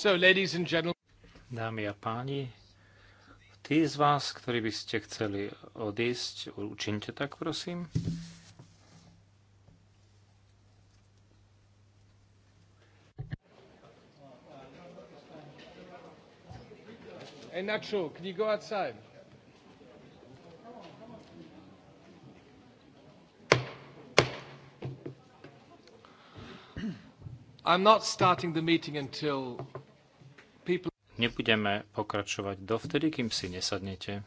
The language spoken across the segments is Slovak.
So, ladies and gentlemen. Dámy a páni, tí z vás, ktorí by ste chceli odísť, učinte tak, prosím. Hey Nacho, can you go outside? I'm not starting the meeting until Nebudeme pokračovať dovtedy, kým si nesadnete.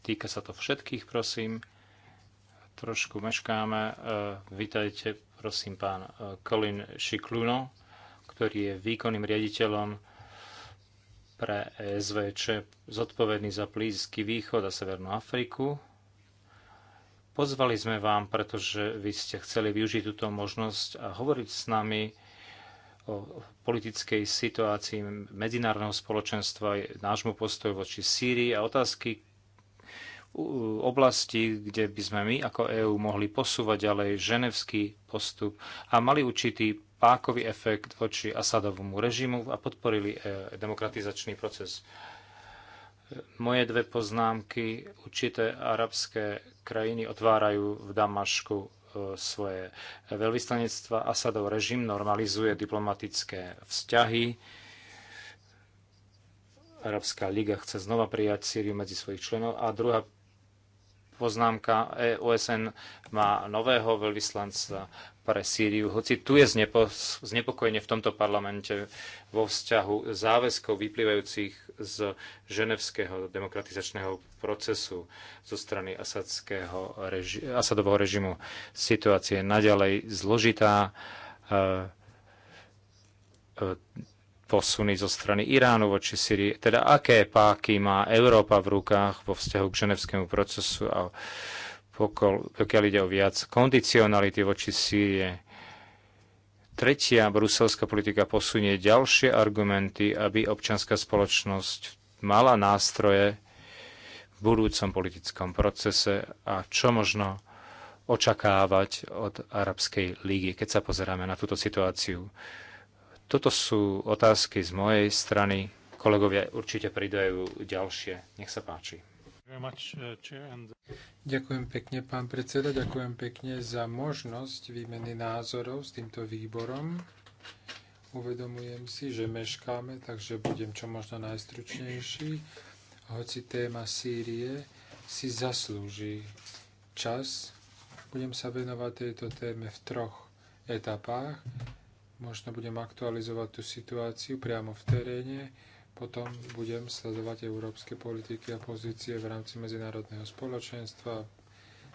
Týka sa to všetkých, prosím. Trošku meškáme. E, vítajte, prosím, pán e, Colin Šikluno, ktorý je výkonným riaditeľom pre e SVČ zodpovedný za Blízky východ a Severnú Afriku. Pozvali sme vám, pretože vy ste chceli využiť túto možnosť a hovoriť s nami o politickej situácii medzinárodného spoločenstva, nášmu postoju voči Sýrii a otázky oblasti, kde by sme my ako EÚ mohli posúvať ďalej ženevský postup a mali určitý pákový efekt voči Asadovomu režimu a podporili e, demokratizačný proces. Moje dve poznámky. Určité arabské krajiny otvárajú v Damašku e, svoje veľvyslanectva. Asadov režim normalizuje diplomatické vzťahy. Arabská liga chce znova prijať Sýriu medzi svojich členov. A druhá poznámka, e, OSN má nového veľvyslanca pre Sýriu, hoci tu je znepo, znepokojenie v tomto parlamente vo vzťahu záväzkov vyplývajúcich z ženevského demokratizačného procesu zo strany asadského reži- Asadového režimu. Situácia je naďalej zložitá. E, e, posuny zo strany Iránu voči Syrii, teda aké páky má Európa v rukách vo vzťahu k ženevskému procesu a pokiaľ ide o viac kondicionality voči Sýrie. Tretia bruselská politika posunie ďalšie argumenty, aby občianská spoločnosť mala nástroje v budúcom politickom procese a čo možno očakávať od Arabskej lígy, keď sa pozeráme na túto situáciu. Toto sú otázky z mojej strany. Kolegovia určite pridajú ďalšie. Nech sa páči. Uh, ďakujem pekne, pán predseda, ďakujem pekne za možnosť výmeny názorov s týmto výborom. Uvedomujem si, že meškáme, takže budem čo možno najstručnejší. Hoci téma Sýrie si zaslúži čas, budem sa venovať tejto téme v troch etapách. Možno budem aktualizovať tú situáciu priamo v teréne potom budem sledovať európske politiky a pozície v rámci medzinárodného spoločenstva.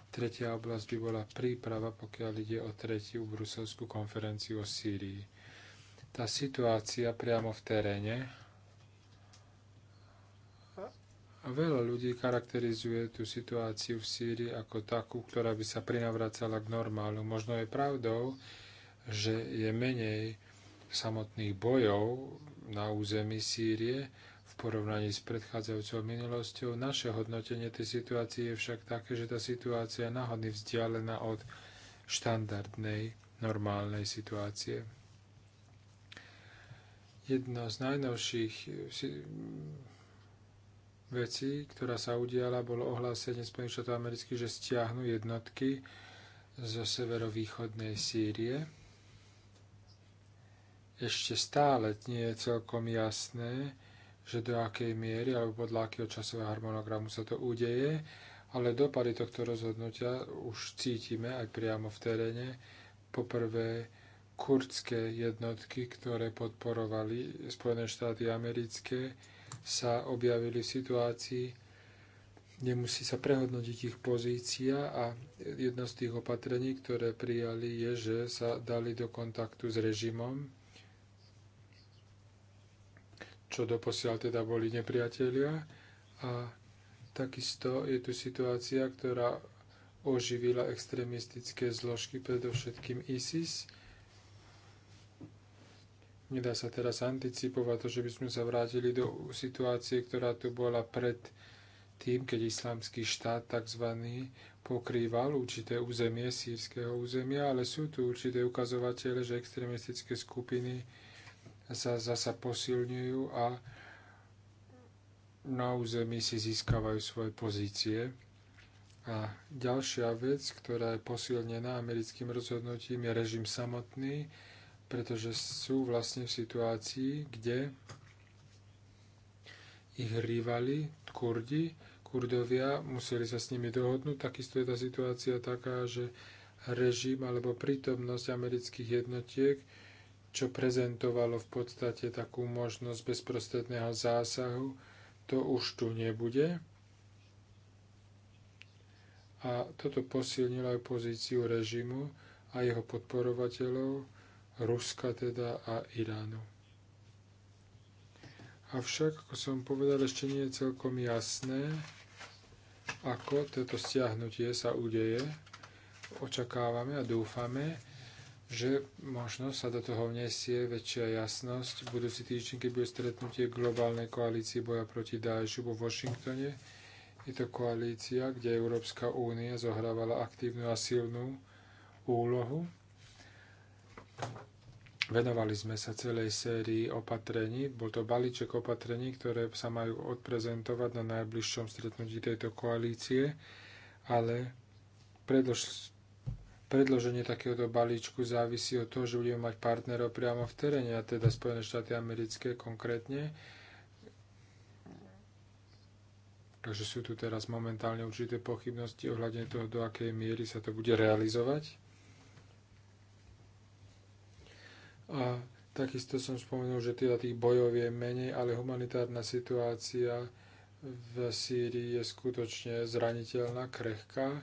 Tretia oblasť by bola príprava, pokiaľ ide o tretiu bruselskú konferenciu o Sýrii. Tá situácia priamo v teréne a veľa ľudí charakterizuje tú situáciu v Sýrii ako takú, ktorá by sa prinavracala k normálu. Možno je pravdou, že je menej samotných bojov na území Sýrie v porovnaní s predchádzajúcou minulosťou. Naše hodnotenie tej situácie je však také, že tá situácia je náhodne vzdialená od štandardnej, normálnej situácie. Jedno z najnovších vecí, ktorá sa udiala, bolo ohlásenie Spojených štátov amerických, že stiahnu jednotky zo severovýchodnej Sýrie ešte stále nie je celkom jasné, že do akej miery alebo podľa akého časového harmonogramu sa to udeje, ale dopady tohto rozhodnutia už cítime aj priamo v teréne. Poprvé, kurdské jednotky, ktoré podporovali Spojené štáty americké, sa objavili v situácii, nemusí sa prehodnotiť ich pozícia a jedno z tých opatrení, ktoré prijali, je, že sa dali do kontaktu s režimom, čo doposiaľ teda boli nepriatelia. A takisto je tu situácia, ktorá oživila extrémistické zložky, predovšetkým ISIS. Nedá sa teraz anticipovať to, že by sme sa vrátili do situácie, ktorá tu bola pred tým, keď islamský štát tzv. pokrýval určité územie, sírskeho územia, ale sú tu určité ukazovatele, že extrémistické skupiny sa zasa posilňujú a na území si získavajú svoje pozície. A ďalšia vec, ktorá je posilnená americkým rozhodnutím, je režim samotný, pretože sú vlastne v situácii, kde ich rivali, kurdi, kurdovia, museli sa s nimi dohodnúť. Takisto je tá situácia taká, že režim alebo prítomnosť amerických jednotiek čo prezentovalo v podstate takú možnosť bezprostredného zásahu, to už tu nebude. A toto posilnilo aj pozíciu režimu a jeho podporovateľov, Ruska teda a Iránu. Avšak, ako som povedal, ešte nie je celkom jasné, ako toto stiahnutie sa udeje. Očakávame a dúfame, že možno sa do toho vniesie väčšia jasnosť. Budúci týždeň, keď bude stretnutie globálnej koalície boja proti Daešu vo Washingtone, je to koalícia, kde Európska únia zohrávala aktívnu a silnú úlohu. Venovali sme sa celej sérii opatrení. Bol to balíček opatrení, ktoré sa majú odprezentovať na najbližšom stretnutí tejto koalície, ale predlož, predloženie takéhoto balíčku závisí od toho, že budeme mať partnerov priamo v teréne, a teda Spojené štáty americké konkrétne. Takže sú tu teraz momentálne určité pochybnosti ohľadne toho, do akej miery sa to bude realizovať. A takisto som spomenul, že teda tých bojov je menej, ale humanitárna situácia v Sýrii je skutočne zraniteľná, krehká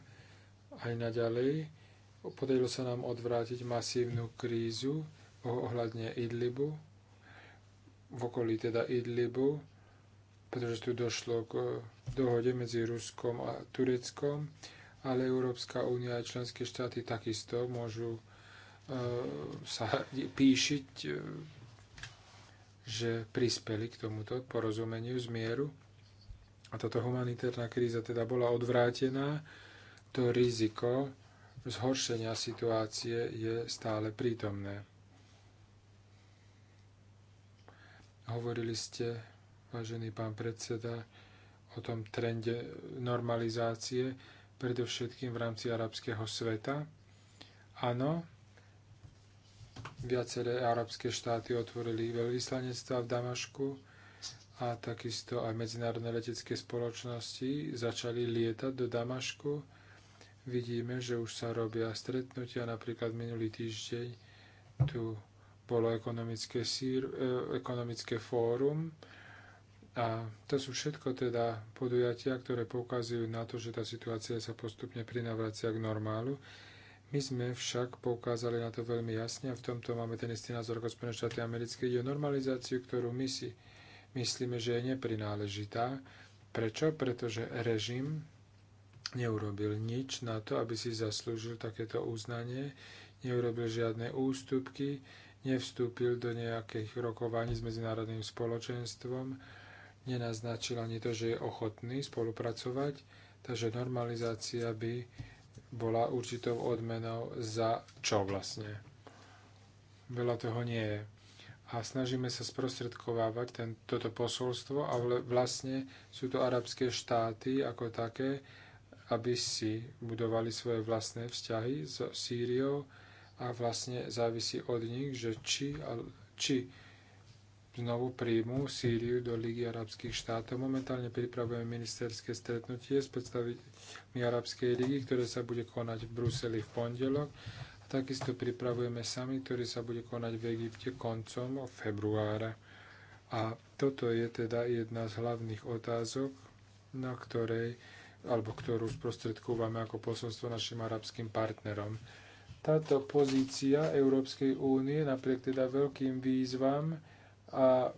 aj naďalej. Podarilo sa nám odvrátiť masívnu krízu ohľadne Idlibu, v okolí teda Idlibu, pretože tu došlo k eh, dohode medzi Ruskom a Tureckom, ale Európska únia a členské štáty takisto môžu eh, sa píšiť, eh, že prispeli k tomuto porozumeniu zmieru. A táto humanitárna kríza teda bola odvrátená. To riziko, zhoršenia situácie je stále prítomné. Hovorili ste, vážený pán predseda, o tom trende normalizácie, predovšetkým v rámci arabského sveta. Áno, viaceré arabské štáty otvorili veľvyslanectva v Damašku a takisto aj medzinárodné letecké spoločnosti začali lietať do Damašku Vidíme, že už sa robia stretnutia, napríklad minulý týždeň tu bolo ekonomické, sír, e, ekonomické fórum a to sú všetko teda podujatia, ktoré poukazujú na to, že tá situácia sa postupne prinavracia k normálu. My sme však poukázali na to veľmi jasne a v tomto máme ten istý názor ako Spojené štáty americké. Ide o normalizáciu, ktorú my si myslíme, že je neprináležitá. Prečo? Pretože režim neurobil nič na to, aby si zaslúžil takéto uznanie, neurobil žiadne ústupky, nevstúpil do nejakých rokovaní s medzinárodným spoločenstvom, nenaznačil ani to, že je ochotný spolupracovať, takže normalizácia by bola určitou odmenou za čo vlastne. Veľa toho nie je. A snažíme sa sprostredkovávať ten, toto posolstvo a vlastne sú to arabské štáty ako také, aby si budovali svoje vlastné vzťahy s Sýriou a vlastne závisí od nich, že či, či znovu príjmu Sýriu do Ligy arabských štátov. Momentálne pripravujeme ministerské stretnutie s predstaviteľmi Arabskej ligy, ktoré sa bude konať v Bruseli v pondelok. A takisto pripravujeme sami, ktorý sa bude konať v Egypte koncom februára. A toto je teda jedna z hlavných otázok, na ktorej alebo ktorú sprostredkúvame ako posolstvo našim arabským partnerom. Táto pozícia Európskej únie napriek teda veľkým výzvam a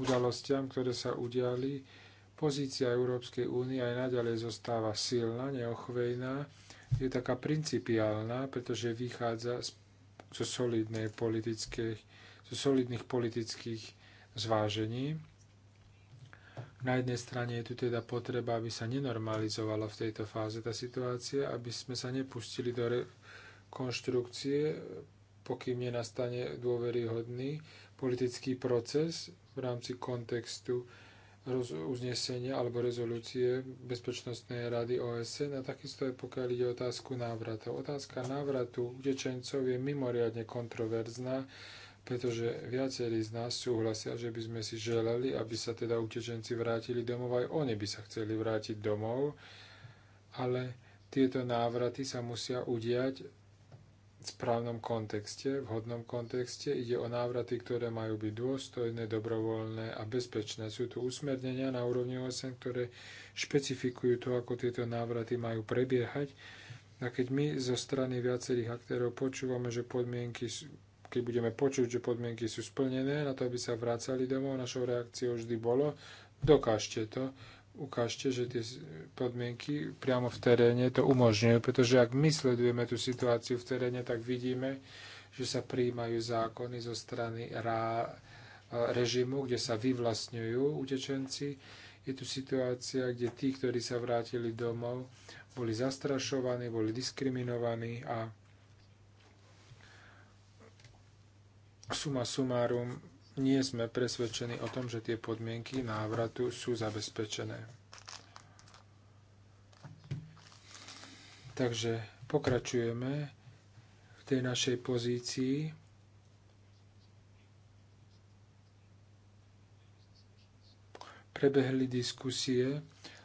udalostiam, ktoré sa udiali, pozícia Európskej únie aj naďalej zostáva silná, neochvejná, je taká principiálna, pretože vychádza zo, politických, zo solidných politických zvážení na jednej strane je tu teda potreba, aby sa nenormalizovala v tejto fáze tá situácia, aby sme sa nepustili do rekonštrukcie, pokým nenastane dôveryhodný politický proces v rámci kontextu uznesenia alebo rezolúcie Bezpečnostnej rady OSN a takisto aj pokiaľ ide otázku návratov. Otázka návratu utečencov je mimoriadne kontroverzná pretože viacerí z nás súhlasia, že by sme si želali, aby sa teda utečenci vrátili domov, aj oni by sa chceli vrátiť domov, ale tieto návraty sa musia udiať v správnom kontexte, v hodnom kontexte. Ide o návraty, ktoré majú byť dôstojné, dobrovoľné a bezpečné. Sú tu usmernenia na úrovni 8, ktoré špecifikujú to, ako tieto návraty majú prebiehať. A keď my zo strany viacerých aktérov počúvame, že podmienky keď budeme počuť, že podmienky sú splnené, na to, aby sa vracali domov, našou reakciou vždy bolo, dokážte to, ukážte, že tie podmienky priamo v teréne to umožňujú, pretože ak my sledujeme tú situáciu v teréne, tak vidíme, že sa príjmajú zákony zo strany rá, režimu, kde sa vyvlastňujú utečenci. Je tu situácia, kde tí, ktorí sa vrátili domov, boli zastrašovaní, boli diskriminovaní a suma sumárum nie sme presvedčení o tom, že tie podmienky návratu sú zabezpečené. Takže pokračujeme v tej našej pozícii. Prebehli diskusie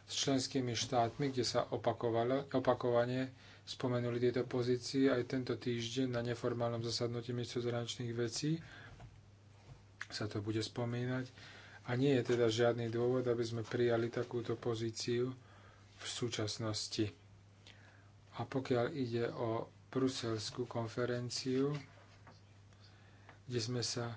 s členskými štátmi, kde sa opakovalo, opakovane spomenuli tieto pozície aj tento týždeň na neformálnom zasadnutí ministrov zahraničných vecí sa to bude spomínať. A nie je teda žiadny dôvod, aby sme prijali takúto pozíciu v súčasnosti. A pokiaľ ide o bruselskú konferenciu, kde sme sa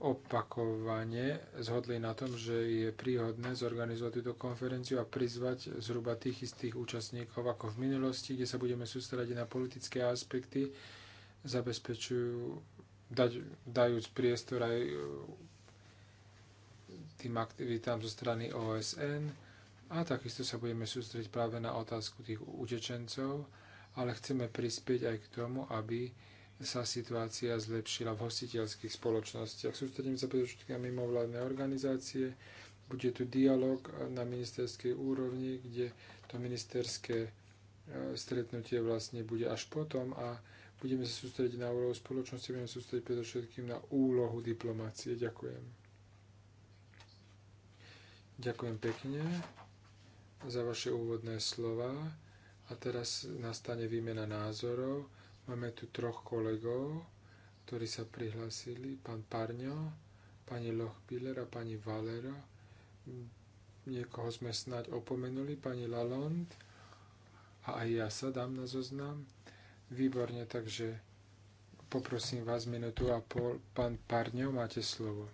opakovane zhodli na tom, že je príhodné zorganizovať túto konferenciu a prizvať zhruba tých istých účastníkov ako v minulosti, kde sa budeme sústrediť na politické aspekty, zabezpečujú, daj, dajúc priestor aj e, tým aktivitám zo strany OSN a takisto sa budeme sústrediť práve na otázku tých utečencov, ale chceme prispieť aj k tomu, aby sa situácia zlepšila v hostiteľských spoločnostiach. Sústredím sa predovšetkým na mimovládne organizácie. Bude tu dialog na ministerskej úrovni, kde to ministerské e, stretnutie vlastne bude až potom a budeme sa sústrediť na úlohu spoločnosti, budeme sústrediť predovšetkým na úlohu diplomácie. Ďakujem. Ďakujem pekne za vaše úvodné slova a teraz nastane výmena názorov. Máme tu troch kolegov, ktorí sa prihlásili. Pán Parňo, pani Lochbiller a pani Valero. Niekoho sme snáď opomenuli, pani Lalonde. A aj ja sa dám na zoznam. Výborne, takže poprosím vás minútu a pol. Pán Parňo, máte slovo.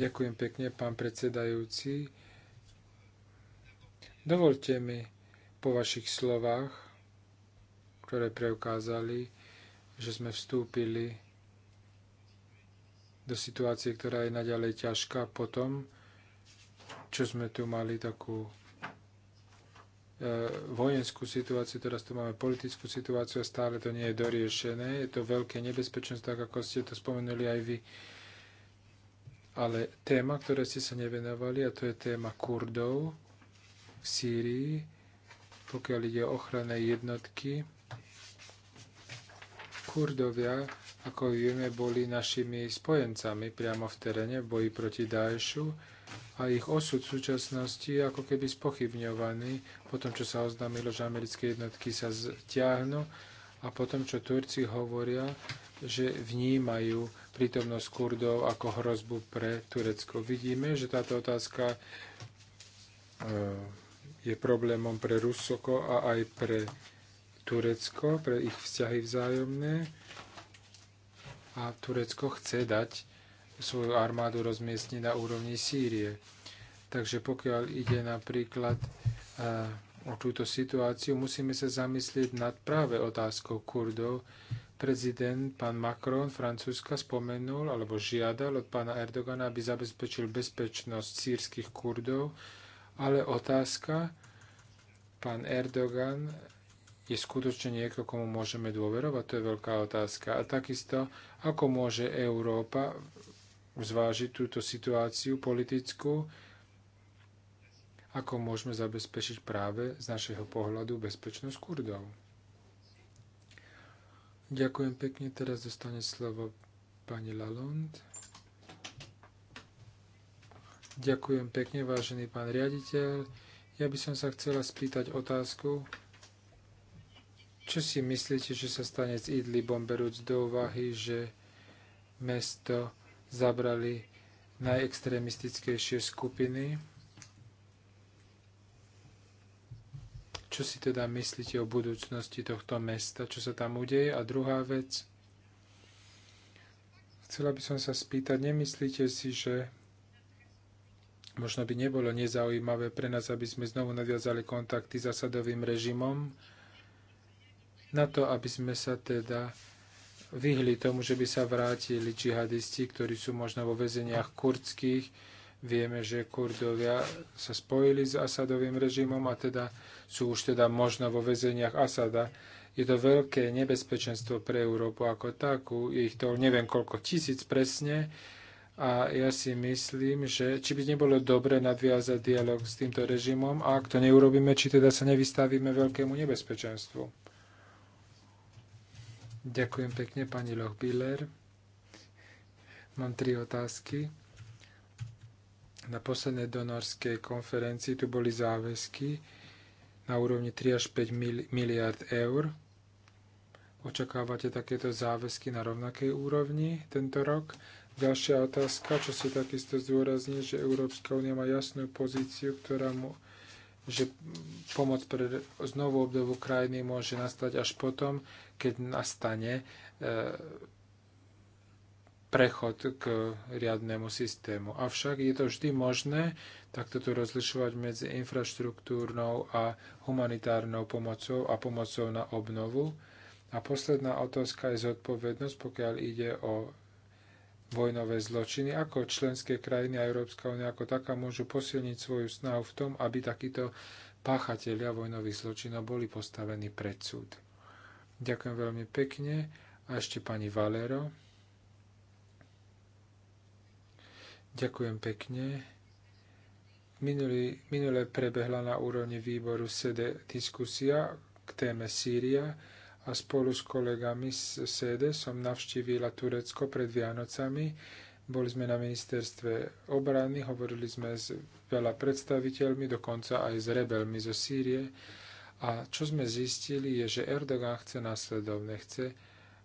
Ďakujem pekne, pán predsedajúci. Dovolte mi po vašich slovách ktoré preukázali, že sme vstúpili do situácie, ktorá je naďalej ťažká po tom, čo sme tu mali takú e, vojenskú situáciu, teraz tu máme politickú situáciu a stále to nie je doriešené. Je to veľké nebezpečenstvo, tak ako ste to spomenuli aj vy. Ale téma, ktoré ste sa nevenovali, a to je téma Kurdov v Sýrii, pokiaľ ide o ochranné jednotky, Kurdovia, ako vieme, boli našimi spojencami priamo v teréne v boji proti Daešu a ich osud v súčasnosti je ako keby spochybňovaný po tom, čo sa oznámilo, že americké jednotky sa stiahnu a potom, čo Turci hovoria, že vnímajú prítomnosť Kurdov ako hrozbu pre Turecko. Vidíme, že táto otázka e, je problémom pre Rusoko a aj pre Turecko, pre ich vzťahy vzájomné. A Turecko chce dať svoju armádu rozmiestniť na úrovni Sýrie. Takže pokiaľ ide napríklad eh, o túto situáciu, musíme sa zamyslieť nad práve otázkou Kurdov. Prezident pán Macron Francúzska spomenul alebo žiadal od pána Erdogana, aby zabezpečil bezpečnosť sírskych Kurdov, ale otázka, pán Erdogan je skutočne niekto, komu môžeme dôverovať? To je veľká otázka. A takisto, ako môže Európa zvážiť túto situáciu politickú? Ako môžeme zabezpečiť práve z našeho pohľadu bezpečnosť Kurdov? Ďakujem pekne. Teraz dostane slovo pani Lalond. Ďakujem pekne, vážený pán riaditeľ. Ja by som sa chcela spýtať otázku, čo si myslíte, že sa stane s Idlibom, berúc do úvahy, že mesto zabrali najextrémistickejšie skupiny? Čo si teda myslíte o budúcnosti tohto mesta? Čo sa tam udeje? A druhá vec, chcela by som sa spýtať, nemyslíte si, že možno by nebolo nezaujímavé pre nás, aby sme znovu nadviazali kontakty s asadovým režimom? na to, aby sme sa teda vyhli tomu, že by sa vrátili džihadisti, ktorí sú možno vo väzeniach kurdských. Vieme, že Kurdovia sa spojili s Asadovým režimom a teda sú už teda možno vo väzeniach Asada. Je to veľké nebezpečenstvo pre Európu ako takú. Je ich to neviem koľko tisíc presne. A ja si myslím, že či by nebolo dobre nadviazať dialog s týmto režimom a ak to neurobíme, či teda sa nevystavíme veľkému nebezpečenstvu. Ďakujem pekne, pani Lochbiller. Mám tri otázky. Na poslednej donorskej konferencii tu boli záväzky na úrovni 3 až 5 miliard eur. Očakávate takéto záväzky na rovnakej úrovni tento rok? Ďalšia otázka, čo si takisto zdôrazní, že Európska únia má jasnú pozíciu, ktorá mu že pomoc pre znovu obdobu krajiny môže nastať až potom, keď nastane e, prechod k riadnemu systému. Avšak je to vždy možné takto tu rozlišovať medzi infraštruktúrnou a humanitárnou pomocou a pomocou na obnovu. A posledná otázka je zodpovednosť, pokiaľ ide o vojnové zločiny, ako členské krajiny a Európska únia ako taká môžu posilniť svoju snahu v tom, aby takíto páchatelia vojnových zločinov boli postavení pred súd. Ďakujem veľmi pekne. A ešte pani Valero. Ďakujem pekne. Minulý, minule prebehla na úrovni výboru SEDE diskusia k téme Sýria a spolu s kolegami z SEDE som navštívila Turecko pred Vianocami. Boli sme na ministerstve obrany, hovorili sme s veľa predstaviteľmi, dokonca aj s rebelmi zo Sýrie. A čo sme zistili, je, že Erdogan chce následovne, chce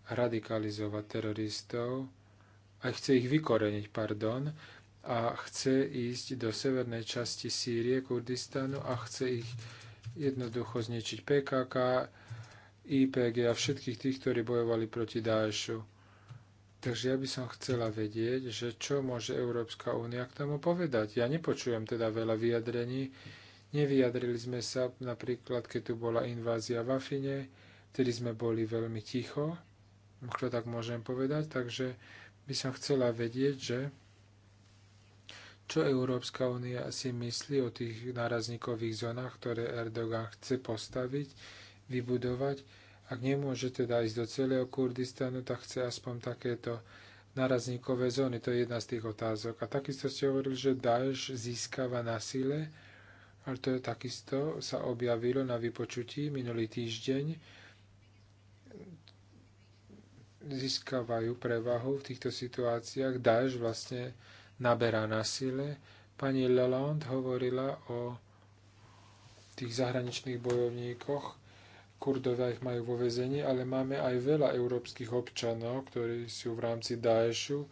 radikalizovať teroristov, aj chce ich vykoreniť, pardon, a chce ísť do severnej časti Sýrie, Kurdistanu a chce ich jednoducho zničiť PKK, IPG a všetkých tých, ktorí bojovali proti Daešu. Takže ja by som chcela vedieť, že čo môže Európska únia k tomu povedať. Ja nepočujem teda veľa vyjadrení. Nevyjadrili sme sa napríklad, keď tu bola invázia v Afine, vtedy sme boli veľmi ticho, ak to tak môžem povedať, takže by som chcela vedieť, že čo Európska únia si myslí o tých nárazníkových zónach, ktoré Erdogan chce postaviť, vybudovať. Ak nemôže teda ísť do celého Kurdistanu, tak chce aspoň takéto narazníkové zóny. To je jedna z tých otázok. A takisto ste hovorili, že Daesh získava na sile, ale to je takisto sa objavilo na vypočutí minulý týždeň. Získavajú prevahu v týchto situáciách. Daesh vlastne naberá na sile. Pani Lalonde hovorila o tých zahraničných bojovníkoch, Kurdovia ich majú vo vezení, ale máme aj veľa európskych občanov, ktorí sú v rámci Daešu.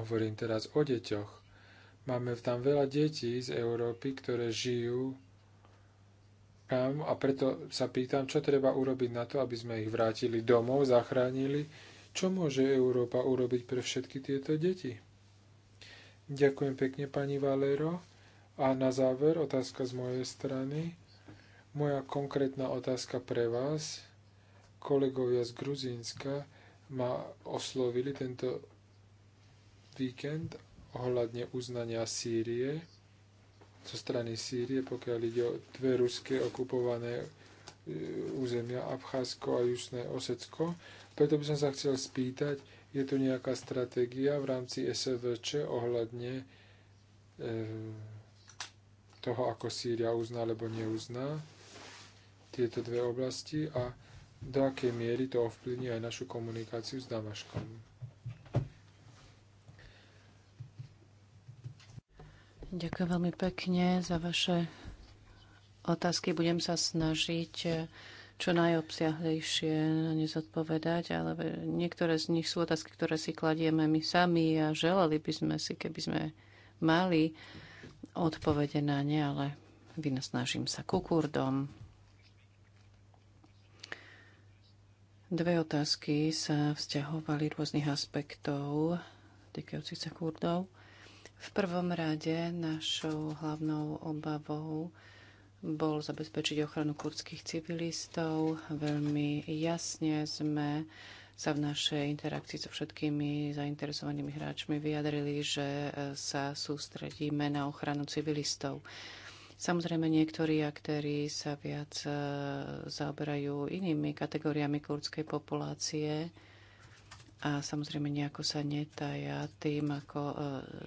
Hovorím teraz o deťoch. Máme tam veľa detí z Európy, ktoré žijú tam a preto sa pýtam, čo treba urobiť na to, aby sme ich vrátili domov, zachránili. Čo môže Európa urobiť pre všetky tieto deti? Ďakujem pekne, pani Valero. A na záver otázka z mojej strany. Moja konkrétna otázka pre vás, kolegovia z Gruzínska ma oslovili tento víkend ohľadne uznania Sýrie, zo strany Sýrie, pokiaľ ide o dve ruské okupované e, územia Abcházsko a Južné Osecko. Preto by som sa chcel spýtať, je tu nejaká stratégia v rámci SVČ ohľadne e, toho, ako Sýria uzná alebo neuzná tieto dve oblasti a do akej miery to ovplyvní aj našu komunikáciu s Damaškom. Ďakujem veľmi pekne za vaše otázky. Budem sa snažiť eh, čo najobsiahlejšie nezodpovedať, ale niektoré z nich sú otázky, ktoré si kladieme my sami a želali by sme si, keby sme mali odpovede na ne, ale vynasnažím sa kukurdom. Dve otázky sa vzťahovali rôznych aspektov týkajúcich sa kurdov. V prvom rade našou hlavnou obavou bol zabezpečiť ochranu kurdských civilistov. Veľmi jasne sme sa v našej interakcii so všetkými zainteresovanými hráčmi vyjadrili, že sa sústredíme na ochranu civilistov. Samozrejme, niektorí aktéry sa viac e, zaoberajú inými kategóriami kurdskej populácie a samozrejme nejako sa netája tým, ako e,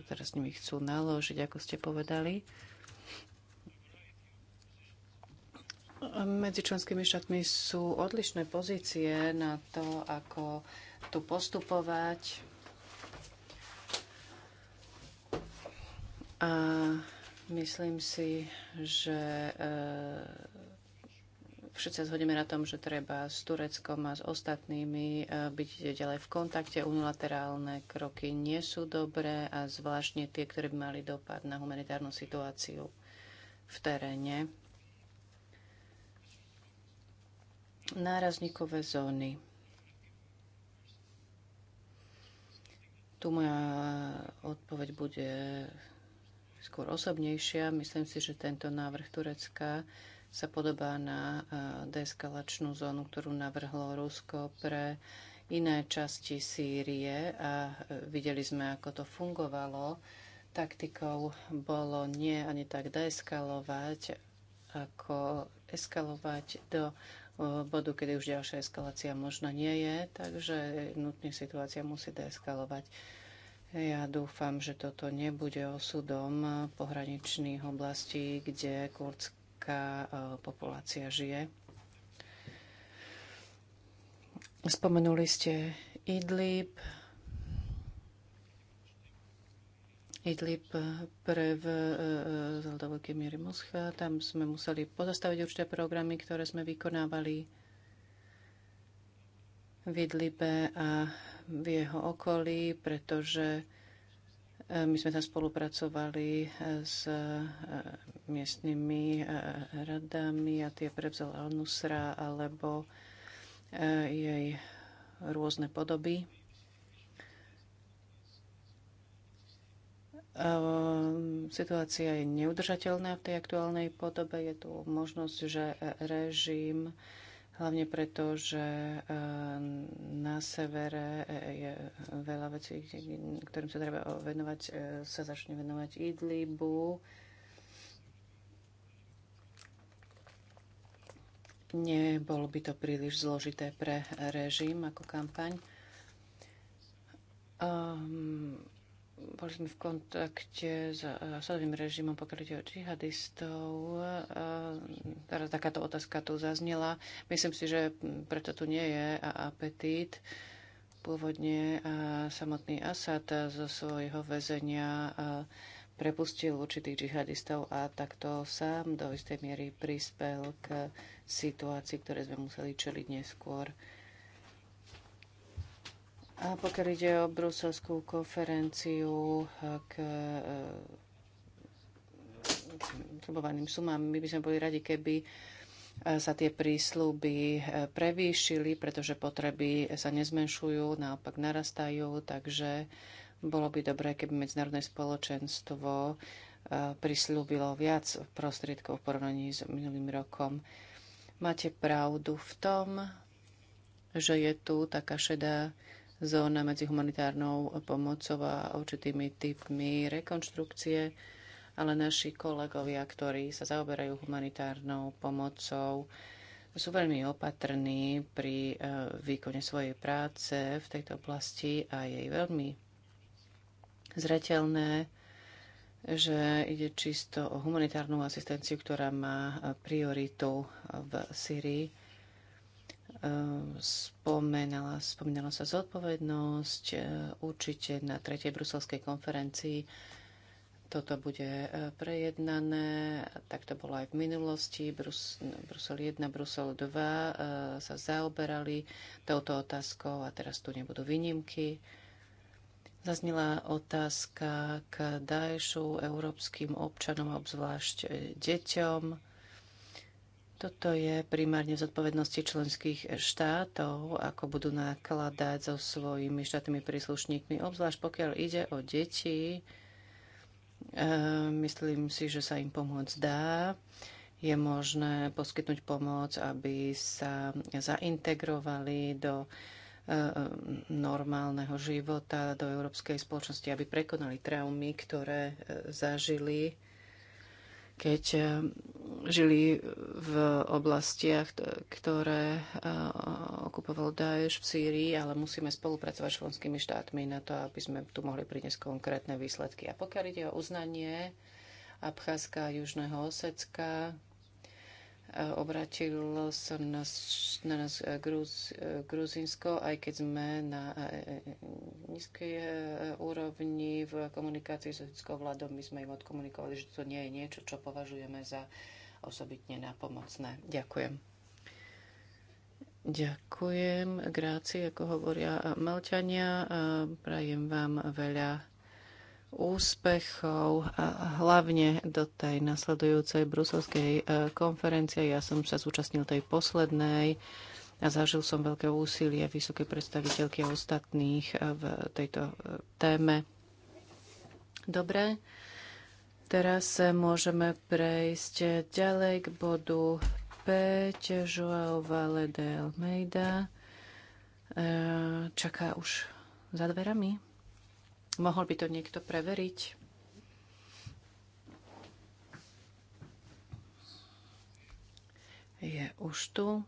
teraz s nimi chcú naložiť, ako ste povedali. Medzi členskými štátmi sú odlišné pozície na to, ako tu postupovať. A Myslím si, že eh, všetci sa zhodneme na tom, že treba s Tureckom a s ostatnými eh, byť ďalej v kontakte. Unilaterálne kroky nie sú dobré a zvláštne tie, ktoré by mali dopad na humanitárnu situáciu v teréne. Nárazníkové zóny. Tu moja odpoveď bude skôr osobnejšia. Myslím si, že tento návrh Turecka sa podobá na e, deeskalačnú zónu, ktorú navrhlo Rusko pre iné časti Sýrie a e, videli sme, ako to fungovalo. Taktikou bolo nie ani tak deeskalovať, ako eskalovať do e, bodu, kedy už ďalšia eskalácia možno nie je, takže nutne situácia musí deeskalovať. Ja dúfam, že toto nebude osudom pohraničných oblastí, kde kurdská e, populácia žije. Spomenuli ste Idlib. Idlib pre v e, e, do veľkej miery Moskva. Tam sme museli pozastaviť určité programy, ktoré sme vykonávali Idlibe a v jeho okolí, pretože e, my sme tam spolupracovali e, s e, miestnymi radami a tie prevzal Al-Nusra alebo jej rôzne podoby. Situácia je neudržateľná v tej aktuálnej podobe. Je tu možnosť, že režim hlavne preto, že e, na severe e, je veľa vecí, ktorým sa treba venovať, e, sa začne venovať Idlibu. Nebolo by to príliš zložité pre režim ako kampaň. Um, boli sme v kontakte s e, sadovým režimom, pokrytia džihadistov. E, teraz takáto otázka tu zaznela. Myslím si, že preto tu nie je apetít. Pôvodne e, samotný Asad zo svojho väzenia prepustil určitých džihadistov a takto sám do istej miery prispel k situácii, ktoré sme museli čeliť neskôr. A pokiaľ ide o bruselskú konferenciu e, k slubovaným sumám, my by sme boli radi, keby e, sa tie prísľuby e, prevýšili, pretože potreby sa nezmenšujú, naopak narastajú, takže bolo by dobré, keby medzinárodné spoločenstvo prislúbilo viac prostriedkov v porovnaní s minulým rokom. Máte pravdu v tom, že je tu taká šedá zóna medzi humanitárnou pomocou a určitými typmi rekonštrukcie, ale naši kolegovia, ktorí sa zaoberajú humanitárnou pomocou, sú veľmi opatrní pri e, výkone svojej práce v tejto oblasti a je veľmi zretelné, že ide čisto o humanitárnu asistenciu, ktorá má prioritu v Syrii Ehm, spomenala, spomínala sa zodpovednosť. E, určite na 3. bruselskej konferencii toto bude e, prejednané. Tak to bolo aj v minulosti. Brus, Brusel 1, Brusel 2 e, sa zaoberali touto otázkou a teraz tu nebudú výnimky. Zaznila otázka k Daešu, európskym občanom, obzvlášť deťom toto je primárne v zodpovednosti členských štátov, ako budú nakladať so svojimi štátnymi príslušníkmi, obzvlášť pokiaľ ide o deti. E, myslím si, že sa im pomôcť dá. Je možné poskytnúť pomoc, aby sa zaintegrovali do e, normálneho života, do európskej spoločnosti, aby prekonali traumy, ktoré e, zažili keď eh, žili v oblastiach, ktoré eh, okupoval Daesh v Sýrii, ale musíme spolupracovať s členskými štátmi na to, aby sme tu mohli priniesť konkrétne výsledky. A pokiaľ ide o uznanie Abcházska a Južného Osecka, obratilo sa na, na nás eh, Gruz, eh, Gruzinsko, aj keď sme na eh, nízkej úrovni v komunikácii s ľudskou vládou. My sme im odkomunikovali, že to nie je niečo, čo považujeme za osobitne napomocné. Ďakujem. Ďakujem, grácie, ako hovoria Malťania. Prajem vám veľa úspechov, hlavne do tej nasledujúcej bruselskej e, konferencie. Ja som sa zúčastnil tej poslednej a zažil som veľké úsilie vysokej predstaviteľky a ostatných e, v tejto e, téme. Dobre, teraz môžeme prejsť ďalej k bodu 5. Joao Valle de Almeida čaká už za dverami. Mohol by to niekto preveriť? Je už tu.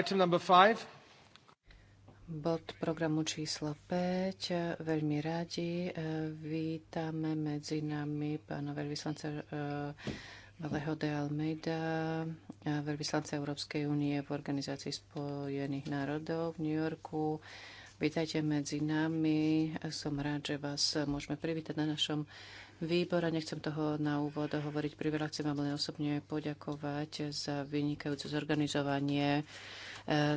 Item number 5 bod programu číslo 5. Veľmi radi e, vítame medzi nami pána veľvyslanca e, Valého de Almeida, e, veľvyslanca Európskej únie v Organizácii spojených národov v New Yorku. Vítajte medzi nami. Som rád, že vás môžeme privítať na našom výbora. Nechcem toho na úvod hovoriť priveľa. Chcem vám len osobne poďakovať za vynikajúce zorganizovanie e,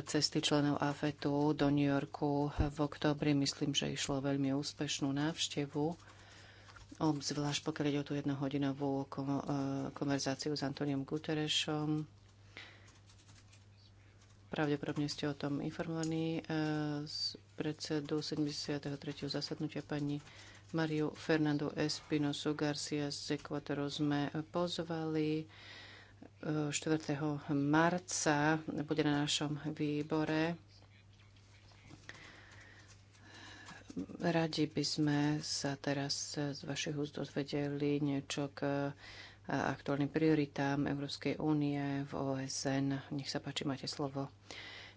cesty členov AFETu do New Yorku v oktobri. Myslím, že išlo veľmi úspešnú návštevu. Obzvlášť pokiaľ ide o tú jednohodinovú e, konverzáciu s Antoniom Guterešom. Pravdepodobne ste o tom informovaní e, z predsedu 73. zasadnutia pani Mariu Fernandu Espinosu Garcia z Ekvadoru sme pozvali. 4. E, marca bude na našom výbore. Radi by sme sa teraz z vašich úst dozvedeli niečo k aktuálnym prioritám Európskej únie v OSN. Nech sa páči, máte slovo.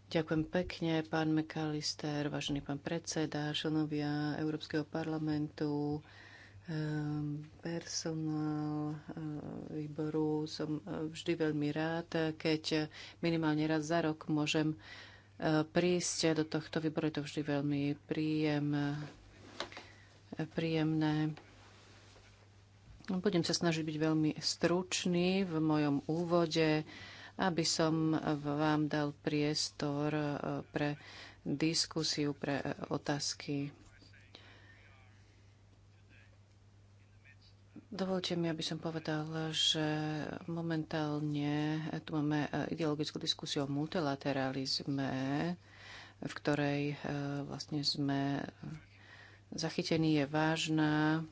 Ďakujem pekne, pán McAllister, vážený pán predseda, členovia Európskeho parlamentu, ehm, personál eh, výboru. Som eh, vždy veľmi rád, keď minimálne raz za rok môžem eh, prísť do tohto výboru. Je to vždy veľmi príjem, príjemné. Budem sa snažiť byť veľmi stručný v mojom úvode aby som vám dal priestor e, pre diskusiu, pre e, otázky. Dovolte mi, aby som povedal, že momentálne tu máme e, ideologickú diskusiu o multilateralizme, v ktorej vlastne sme zachytení, je vážna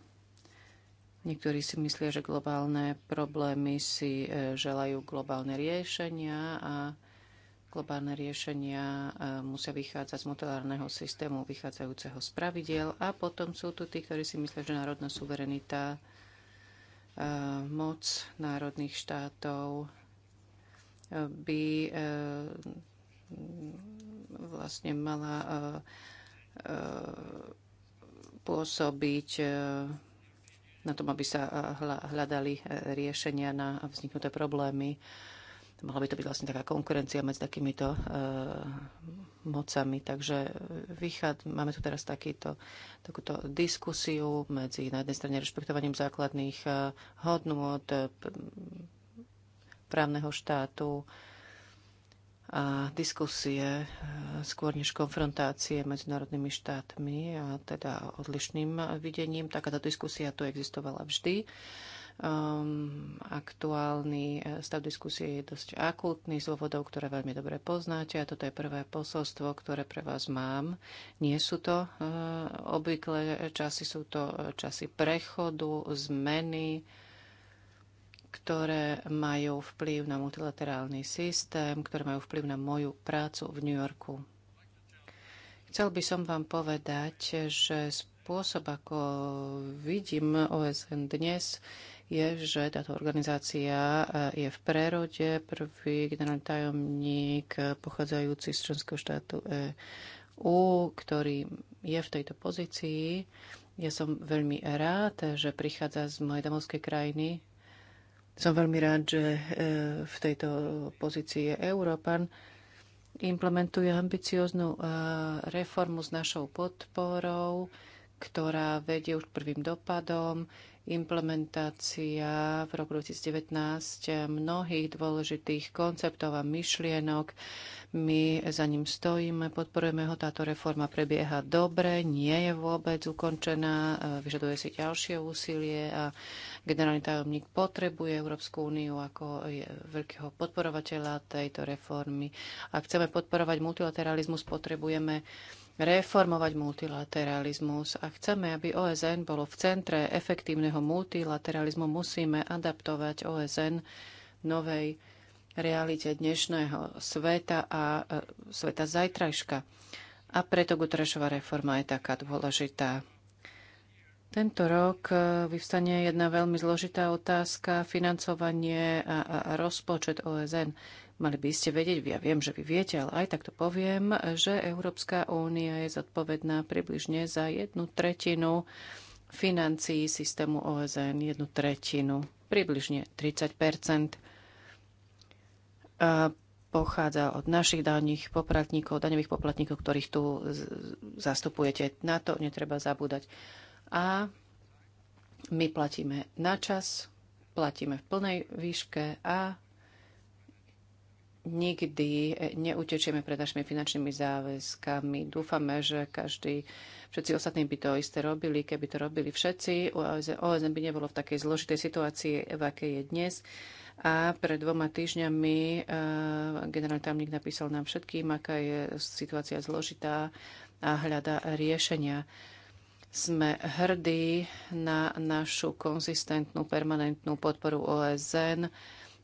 Niektorí si myslia, že globálne problémy si e, želajú globálne riešenia a globálne riešenia e, musia vychádzať z modelárneho systému vychádzajúceho z pravidiel a potom sú tu tí, ktorí si myslia, že národná suverenita, e, moc národných štátov by vlastne mala pôsobiť na tom, aby sa eh, hľadali eh, riešenia na vzniknuté problémy. Mohla by to byť vlastne taká konkurencia medzi takýmito eh, mocami. Takže východ, máme tu teraz takýto, takúto diskusiu medzi na jednej strane rešpektovaním základných hodnôt právneho štátu, a diskusie e, skôr než konfrontácie národnými štátmi a teda odlišným videním. Takáto diskusia tu existovala vždy. Um, aktuálny e, stav diskusie je dosť akútny z dôvodov, ktoré veľmi dobre poznáte a toto je prvé posolstvo, ktoré pre vás mám. Nie sú to uh, e, obvyklé časy, sú to časy prechodu, zmeny, ktoré majú vplyv na multilaterálny systém, ktoré majú vplyv na moju prácu v New Yorku. Chcel by som vám povedať, že spôsob, ako vidím OSN dnes, je, že táto organizácia eh, je v prerode. Prvý generálny tajomník eh, pochádzajúci z členského štátu EU, ktorý je v tejto pozícii. Ja som veľmi rád, eh, že prichádza z mojej domovskej krajiny, som veľmi rád, že e, v tejto pozícii je Európan. Implementuje ambicióznu e, reformu s našou podporou, ktorá vedie už prvým dopadom implementácia v roku 2019 mnohých dôležitých konceptov a myšlienok. My za ním stojíme, podporujeme ho. Táto reforma prebieha dobre, nie je vôbec ukončená, vyžaduje si ďalšie úsilie a generálny tajomník potrebuje Európsku úniu ako veľkého podporovateľa tejto reformy. Ak chceme podporovať multilateralizmus, potrebujeme reformovať multilateralizmus a chceme, aby OSN bolo v centre efektívneho multilateralizmu, musíme adaptovať OSN novej realite dnešného sveta a e, sveta zajtrajška. A preto gutrešová reforma je taká dôležitá. Tento rok e, vyvstane jedna veľmi zložitá otázka, financovanie a, a, a rozpočet OSN. Mali by ste vedieť, ja viem, že vy viete, ale aj tak to poviem, že Európska únia je zodpovedná približne za jednu tretinu financií systému OSN, jednu tretinu, približne 30 pochádza od našich daných poplatníkov, daňových poplatníkov, ktorých tu zastupujete. Na to netreba zabúdať. A my platíme na čas, platíme v plnej výške a nikdy e, neutečieme pred našimi finančnými záväzkami. Dúfame, že každý, všetci ostatní by to isté robili, keby to robili všetci. OSN e, by nebolo v takej zložitej situácii, v akej je dnes. A pred dvoma týždňami e, generálny tajomník napísal nám všetkým, aká je situácia zložitá a hľada riešenia sme hrdí na našu konzistentnú, permanentnú podporu OSN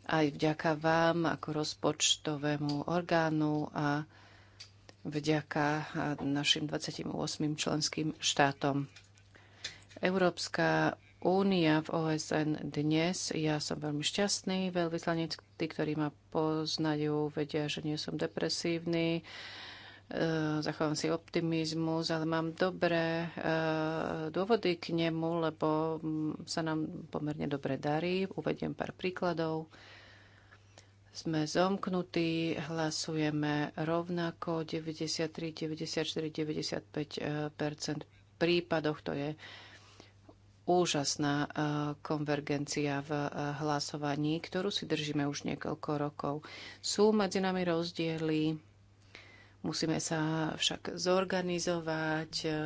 aj vďaka vám ako rozpočtovému orgánu a vďaka našim 28 členským štátom. Európska únia v OSN dnes. Ja som veľmi šťastný. Veľvyslanec, tí, ktorí ma poznajú, vedia, že nie som depresívny. E, zachovám si optimizmus, ale mám dobré e, dôvody k nemu, lebo sa nám pomerne dobre darí. Uvediem pár príkladov sme zomknutí, hlasujeme rovnako 93, 94, 95 prípadoch. To je úžasná eh, konvergencia v eh, hlasovaní, ktorú si držíme už niekoľko rokov. Sú medzi nami rozdiely, musíme sa však zorganizovať, eh,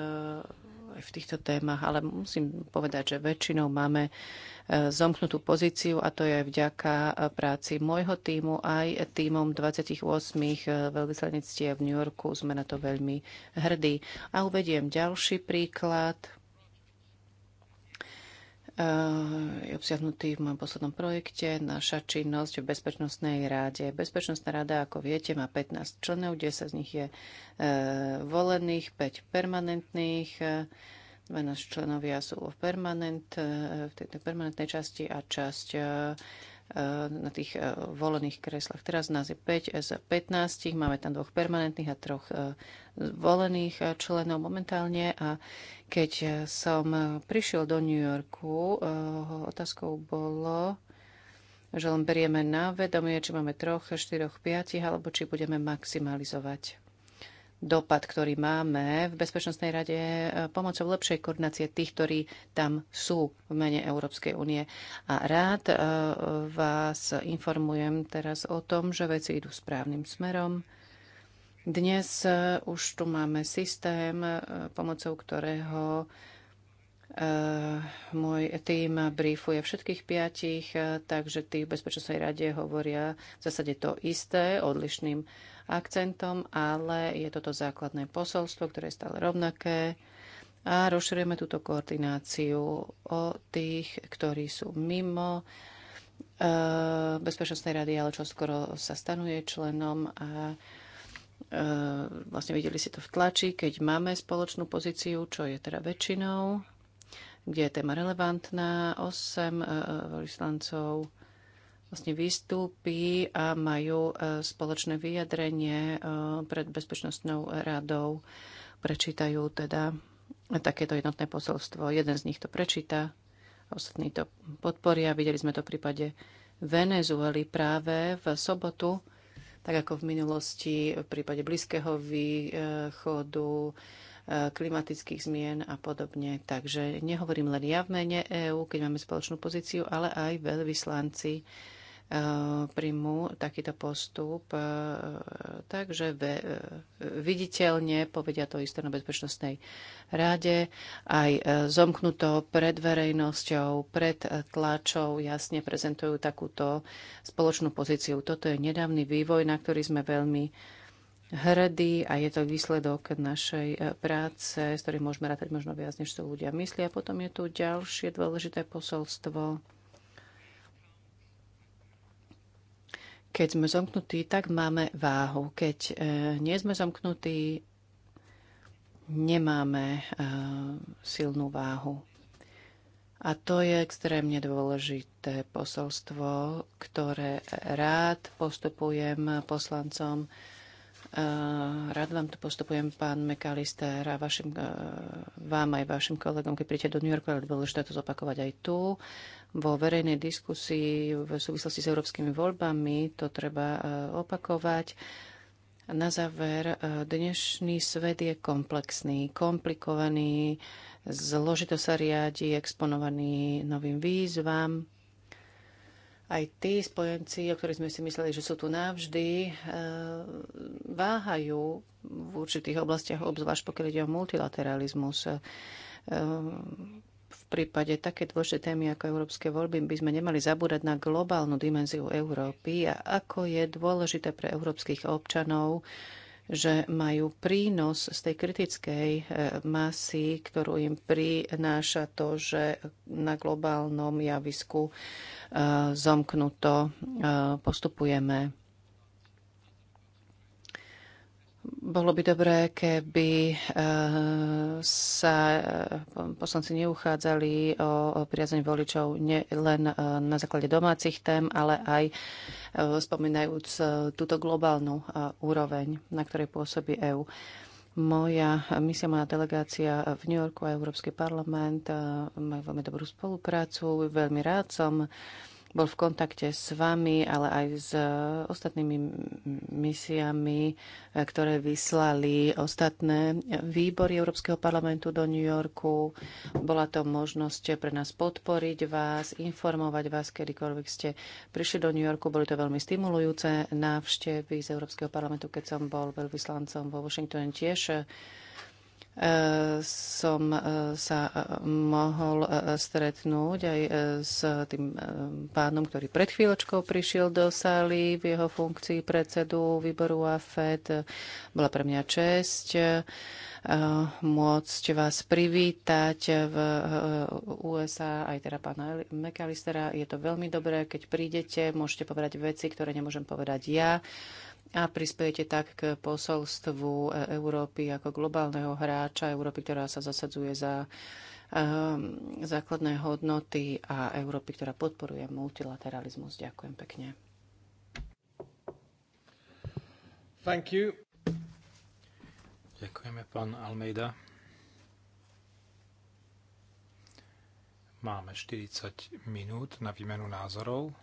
v týchto témach, ale musím povedať, že väčšinou máme e, zomknutú pozíciu a to je vďaka e, práci môjho týmu aj týmom 28 e, veľvyslanectiev v New Yorku. Sme na to veľmi hrdí. A uvediem ďalší príklad je obsiahnutý v mojom poslednom projekte. Naša činnosť v Bezpečnostnej ráde. Bezpečnostná rada, ako viete, má 15 členov, 10 z nich je e, volených, 5 permanentných. 12 e, členovia sú v, permanent, e, v tejto permanentnej časti a časť Eh, na tých eh, volených kreslách. Teraz nás je 5 z 15, máme tam dvoch permanentných a troch eh, volených členov momentálne a keď som prišiel do New Yorku, otázkou bolo, že len berieme na vedomie, či máme troch, štyroch, piatich, alebo či budeme maximalizovať dopad, ktorý máme v Bezpečnostnej rade e, pomocou lepšej koordinácie tých, ktorí tam sú v mene Európskej únie. A rád e, vás informujem teraz o tom, že veci idú správnym smerom. Dnes e, už tu máme systém, pomocou ktorého môj tým briefuje všetkých piatich, takže tí v Bezpečnostnej rade hovoria v zásade to isté odlišným akcentom, ale je toto základné posolstvo, ktoré je stále rovnaké. A rozširujeme túto koordináciu o tých, ktorí sú mimo e, Bezpečnostnej rady, ale čo skoro sa stanuje členom a e, vlastne videli si to v tlači, keď máme spoločnú pozíciu, čo je teda väčšinou, kde je téma relevantná, 8 e, vyslancov vlastne vystúpi a majú e, spoločné vyjadrenie e, pred Bezpečnostnou radou. Prečítajú teda takéto jednotné posolstvo. Jeden z nich to prečíta, ostatní to podporia. Videli sme to v prípade Venezueli práve v sobotu, tak ako v minulosti v prípade Blízkeho východu, e, klimatických zmien a podobne. Takže nehovorím len ja v mene EÚ, keď máme spoločnú pozíciu, ale aj veľvyslanci Eh, príjmu takýto postup, eh, takže eh, viditeľne povedia to isté na Bezpečnostnej rade, aj zomknuto pred verejnosťou, pred tlačou jasne prezentujú takúto spoločnú pozíciu. Toto je nedávny vývoj, na ktorý sme veľmi hrdí a je to výsledok našej práce, s ktorým môžeme rátať možno viac, než to ľudia myslia. Potom je tu ďalšie dôležité posolstvo Keď sme zomknutí, tak máme váhu. Keď e, nie sme zomknutí, nemáme e, silnú váhu. A to je extrémne dôležité posolstvo, ktoré rád postupujem poslancom. E, rád vám to postupujem, pán McAllister, a vašim, vám aj vašim kolegom, keď príjete do New Yorku, ale dôležité to zopakovať aj tu vo verejnej diskusii v súvislosti s európskymi voľbami. To treba e, opakovať. Na záver, e, dnešný svet je komplexný, komplikovaný, zložito sa riadi, exponovaný novým výzvam. Aj tí spojenci, o ktorých sme si mysleli, že sú tu navždy, e, váhajú v určitých oblastiach, obzvlášť pokiaľ ide o multilateralizmus prípade také dôležité témy ako európske voľby by sme nemali zabúdať na globálnu dimenziu Európy a ako je dôležité pre európskych občanov, že majú prínos z tej kritickej eh, masy, ktorú im prináša to, že na globálnom javisku eh, zomknuto eh, postupujeme. Bolo by dobré, keby eh, sa eh, poslanci neuchádzali o priazeň voličov len eh, na základe domácich tém, ale aj spomínajúc túto globálnu úroveň, na ktorej pôsobí EÚ. Moja misia, moja delegácia v New Yorku a Európsky parlament majú veľmi dobrú spoluprácu. Veľmi rád som bol v kontakte s vami, ale aj s e, ostatnými misiami, e, ktoré vyslali ostatné výbory Európskeho parlamentu do New Yorku. Bola to možnosť pre nás podporiť vás, informovať vás, kedykoľvek ste prišli do New Yorku. Boli to veľmi stimulujúce návštevy z Európskeho parlamentu, keď som bol veľvyslancom vo Washingtone tiež e, Eh, som eh, sa eh, mohol stretnúť aj s tým pánom, ktorý pred chvíľočkou prišiel do sály v jeho funkcii predsedu výboru AFED. Bola pre mňa česť môcť vás privítať v USA, aj teda pána McAllistera. Je to veľmi dobré, keď prídete, môžete povedať veci, ktoré nemôžem povedať ja a prispiejete tak k posolstvu e, Európy ako globálneho hráča, Európy, ktorá sa zasadzuje za ehm, základné hodnoty a Európy, ktorá podporuje multilateralizmus. Ďakujem pekne. Thank you. Ďakujeme, pán Almeida. Máme 40 minút na výmenu názorov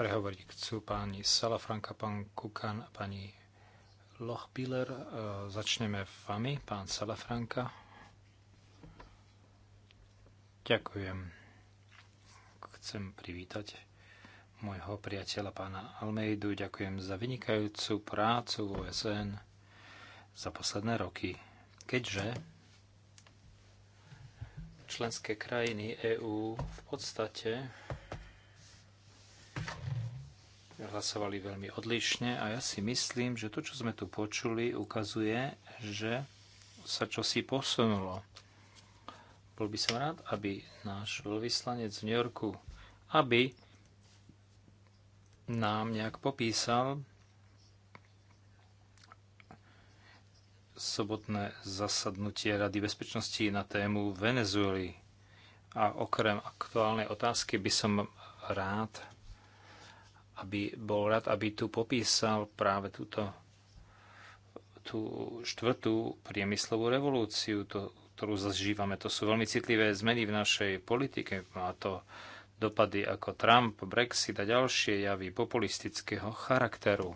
prehovoriť chcú páni Salafranka, pán Kukan a pani Lochbiller. E, začneme vami, pán Salafranka. Ďakujem. Chcem privítať môjho priateľa pána Almeidu. Ďakujem za vynikajúcu prácu v OSN za posledné roky. Keďže členské krajiny EÚ v podstate hlasovali veľmi odlišne a ja si myslím, že to, čo sme tu počuli, ukazuje, že sa čosi posunulo. Bol by som rád, aby náš veľvyslanec v New Yorku, aby nám nejak popísal sobotné zasadnutie Rady bezpečnosti na tému Venezuely. A okrem aktuálnej otázky by som rád aby bol rád, aby tu popísal práve túto tú štvrtú priemyslovú revolúciu, to, ktorú zažívame. To sú veľmi citlivé zmeny v našej politike. Má to dopady ako Trump, Brexit a ďalšie javy populistického charakteru.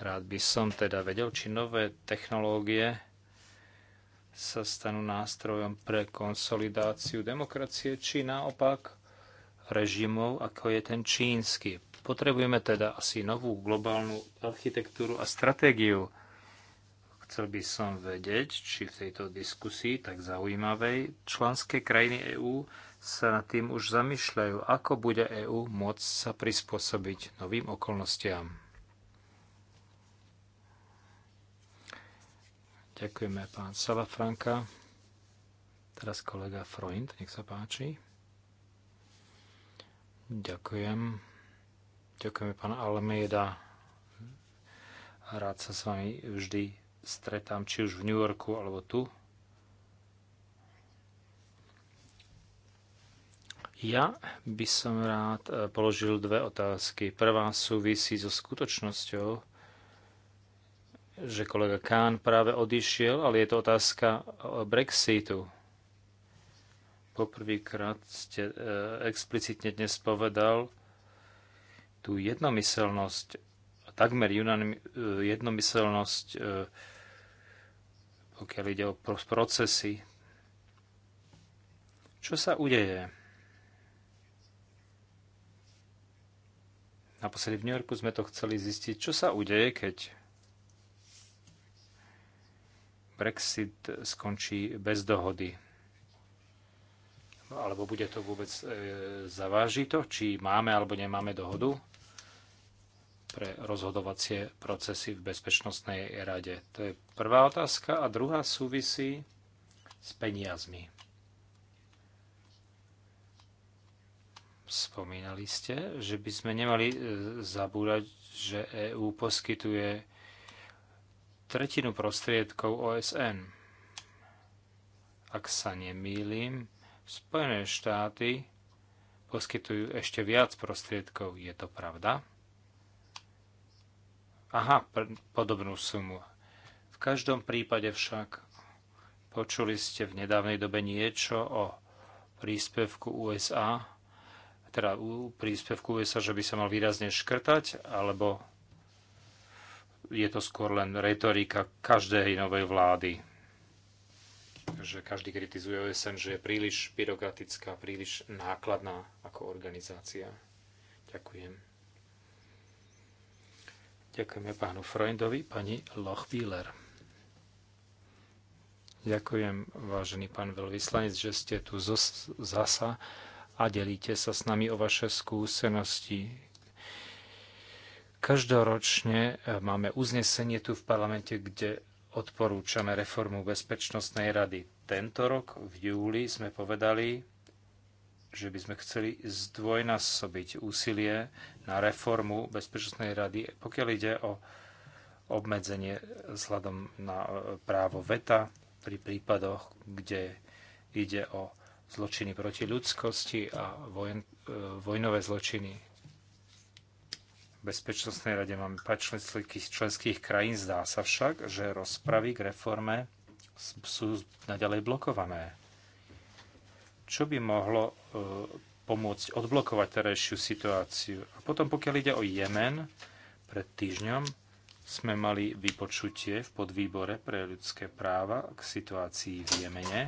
Rád by som teda vedel, či nové technológie sa stanú nástrojom pre konsolidáciu demokracie, či naopak režimov, ako je ten čínsky, Potrebujeme teda asi novú globálnu architektúru a stratégiu. Chcel by som vedieť, či v tejto diskusii, tak zaujímavej, členské krajiny EÚ sa nad tým už zamýšľajú, ako bude EÚ môcť sa prispôsobiť novým okolnostiam. Ďakujeme pán Salafranka. Teraz kolega Freund, nech sa páči. Ďakujem. Ďakujeme, pán Almeida. Rád sa s vami vždy stretám, či už v New Yorku alebo tu. Ja by som rád eh, položil dve otázky. Prvá súvisí so skutočnosťou, že kolega Kán práve odišiel, ale je to otázka Brexitu. Poprvýkrát ste eh, explicitne dnes povedal, tú jednomyselnosť, takmer e, jednomyselnosť, e, pokiaľ ide o procesy, čo sa udeje? Naposledy v New Yorku sme to chceli zistiť, čo sa udeje, keď Brexit skončí bez dohody. No, alebo bude to vôbec, e, zaváži to, či máme alebo nemáme dohodu pre rozhodovacie procesy v Bezpečnostnej rade? To je prvá otázka. A druhá súvisí s peniazmi. Spomínali ste, že by sme nemali e, zabúrať, že EÚ poskytuje tretinu prostriedkov OSN. Ak sa nemýlim, Spojené štáty poskytujú ešte viac prostriedkov. Je to pravda? Aha, podobnú sumu. V každom prípade však počuli ste v nedávnej dobe niečo o príspevku USA, teda u príspevku USA, že by sa mal výrazne škrtať, alebo je to skôr len retorika každej novej vlády že každý kritizuje OSN, že je príliš byrokratická, príliš nákladná ako organizácia. Ďakujem. ja pánu Freundovi, pani Lochbíler. Ďakujem, vážený pán veľvyslanec, že ste tu zasa a delíte sa s nami o vaše skúsenosti. Každoročne e, máme uznesenie tu v parlamente, kde odporúčame reformu Bezpečnostnej rady. Tento rok v júli sme povedali, že by sme chceli zdvojnásobiť úsilie na reformu Bezpečnostnej rady, pokiaľ ide o obmedzenie vzhľadom na e, právo VETA pri prípadoch, kde ide o zločiny proti ľudskosti a e, vojnové zločiny Bezpečnostnej rade máme 5 členských krajín. Zdá sa však, že rozpravy k reforme sú naďalej blokované. Čo by mohlo e, pomôcť odblokovať terajšiu situáciu? A potom, pokiaľ ide o Jemen, pred týždňom sme mali vypočutie v podvýbore pre ľudské práva k situácii v Jemene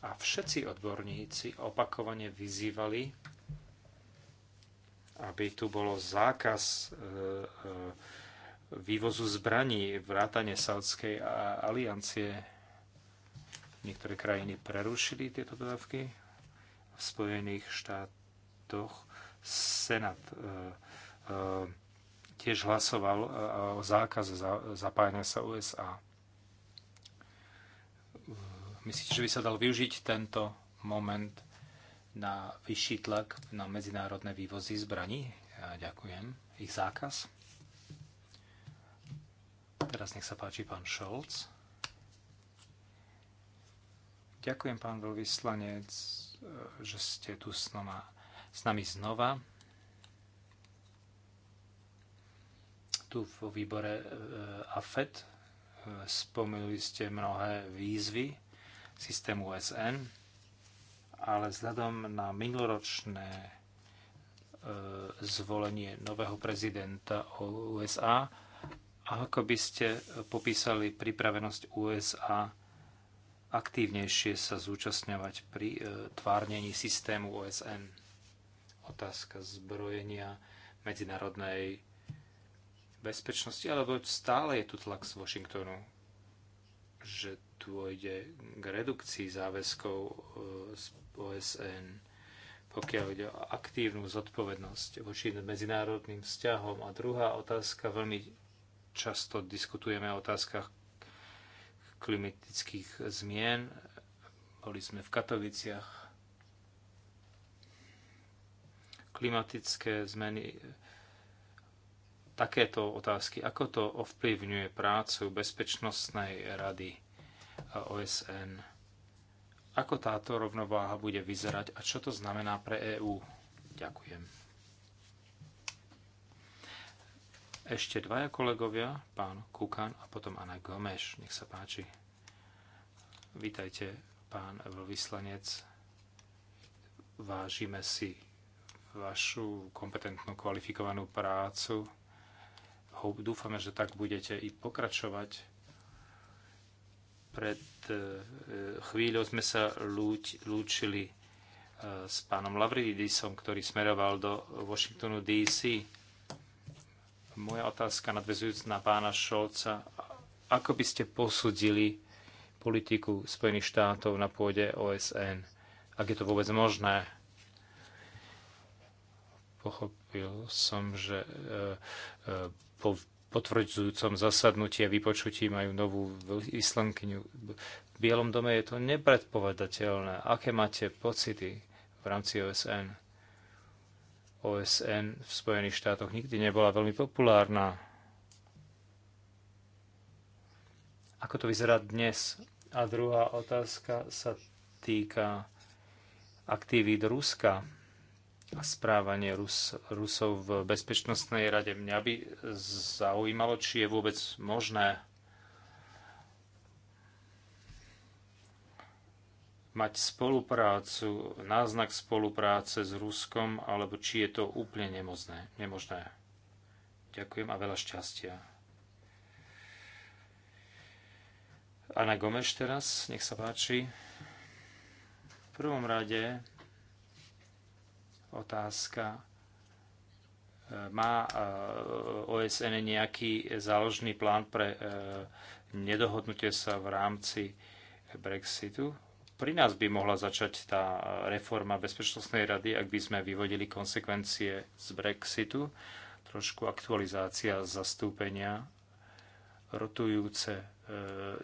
a všetci odborníci opakovane vyzývali aby tu bolo zákaz e, e, vývozu zbraní, vrátane Saudskej aliancie. Niektoré krajiny prerušili tieto dodávky. V Spojených štátoch Senát e, tiež hlasoval o zákaze zapájania sa USA. Myslíte, že by sa dal využiť tento moment na vyšší tlak na medzinárodné vývozy zbraní. Ja ďakujem. Ich zákaz. Teraz nech sa páči pán Scholz. Ďakujem, pán veľvyslanec, že ste tu s, noma, s nami znova. Tu v výbore e, AFED e, spomenuli ste mnohé výzvy systému SN ale vzhľadom na minuloročné e, zvolenie nového prezidenta USA, ako by ste popísali pripravenosť USA aktívnejšie sa zúčastňovať pri e, tvárnení systému OSN? Otázka zbrojenia medzinárodnej bezpečnosti, alebo stále je tu tlak z Washingtonu že dôjde k redukcii záväzkov e, z OSN, pokiaľ ide o aktívnu zodpovednosť voči medzinárodným vzťahom. A druhá otázka, veľmi často diskutujeme o otázkach klimatických zmien. Boli sme v Katoviciach. Klimatické zmeny takéto otázky, ako to ovplyvňuje prácu Bezpečnostnej rady OSN, ako táto rovnováha bude vyzerať a čo to znamená pre EÚ. Ďakujem. Ešte dvaja kolegovia, pán Kukan a potom Ana Gomeš. Nech sa páči. Vítajte, pán vyslanec. Vážime si vašu kompetentnú, kvalifikovanú prácu Dúfame, že tak budete i pokračovať. Pred e, chvíľou sme sa lúč, lúčili e, s pánom Lavridisom, ktorý smeroval do Washingtonu DC. Moja otázka nadvezujúc na pána Šolca. Ako by ste posudili politiku Spojených štátov na pôde OSN? Ak je to vôbec možné? Pochop, pochopil som, že e, e, po potvrdzujúcom zasadnutí a vypočutí majú novú islamkyňu. V Bielom dome je to nepredpovedateľné. Aké máte pocity v rámci OSN? OSN v Spojených štátoch nikdy nebola veľmi populárna. Ako to vyzerá dnes? A druhá otázka sa týka aktivít Ruska správanie Rus, Rusov v Bezpečnostnej rade. Mňa by zaujímalo, či je vôbec možné mať spoluprácu, náznak spolupráce s Ruskom, alebo či je to úplne nemožné. nemožné. Ďakujem a veľa šťastia. Ana Gomeš teraz, nech sa páči. V prvom rade otázka. E, má e, OSN nejaký záložný plán pre e, nedohodnutie sa v rámci Brexitu? Pri nás by mohla začať tá reforma Bezpečnostnej rady, ak by sme vyvodili konsekvencie z Brexitu. Trošku aktualizácia zastúpenia, rotujúce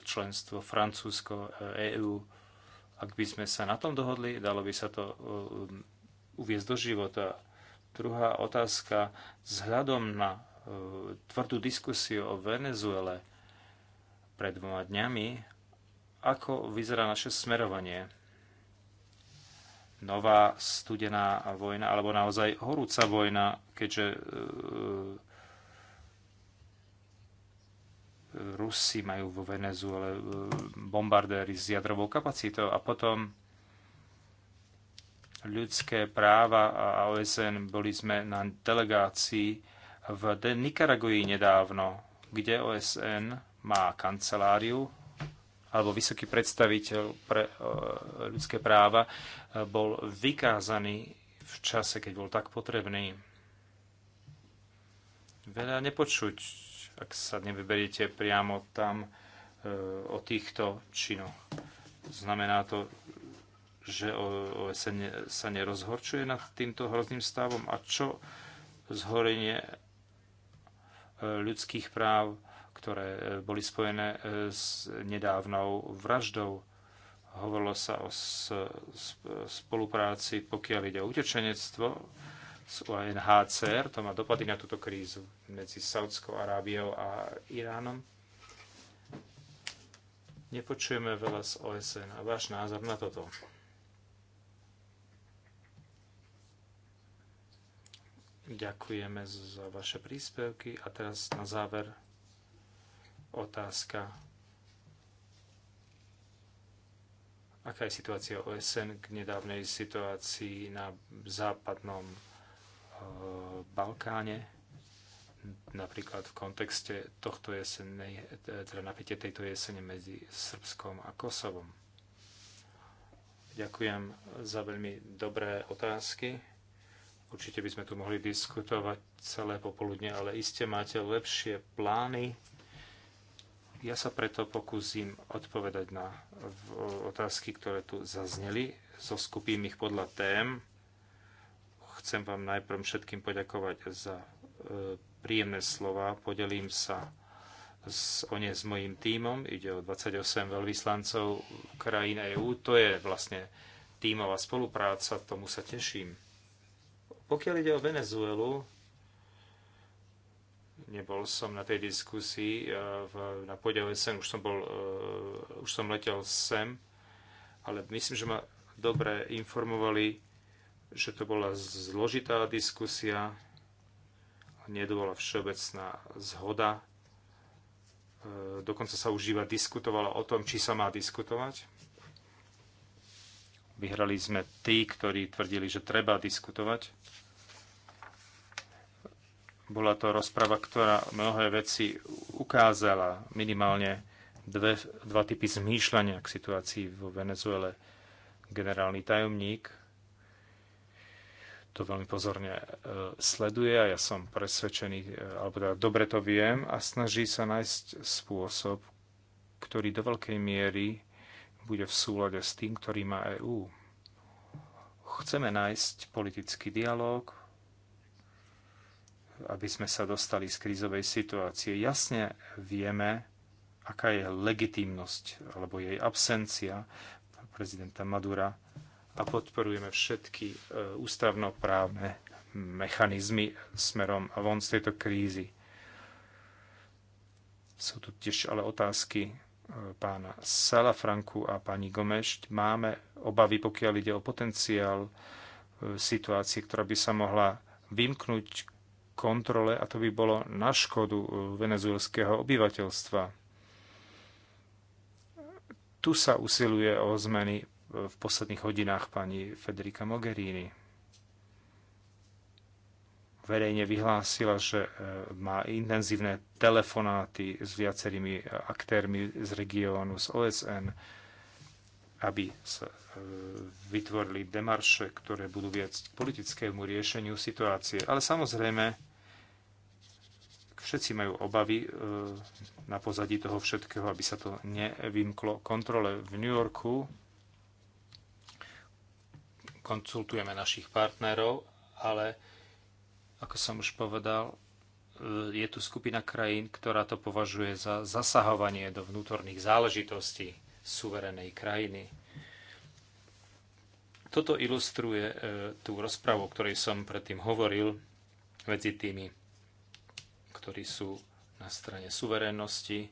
členstvo Francúzsko, EÚ. Ak by sme sa na tom dohodli, dalo by sa to uviezť do života. Druhá otázka, vzhľadom na e, tvrdú diskusiu o Venezuele pred dvoma dňami, ako vyzerá naše smerovanie? Nová studená vojna, alebo naozaj horúca vojna, keďže e, e, Rusi majú vo Venezuele bombardéry s jadrovou kapacitou a potom ľudské práva a OSN. Boli sme na delegácii v Nikaraguji nedávno, kde OSN má kanceláriu alebo vysoký predstaviteľ pre e, ľudské práva e, bol vykázaný v čase, keď bol tak potrebný. Veľa nepočuť, ak sa nevyberiete priamo tam e, o týchto činoch. Znamená to, že OSN sa nerozhorčuje nad týmto hrozným stavom a čo zhorenie e, ľudských práv, ktoré e, boli spojené e, s nedávnou vraždou. Hovorilo sa o spolupráci, pokiaľ ide o utečenectvo s UNHCR, to má dopady na túto krízu medzi Saudskou Arábiou a Iránom. Nepočujeme veľa z OSN a váš názor na toto. Ďakujeme za vaše príspevky a teraz na záver otázka. Aká je situácia OSN k nedávnej situácii na západnom eh, Balkáne, napríklad v kontexte tohto jesene, teda napätie tejto jesene medzi Srbskom a Kosovom? Ďakujem za veľmi dobré otázky. Určite by sme tu mohli diskutovať celé popoludne, ale iste máte lepšie plány. Ja sa preto pokúsim odpovedať na otázky, ktoré tu zazneli. Zoskupím ich podľa tém. Chcem vám najprv všetkým poďakovať za e, príjemné slova. Podelím sa o ne s mojím tímom. Ide o 28 veľvyslancov krajín EÚ. To je vlastne tímová spolupráca, tomu sa teším. Pokiaľ ide o Venezuelu, nebol som na tej diskusii e, v, na pôde OSN, už som, bol, e, už som letel sem, ale myslím, že ma dobre informovali, že to bola zložitá diskusia, nedovola všeobecná zhoda. E, dokonca sa už iba diskutovalo o tom, či sa má diskutovať. Vyhrali sme tí, ktorí tvrdili, že treba diskutovať bola to rozprava, ktorá mnohé veci ukázala, minimálne dve, dva typy zmýšľania k situácii vo Venezuele. Generálny tajomník to veľmi pozorne e, sleduje a ja som presvedčený, e, alebo teda dobre to viem, a snaží sa nájsť spôsob, ktorý do veľkej miery bude v súlade s tým, ktorý má EÚ. Chceme nájsť politický dialog, aby sme sa dostali z krízovej situácie. Jasne vieme, aká je legitímnosť alebo jej absencia prezidenta Madura a podporujeme všetky e, ústavnoprávne mechanizmy smerom a von z tejto krízy. Sú tu tiež ale otázky e, pána Salafranku a pani Gomeš. Máme obavy, pokiaľ ide o potenciál e, situácie, ktorá by sa mohla vymknúť kontrole a to by bolo na škodu e, venezuelského obyvateľstva. Tu sa usiluje o zmeny e, v posledných hodinách pani Federica Mogherini. Verejne vyhlásila, že e, má intenzívne telefonáty s viacerými aktérmi z regiónu, z OSN, aby sa vytvorili demarše, ktoré budú viesť k politickému riešeniu situácie. Ale samozrejme, Všetci majú obavy e, na pozadí toho všetkého, aby sa to nevymklo kontrole v New Yorku. Konsultujeme našich partnerov, ale ako som už povedal, e, je tu skupina krajín, ktorá to považuje za zasahovanie do vnútorných záležitostí suverenej krajiny. Toto ilustruje e, tú rozpravu, o ktorej som predtým hovoril medzi tými ktorí sú na strane suverénnosti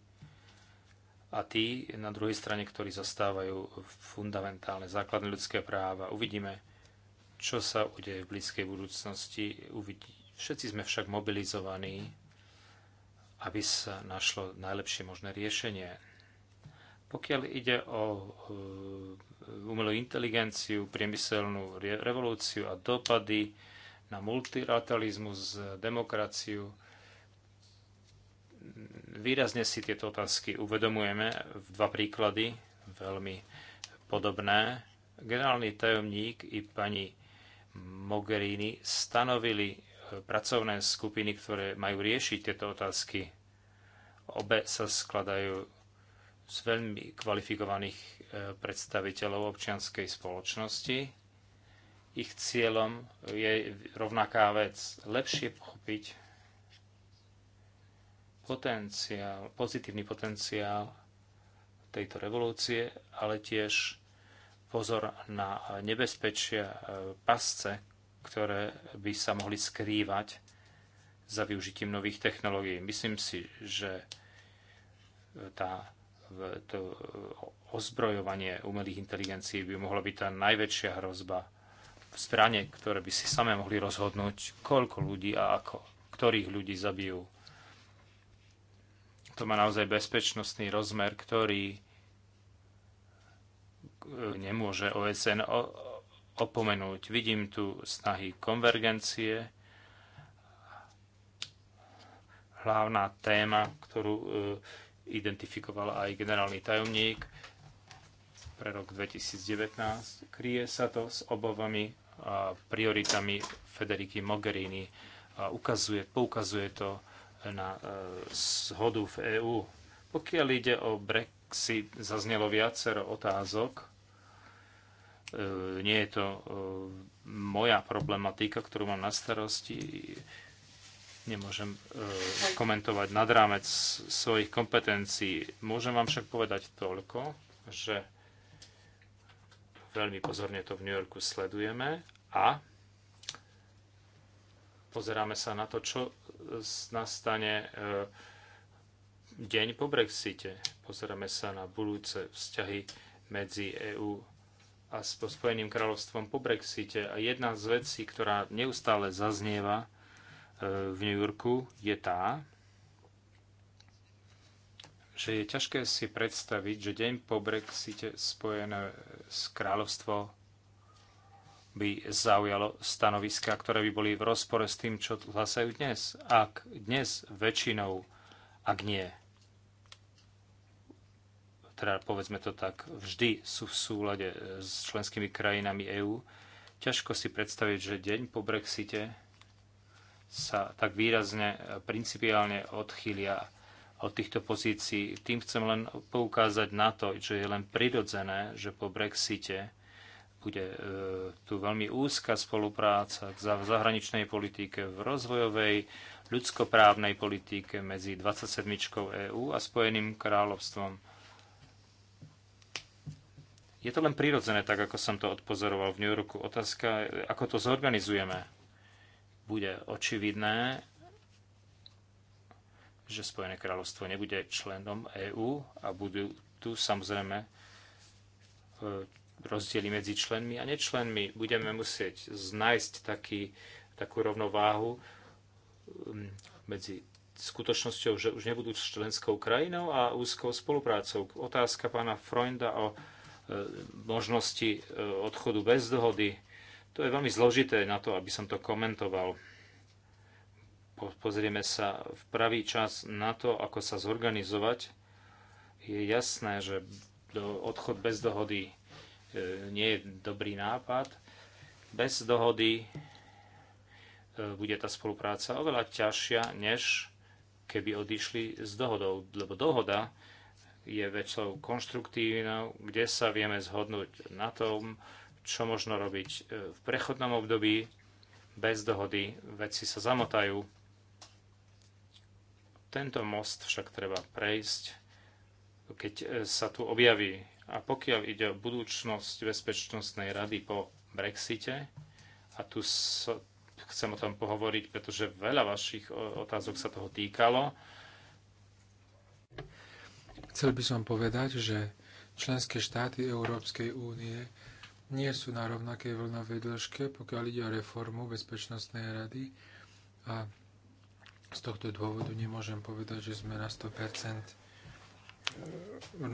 a tí na druhej strane, ktorí zastávajú fundamentálne základné ľudské práva. Uvidíme, čo sa udeje v blízkej budúcnosti. Uvidí. Všetci sme však mobilizovaní, aby sa našlo najlepšie možné riešenie. Pokiaľ ide o e, umelú inteligenciu, priemyselnú revolúciu a dopady na multilateralizmus, demokraciu, výrazne si tieto otázky uvedomujeme. Dva príklady, veľmi podobné. Generálny tajomník i pani Mogherini stanovili eh, pracovné skupiny, ktoré majú riešiť tieto otázky. Obe sa skladajú z veľmi kvalifikovaných eh, predstaviteľov občianskej spoločnosti. Ich cieľom je rovnaká vec lepšie pochopiť potenciál, pozitívny potenciál tejto revolúcie, ale tiež pozor na nebezpečia e, pasce, ktoré by sa mohli skrývať za využitím nových technológií. Myslím si, že e, tá, to e, ozbrojovanie umelých inteligencií by mohla byť tá najväčšia hrozba v strane, ktoré by si samé mohli rozhodnúť, koľko ľudí a ako, ktorých ľudí zabijú to má naozaj bezpečnostný rozmer, ktorý e, nemôže OSN opomenúť. Vidím tu snahy konvergencie. Hlavná téma, ktorú e, identifikoval aj generálny tajomník pre rok 2019, kryje sa to s obavami a prioritami Federiky Mogherini a ukazuje, poukazuje to na e, zhodu v EÚ. Pokiaľ ide o Brexit, zaznelo viacero otázok. E, nie je to e, moja problematika, ktorú mám na starosti. Nemôžem komentovať nad rámec svojich kompetencií. Môžem vám však povedať toľko, že veľmi pozorne to v New Yorku sledujeme a pozeráme sa na to, čo nastane e, deň po Brexite. Pozeráme sa na budúce vzťahy medzi EÚ a Spojeným kráľovstvom po Brexite. A jedna z vecí, ktorá neustále zaznieva e, v New Yorku, je tá, že je ťažké si predstaviť, že deň po Brexite Spojené s kráľovstvo by zaujalo stanoviska, ktoré by boli v rozpore s tým, čo hlasajú dnes. Ak dnes väčšinou, ak nie, teda povedzme to tak, vždy sú v súlade e, s členskými krajinami EÚ, ťažko si predstaviť, že deň po Brexite sa tak výrazne e, principiálne odchýlia od týchto pozícií. Tým chcem len poukázať na to, že je len prirodzené, že po Brexite bude e, tu veľmi úzka spolupráca v zahraničnej politike, v rozvojovej, ľudskoprávnej politike medzi 27. EÚ a Spojeným kráľovstvom. Je to len prirodzené, tak ako som to odpozoroval v New Yorku. Otázka, ako to zorganizujeme, bude očividné, že Spojené kráľovstvo nebude členom EÚ a budú tu samozrejme e, rozdiely medzi členmi a nečlenmi. Budeme musieť znajsť taký, takú rovnováhu um, medzi skutočnosťou, že už nebudú členskou krajinou a úzkou spoluprácou. Otázka pána Freunda o e, možnosti e, odchodu bez dohody. To je veľmi zložité na to, aby som to komentoval. Pozrieme sa v pravý čas na to, ako sa zorganizovať. Je jasné, že odchod bez dohody E, nie je dobrý nápad. Bez dohody e, bude tá spolupráca oveľa ťažšia, než keby odišli s dohodou, lebo dohoda je väčšou konštruktívnou, kde sa vieme zhodnúť na tom, čo možno robiť e, v prechodnom období. Bez dohody veci sa zamotajú. Tento most však treba prejsť, keď sa tu objaví a pokiaľ ide o budúcnosť Bezpečnostnej rady po Brexite, a tu so, chcem o tom pohovoriť, pretože veľa vašich otázok sa toho týkalo. Chcel by som povedať, že členské štáty Európskej únie nie sú na rovnakej vlnovej dĺžke, pokiaľ ide o reformu Bezpečnostnej rady. A z tohto dôvodu nemôžem povedať, že sme na 100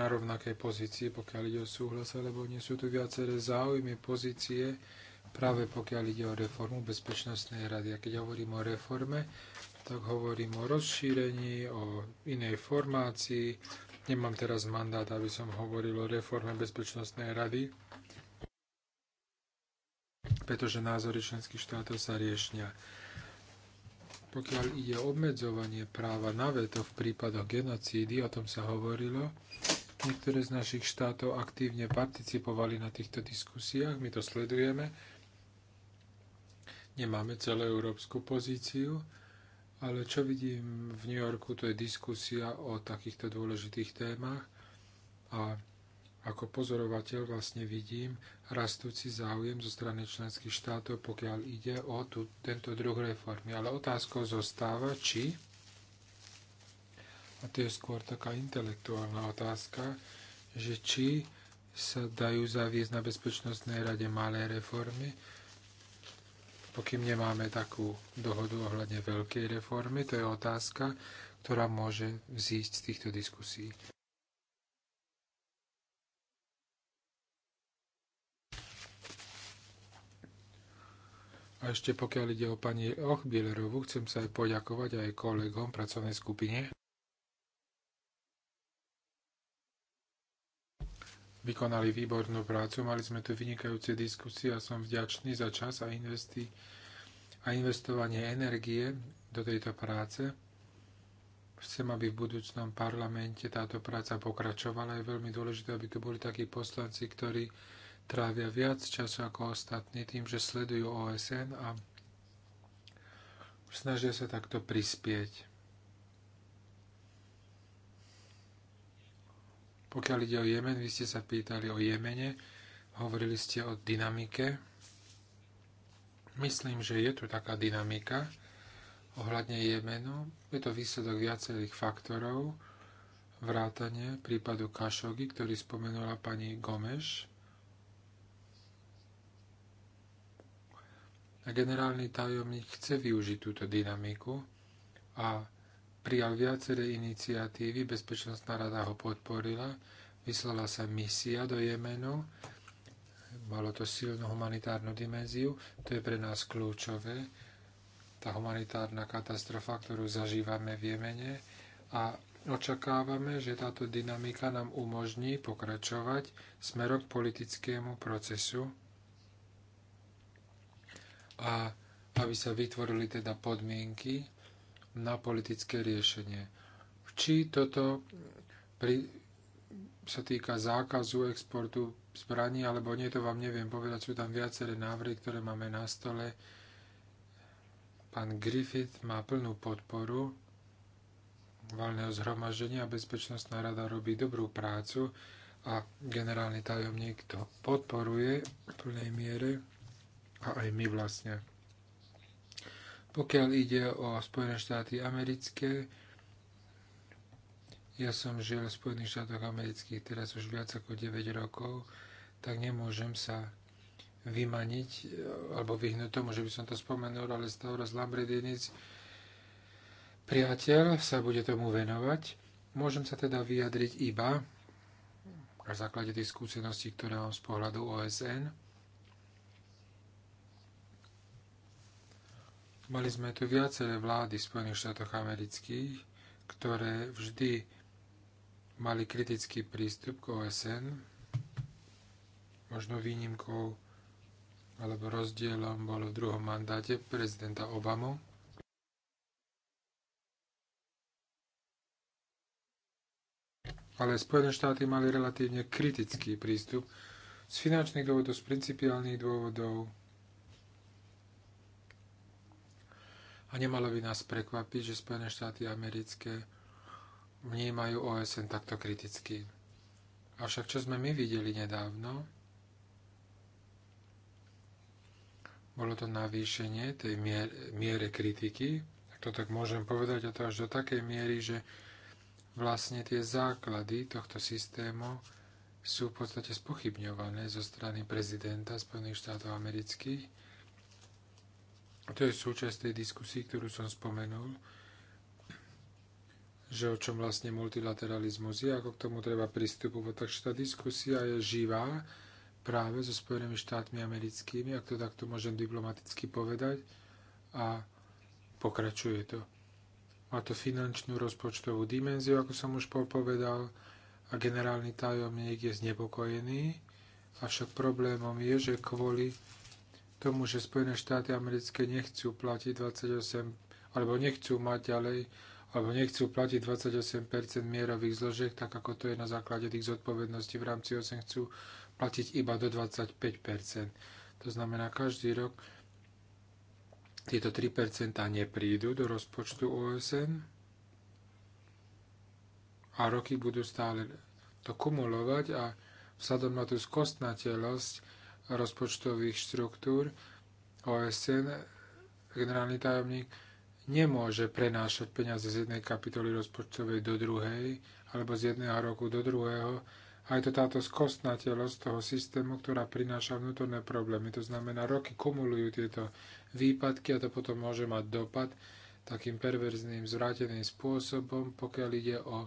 na rovnakej pozícii, pokiaľ ide o súhlas, alebo nie sú tu viaceré záujmy, pozície, práve pokiaľ ide o reformu Bezpečnostnej rady. A keď hovorím o reforme, tak hovorím o rozšírení, o inej formácii. Nemám teraz mandát, aby som hovoril o reforme Bezpečnostnej rady, pretože názory členských štátov sa riešňa. Pokiaľ ide o obmedzovanie práva na veto v prípadoch genocídy, o tom sa hovorilo, niektoré z našich štátov aktívne participovali na týchto diskusiách, my to sledujeme. Nemáme celú európsku pozíciu, ale čo vidím v New Yorku, to je diskusia o takýchto dôležitých témach a ako pozorovateľ vlastne vidím rastúci záujem zo strany členských štátov, pokiaľ ide o tú, tento druh reformy. Ale otázkou zostáva, či, a to je skôr taká intelektuálna otázka, že či sa dajú zaviesť na Bezpečnostnej rade malé reformy, pokým nemáme takú dohodu ohľadne veľkej reformy, to je otázka, ktorá môže vzísť z týchto diskusí. A ešte pokiaľ ide o pani Ochbielerovú, chcem sa aj poďakovať aj kolegom pracovnej skupine. Vykonali výbornú prácu, mali sme tu vynikajúce diskusie a som vďačný za čas a, investi- a investovanie energie do tejto práce. Chcem, aby v budúcnom parlamente táto práca pokračovala. Je veľmi dôležité, aby tu boli takí poslanci, ktorí trávia viac času ako ostatní tým, že sledujú OSN a snažia sa takto prispieť. Pokiaľ ide o Jemen, vy ste sa pýtali o Jemene, hovorili ste o dynamike. Myslím, že je tu taká dynamika ohľadne Jemenu. Je to výsledok viacerých faktorov, vrátane prípadu Kašogi, ktorý spomenula pani Gomeš. generálny tajomník chce využiť túto dynamiku a prijal viaceré iniciatívy, Bezpečnostná rada ho podporila, vyslala sa misia do Jemenu, malo to silnú humanitárnu dimenziu, to je pre nás kľúčové, tá humanitárna katastrofa, ktorú zažívame v Jemene a očakávame, že táto dynamika nám umožní pokračovať smerom k politickému procesu, a aby sa vytvorili teda podmienky na politické riešenie. Či toto pri, sa týka zákazu exportu zbraní, alebo nie, to vám neviem povedať. Sú tam viaceré návrhy, ktoré máme na stole. Pán Griffith má plnú podporu valného zhromaždenia a Bezpečnostná rada robí dobrú prácu a generálny tajomník to podporuje v plnej miere a aj my vlastne. Pokiaľ ide o Spojené štáty americké, ja som žil v Spojených štátoch amerických teraz už viac ako 9 rokov, tak nemôžem sa vymaniť alebo vyhnúť tomu, že by som to spomenul, ale Stavros Lambredinic, priateľ, sa bude tomu venovať. Môžem sa teda vyjadriť iba na základe tých skúseností, ktoré mám z pohľadu OSN Mali sme tu viaceré vlády v Spojených štátoch amerických, ktoré vždy mali kritický prístup k OSN. Možno výnimkou alebo rozdielom bolo v druhom mandáte prezidenta Obamu. Ale Spojené štáty mali relatívne kritický prístup z finančných dôvodov, z principiálnych dôvodov, A nemalo by nás prekvapiť, že Spojené štáty americké vnímajú OSN takto kriticky. Avšak čo sme my videli nedávno, bolo to navýšenie tej mier, miere kritiky, tak to tak môžem povedať, a to až do takej miery, že vlastne tie základy tohto systému sú v podstate spochybňované zo strany prezidenta Spojených štátov amerických, to je súčasť tej diskusie, ktorú som spomenul, že o čom vlastne multilateralizmus je, ako k tomu treba pristupovať. Takže tá diskusia je živá práve so Spojenými štátmi americkými, ak to takto môžem diplomaticky povedať, a pokračuje to. Má to finančnú rozpočtovú dimenziu, ako som už povedal, a generálny tajomník je znepokojený, avšak problémom je, že kvôli tomu, že Spojené štáty americké nechcú platiť 28, alebo nechcú mať ďalej, alebo nechcú platiť 28 mierových zložiek, tak ako to je na základe tých zodpovedností v rámci 8, chcú platiť iba do 25 To znamená, každý rok tieto 3 neprídu do rozpočtu OSN a roky budú stále to kumulovať a vzhľadom na tú skostnateľosť rozpočtových štruktúr OSN, generálny tajomník nemôže prenášať peniaze z jednej kapitoly rozpočtovej do druhej alebo z jedného roku do druhého. A je to táto skostnatelosť toho systému, ktorá prináša vnútorné problémy. To znamená, roky kumulujú tieto výpadky a to potom môže mať dopad takým perverzným, zvráteným spôsobom, pokiaľ ide o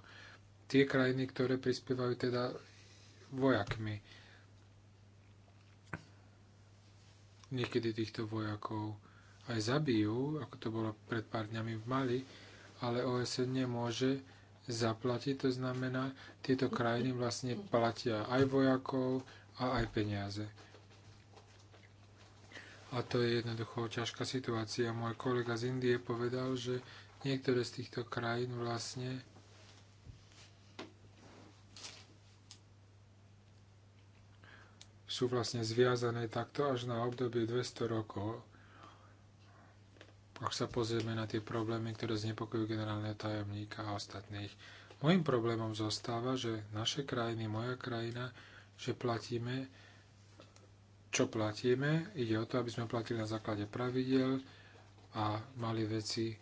tie krajiny, ktoré prispievajú teda vojakmi. Niekedy týchto vojakov aj zabijú, ako to bolo pred pár dňami v Mali, ale OSN nemôže zaplatiť. To znamená, tieto krajiny vlastne platia aj vojakov a aj peniaze. A to je jednoducho ťažká situácia. Môj kolega z Indie povedal, že niektoré z týchto krajín vlastne sú vlastne zviazané takto až na obdobie 200 rokov. Ak sa pozrieme na tie problémy, ktoré znepokojujú generálneho tajomníka a ostatných. Mojím problémom zostáva, že naše krajiny, moja krajina, že platíme, čo platíme, ide o to, aby sme platili na základe pravidel a mali veci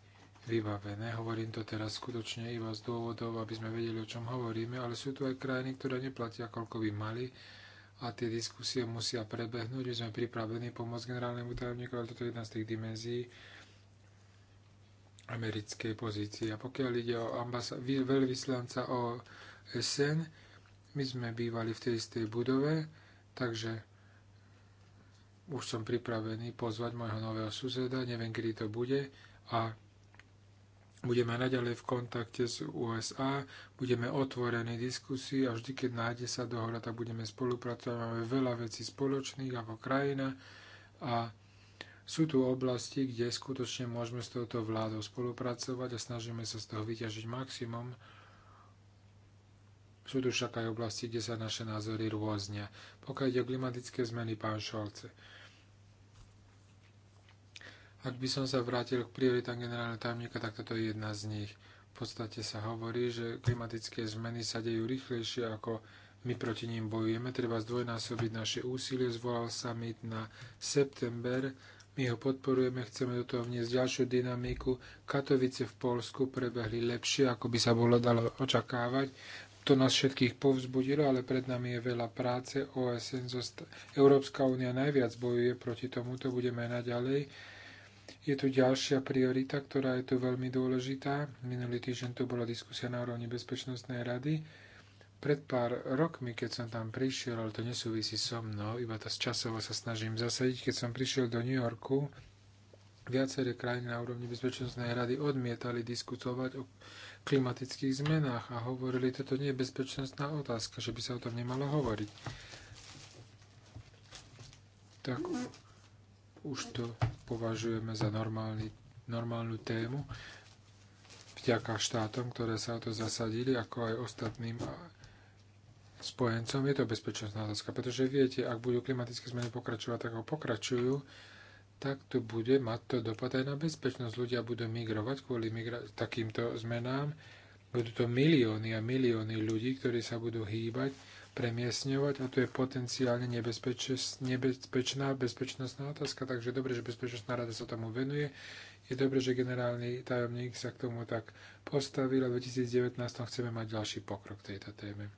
vybavené. Hovorím to teraz skutočne iba z dôvodov, aby sme vedeli, o čom hovoríme, ale sú tu aj krajiny, ktoré neplatia, koľko by mali a tie diskusie musia prebehnúť, že sme pripravení pomôcť generálnemu tajomníku, ale toto je jedna z tých dimenzií americkej pozície. A pokiaľ ide o ambasa- veľvyslanca o SN, my sme bývali v tej istej budove, takže už som pripravený pozvať môjho nového suseda, neviem, kedy to bude a Budeme naďalej v kontakte s USA, budeme otvorení diskusii a vždy, keď nájde sa dohoda, tak budeme spolupracovať. Máme veľa vecí spoločných ako krajina a sú tu oblasti, kde skutočne môžeme s touto vládou spolupracovať a snažíme sa z toho vyťažiť maximum. Sú tu však aj oblasti, kde sa naše názory rôznia. Pokiaľ ide o klimatické zmeny, pán Šolce, ak by som sa vrátil k prioritám generálneho tajomníka, tak toto je jedna z nich. V podstate sa hovorí, že klimatické zmeny sa dejú rýchlejšie, ako my proti ním bojujeme. Treba zdvojnásobiť naše úsilie. Zvolal summit na september. My ho podporujeme, chceme do toho vniesť ďalšiu dynamiku. Katovice v Polsku prebehli lepšie, ako by sa bolo dalo očakávať. To nás všetkých povzbudilo, ale pred nami je veľa práce. OSN, Európska únia najviac bojuje proti tomuto, budeme naďalej je tu ďalšia priorita, ktorá je tu veľmi dôležitá. Minulý týždeň tu bola diskusia na úrovni Bezpečnostnej rady. Pred pár rokmi, keď som tam prišiel, ale to nesúvisí so mnou, iba to časovo sa snažím zasadiť, keď som prišiel do New Yorku, viaceré krajiny na úrovni Bezpečnostnej rady odmietali diskutovať o klimatických zmenách a hovorili, toto nie je bezpečnostná otázka, že by sa o tom nemalo hovoriť. Tak už to považujeme za normálny, normálnu tému. Vďaka štátom, ktoré sa o to zasadili, ako aj ostatným spojencom, je to bezpečnostná otázka. Pretože viete, ak budú klimatické zmeny pokračovať, tak ako pokračujú, tak to bude mať to dopad aj na bezpečnosť. Ľudia budú migrovať kvôli migra- takýmto zmenám. Budú to milióny a milióny ľudí, ktorí sa budú hýbať premiesňovať a to je potenciálne nebezpečná bezpečnostná otázka, takže dobre, že Bezpečnostná rada sa tomu venuje. Je dobre, že generálny tajomník sa k tomu tak postavil a v 2019 chceme mať ďalší pokrok v tejto téme.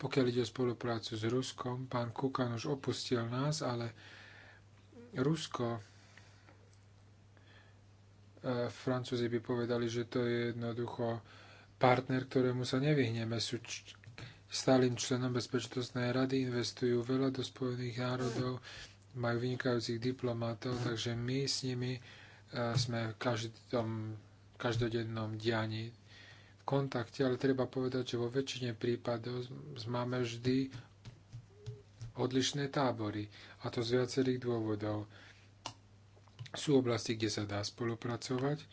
Pokiaľ ide o spoluprácu s Ruskom, pán Kukan už opustil nás, ale Rusko, e, Francúzi by povedali, že to je jednoducho partner, ktorému sa nevyhneme, sú stálym členom Bezpečnostnej rady, investujú veľa do Spojených národov, majú vynikajúcich diplomatov, takže my s nimi e, sme v každom, každodennom dianí v kontakte, ale treba povedať, že vo väčšine prípadov máme vždy odlišné tábory, a to z viacerých dôvodov. Sú oblasti, kde sa dá spolupracovať,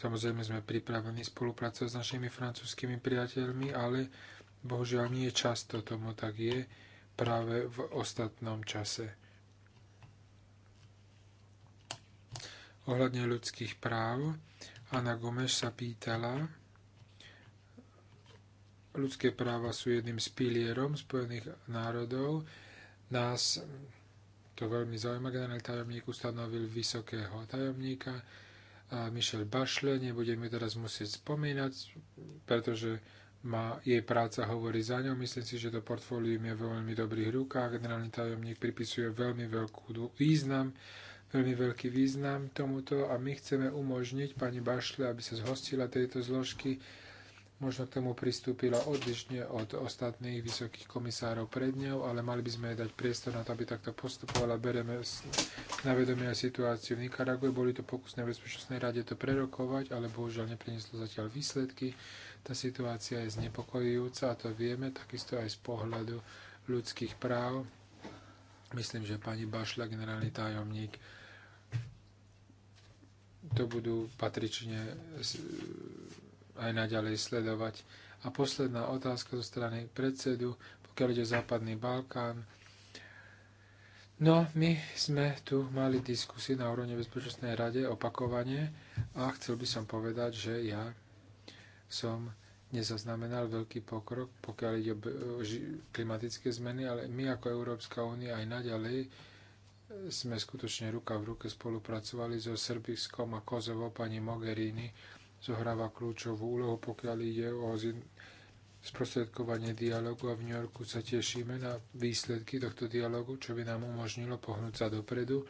Samozrejme sme pripravení spolupracovať s našimi francúzskými priateľmi, ale bohužiaľ nie často tomu tak je práve v ostatnom čase. Ohľadne ľudských práv, Anna Gomeš sa pýtala, ľudské práva sú jedným z pilierom Spojených národov. Nás to veľmi zaujíma, generálny tajomník ustanovil vysokého tajomníka, Michelle Bachelet, nebudem ju teraz musieť spomínať, pretože má, jej práca hovorí za ňou. Myslím si, že to portfólium je v veľmi dobrých rukách. Generálny tajomník pripisuje veľmi veľkú význam, veľmi veľký význam tomuto a my chceme umožniť pani Bašle, aby sa zhostila tejto zložky možno k tomu pristúpila odlišne od ostatných vysokých komisárov pred ňou, ale mali by sme jej dať priestor na to, aby takto postupovala. Bereme na vedomie situáciu v Nikarague. Boli to pokusné bezpečnostnej rade to prerokovať, ale bohužiaľ neprineslo zatiaľ výsledky. Tá situácia je znepokojujúca a to vieme takisto aj z pohľadu ľudských práv. Myslím, že pani Bašla, generálny tajomník, to budú patrične aj naďalej sledovať. A posledná otázka zo strany predsedu, pokiaľ ide o Západný Balkán. No, my sme tu mali diskusie na úrovni Bezpečnostnej rade opakovane a chcel by som povedať, že ja som nezaznamenal veľký pokrok, pokiaľ ide o klimatické zmeny, ale my ako Európska únia aj naďalej sme skutočne ruka v ruke spolupracovali so Srbiskom a Kozovo pani Mogherini zohráva kľúčovú úlohu, pokiaľ ide o sprostredkovanie dialogu a v New Yorku sa tešíme na výsledky tohto dialogu, čo by nám umožnilo pohnúť sa dopredu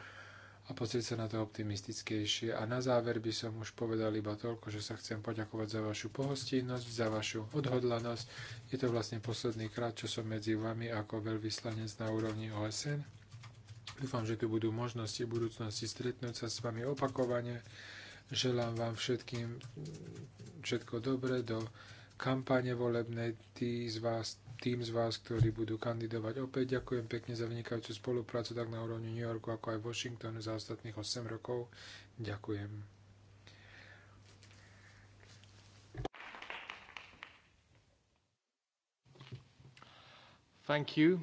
a pozrieť sa na to optimistickejšie. A na záver by som už povedal iba toľko, že sa chcem poďakovať za vašu pohostinnosť, za vašu odhodlanosť. Je to vlastne posledný krát, čo som medzi vami ako veľvyslanec na úrovni OSN. Dúfam, že tu budú možnosti v budúcnosti stretnúť sa s vami opakovane Želám vám všetkým všetko dobré do kampane volebnej. Tí z vás, tým z vás, ktorí budú kandidovať opäť, ďakujem pekne za vynikajúcu spoluprácu tak na úrovni New Yorku, ako aj Washingtonu za ostatných 8 rokov. Ďakujem. Thank you.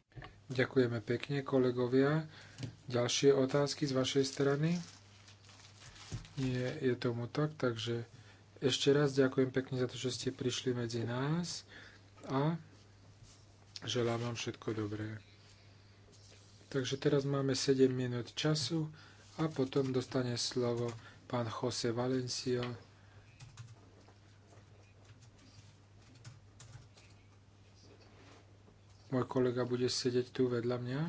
Ďakujeme pekne, kolegovia. Ďalšie otázky z vašej strany? Nie je tomu tak, takže ešte raz ďakujem pekne za to, že ste prišli medzi nás a želám vám všetko dobré. Takže teraz máme 7 minút času a potom dostane slovo pán Jose Valencio. Môj kolega bude sedieť tu vedľa mňa.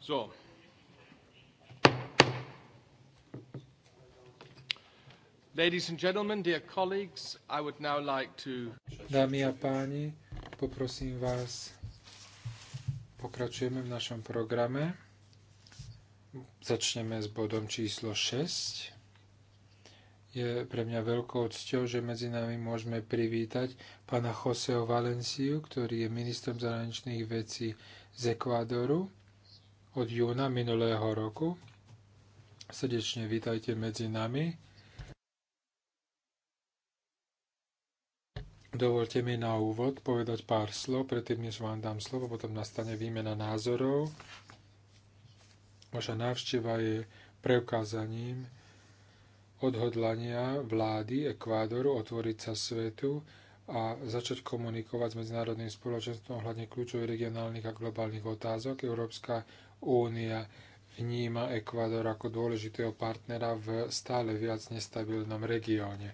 So. Ladies and gentlemen, dear colleagues, I would now like to... Dámy a páni, poprosím vás, pokračujeme v našom programe. Začneme s bodom číslo 6. Je pre mňa veľkou cťou, že medzi nami môžeme privítať pána Joseho Valenciu, ktorý je ministrom zahraničných vecí z Ekvádoru od júna minulého roku. Srdečne vítajte medzi nami. Dovolte mi na úvod povedať pár slov, predtým než vám dám slovo, potom nastane výmena názorov. Vaša návšteva je preukázaním odhodlania vlády Ekvádoru otvoriť sa svetu a začať komunikovať s medzinárodným spoločenstvom ohľadne kľúčových regionálnych a globálnych otázok. Európska únia vníma Ekvádor ako dôležitého partnera v stále viac nestabilnom regióne.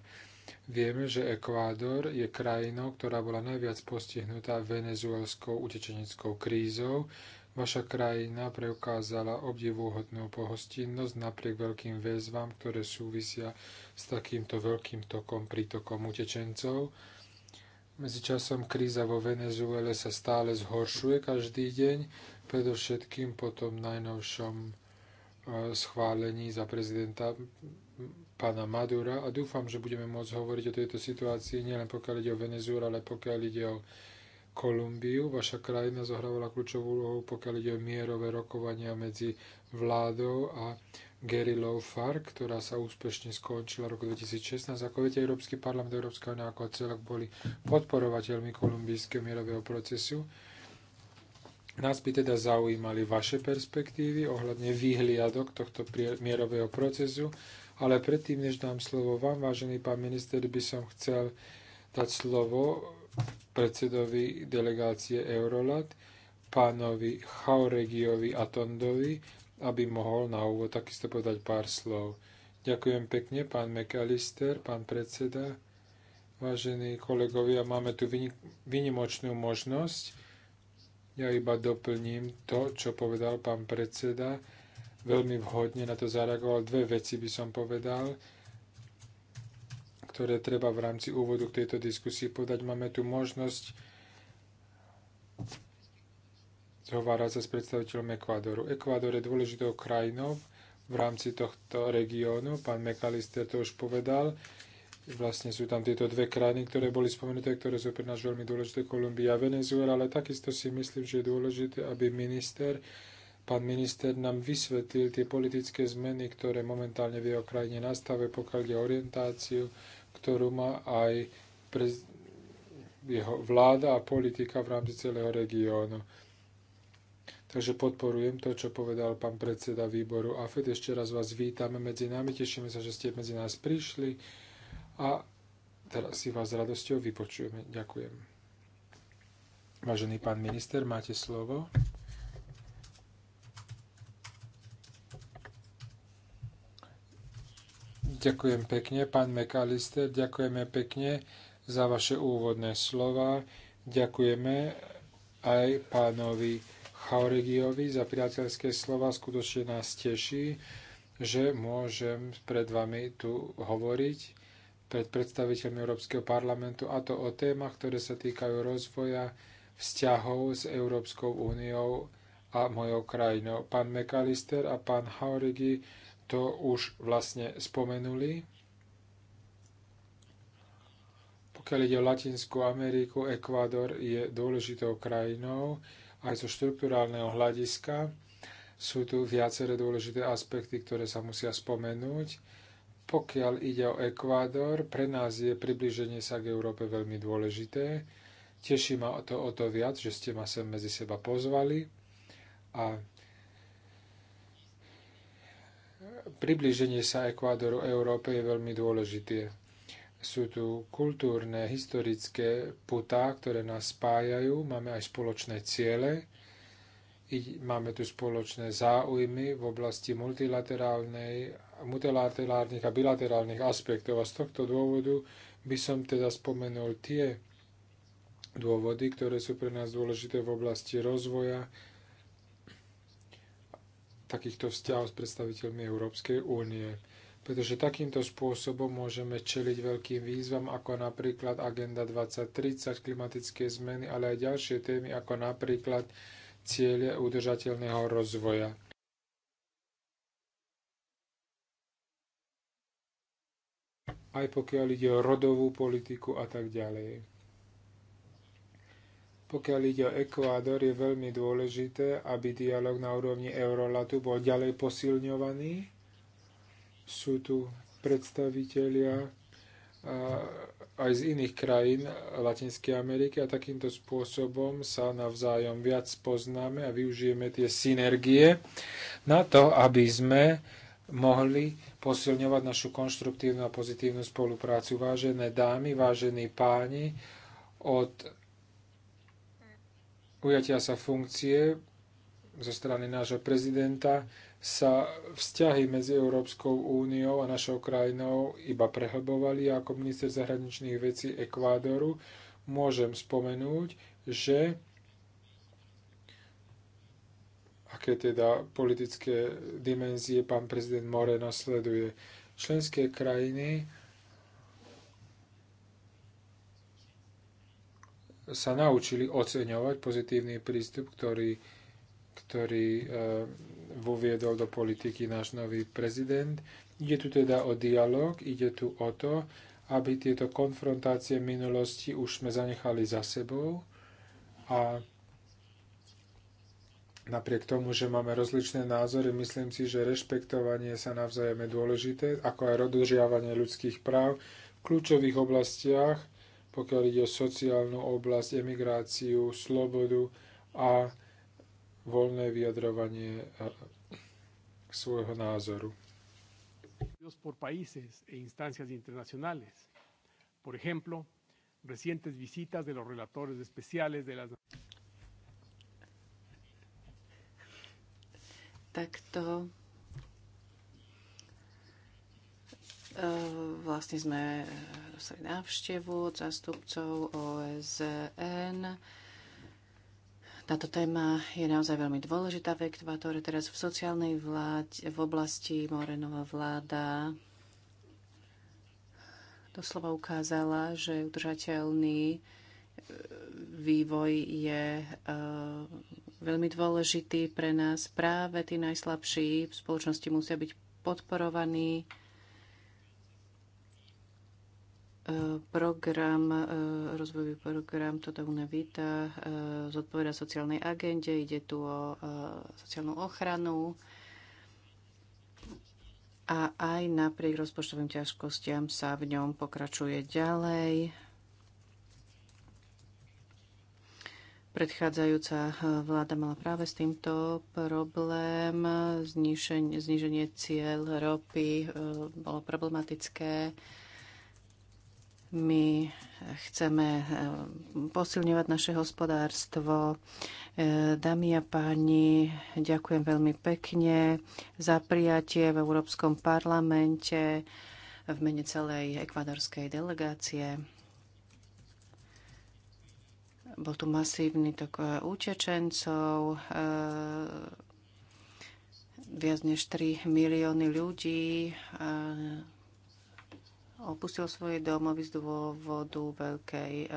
Vieme, že Ekvádor je krajinou, ktorá bola najviac postihnutá venezuelskou utečeneckou krízou, Vaša krajina preukázala obdivuhodnú pohostinnosť napriek veľkým väzvám, ktoré súvisia s takýmto veľkým tokom, prítokom utečencov. Medzičasom kríza vo Venezuele sa stále zhoršuje každý deň, predovšetkým po tom najnovšom e, schválení za prezidenta pána Madura a dúfam, že budeme môcť hovoriť o tejto situácii nielen pokiaľ ide o Venezuelu, ale pokiaľ ide o Kolumbiu. Vaša krajina zohrávala kľúčovú úlohu, pokiaľ ide o mierové rokovania medzi vládou a gerilou FARC, ktorá sa úspešne skončila v roku 2016. Ako viete, Európsky parlament Európska únia ako celok boli podporovateľmi kolumbijského mierového procesu. Nás by teda zaujímali vaše perspektívy ohľadne výhliadok tohto mierového procesu, ale predtým, než dám slovo vám, vážený pán minister, by som chcel dať slovo predsedovi delegácie Eurolat, pánovi Chauregiovi Atondovi, aby mohol na úvod takisto povedať pár slov. Ďakujem pekne, pán McAllister, pán predseda, vážení kolegovia, máme tu vynimočnú možnosť. Ja iba doplním to, čo povedal pán predseda. Veľmi vhodne na to zareagoval. Dve veci by som povedal ktoré treba v rámci úvodu k tejto diskusii podať. Máme tu možnosť zhovárať sa s predstaviteľom Ekvádoru. Ekvádor je dôležitou krajinou v rámci tohto regiónu. Pán McAllister to už povedal. Vlastne sú tam tieto dve krajiny, ktoré boli spomenuté, ktoré sú pre nás veľmi dôležité, Kolumbia a Venezuela, ale takisto si myslím, že je dôležité, aby minister Pán minister nám vysvetlil tie politické zmeny, ktoré momentálne v jeho krajine nastave, pokiaľ je orientáciu, ktorú má aj prez, jeho vláda a politika v rámci celého regiónu. Takže podporujem to, čo povedal pán predseda výboru AFED. Ešte raz vás vítame medzi nami, tešíme sa, že ste medzi nás prišli a teraz si vás s radosťou vypočujeme. Ďakujem. Vážený pán minister, máte slovo. Ďakujem pekne, pán McAllister, ďakujeme pekne za vaše úvodné slova. Ďakujeme aj pánovi Chauregiovi za priateľské slova. Skutočne nás teší, že môžem pred vami tu hovoriť, pred predstaviteľmi Európskeho parlamentu, a to o témach, ktoré sa týkajú rozvoja vzťahov s Európskou úniou a mojou krajinou. Pán McAllister a pán Hauregi to už vlastne spomenuli. Pokiaľ ide o Latinskú Ameriku, Ekvádor je dôležitou krajinou aj zo štruktúrálneho hľadiska. Sú tu viaceré dôležité aspekty, ktoré sa musia spomenúť. Pokiaľ ide o Ekvádor, pre nás je približenie sa k Európe veľmi dôležité. Teší ma to o to viac, že ste ma sem medzi seba pozvali a približenie sa Ekvádoru Európe je veľmi dôležité. Sú tu kultúrne, historické putá, ktoré nás spájajú, máme aj spoločné ciele, máme tu spoločné záujmy v oblasti multilaterálnej, multilaterálnych a bilaterálnych aspektov. A z tohto dôvodu by som teda spomenul tie dôvody, ktoré sú pre nás dôležité v oblasti rozvoja, takýchto vzťahov s predstaviteľmi Európskej únie. Pretože takýmto spôsobom môžeme čeliť veľkým výzvam, ako napríklad Agenda 2030, klimatické zmeny, ale aj ďalšie témy, ako napríklad ciele udržateľného rozvoja. aj pokiaľ ide o rodovú politiku a tak ďalej. Pokiaľ ide o Ekvádor, je veľmi dôležité, aby dialog na úrovni Eurolatu bol ďalej posilňovaný. Sú tu predstavitelia aj z iných krajín Latinskej Ameriky a takýmto spôsobom sa navzájom viac poznáme a využijeme tie synergie na to, aby sme mohli posilňovať našu konštruktívnu a pozitívnu spoluprácu. Vážené dámy, vážení páni, od ujatia sa funkcie zo strany nášho prezidenta sa vzťahy medzi Európskou úniou a našou krajinou iba prehlbovali. Ako minister zahraničných vecí Ekvádoru môžem spomenúť, že aké teda politické dimenzie pán prezident Moreno sleduje. Členské krajiny sa naučili oceňovať pozitívny prístup, ktorý, ktorý e, voviedol do politiky náš nový prezident. Ide tu teda o dialog, ide tu o to, aby tieto konfrontácie minulosti už sme zanechali za sebou a Napriek tomu, že máme rozličné názory, myslím si, že rešpektovanie sa navzájom je dôležité, ako aj dodržiavanie ľudských práv v kľúčových oblastiach, pokiaľ ide o sociálnu oblasť, emigráciu, slobodu a voľné vyjadrovanie e, svojho názoru. por países e instancias internacionales. Por ejemplo, recientes visitas de los relatores especiales de las Takto E, vlastne sme e, dostali návštevu od zástupcov OSN. Táto téma je naozaj veľmi dôležitá v Ekvátore. Teraz v sociálnej vláde, v oblasti Morenová vláda doslova ukázala, že udržateľný e, vývoj je veľmi dôležitý pre nás. Práve tí najslabší v spoločnosti musia byť podporovaní program, e, rozvojový program Toto Una Vita e, zodpoveda sociálnej agende, ide tu o e, sociálnu ochranu a aj napriek rozpočtovým ťažkostiam sa v ňom pokračuje ďalej. Predchádzajúca vláda mala práve s týmto problém. Zniženie, cieľ ropy bolo problematické my chceme eh, posilňovať naše hospodárstvo. Eh, dámy a páni, ďakujem veľmi pekne za prijatie v Európskom parlamente v mene celej ekvadorskej delegácie. Bol tu masívny tok eh, utečencov, viac než 3 milióny ľudí opustil svoje domovy z dôvodu veľkej eh,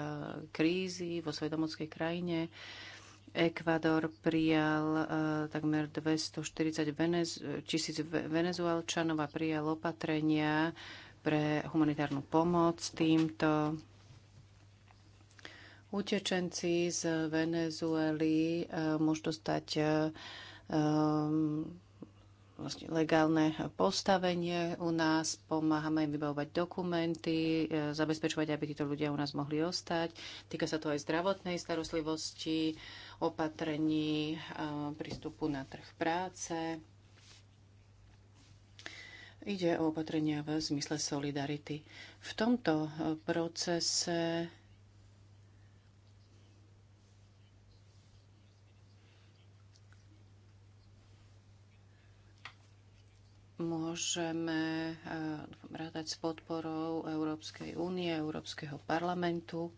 krízy vo svojej domovskej krajine. Ekvador prijal eh, takmer 240 tisíc venezuelčanov a prijal opatrenia pre humanitárnu pomoc týmto. Utečenci z Venezuely eh, môžu dostať vlastne legálne postavenie u nás, pomáhame im vybavovať dokumenty, e, zabezpečovať, aby títo ľudia u nás mohli ostať. Týka sa to aj zdravotnej starostlivosti, opatrení, e, prístupu na trh práce. Ide o opatrenia v zmysle solidarity. V tomto e, procese môžeme eh, rátať s podporou Európskej únie, Európskeho parlamentu.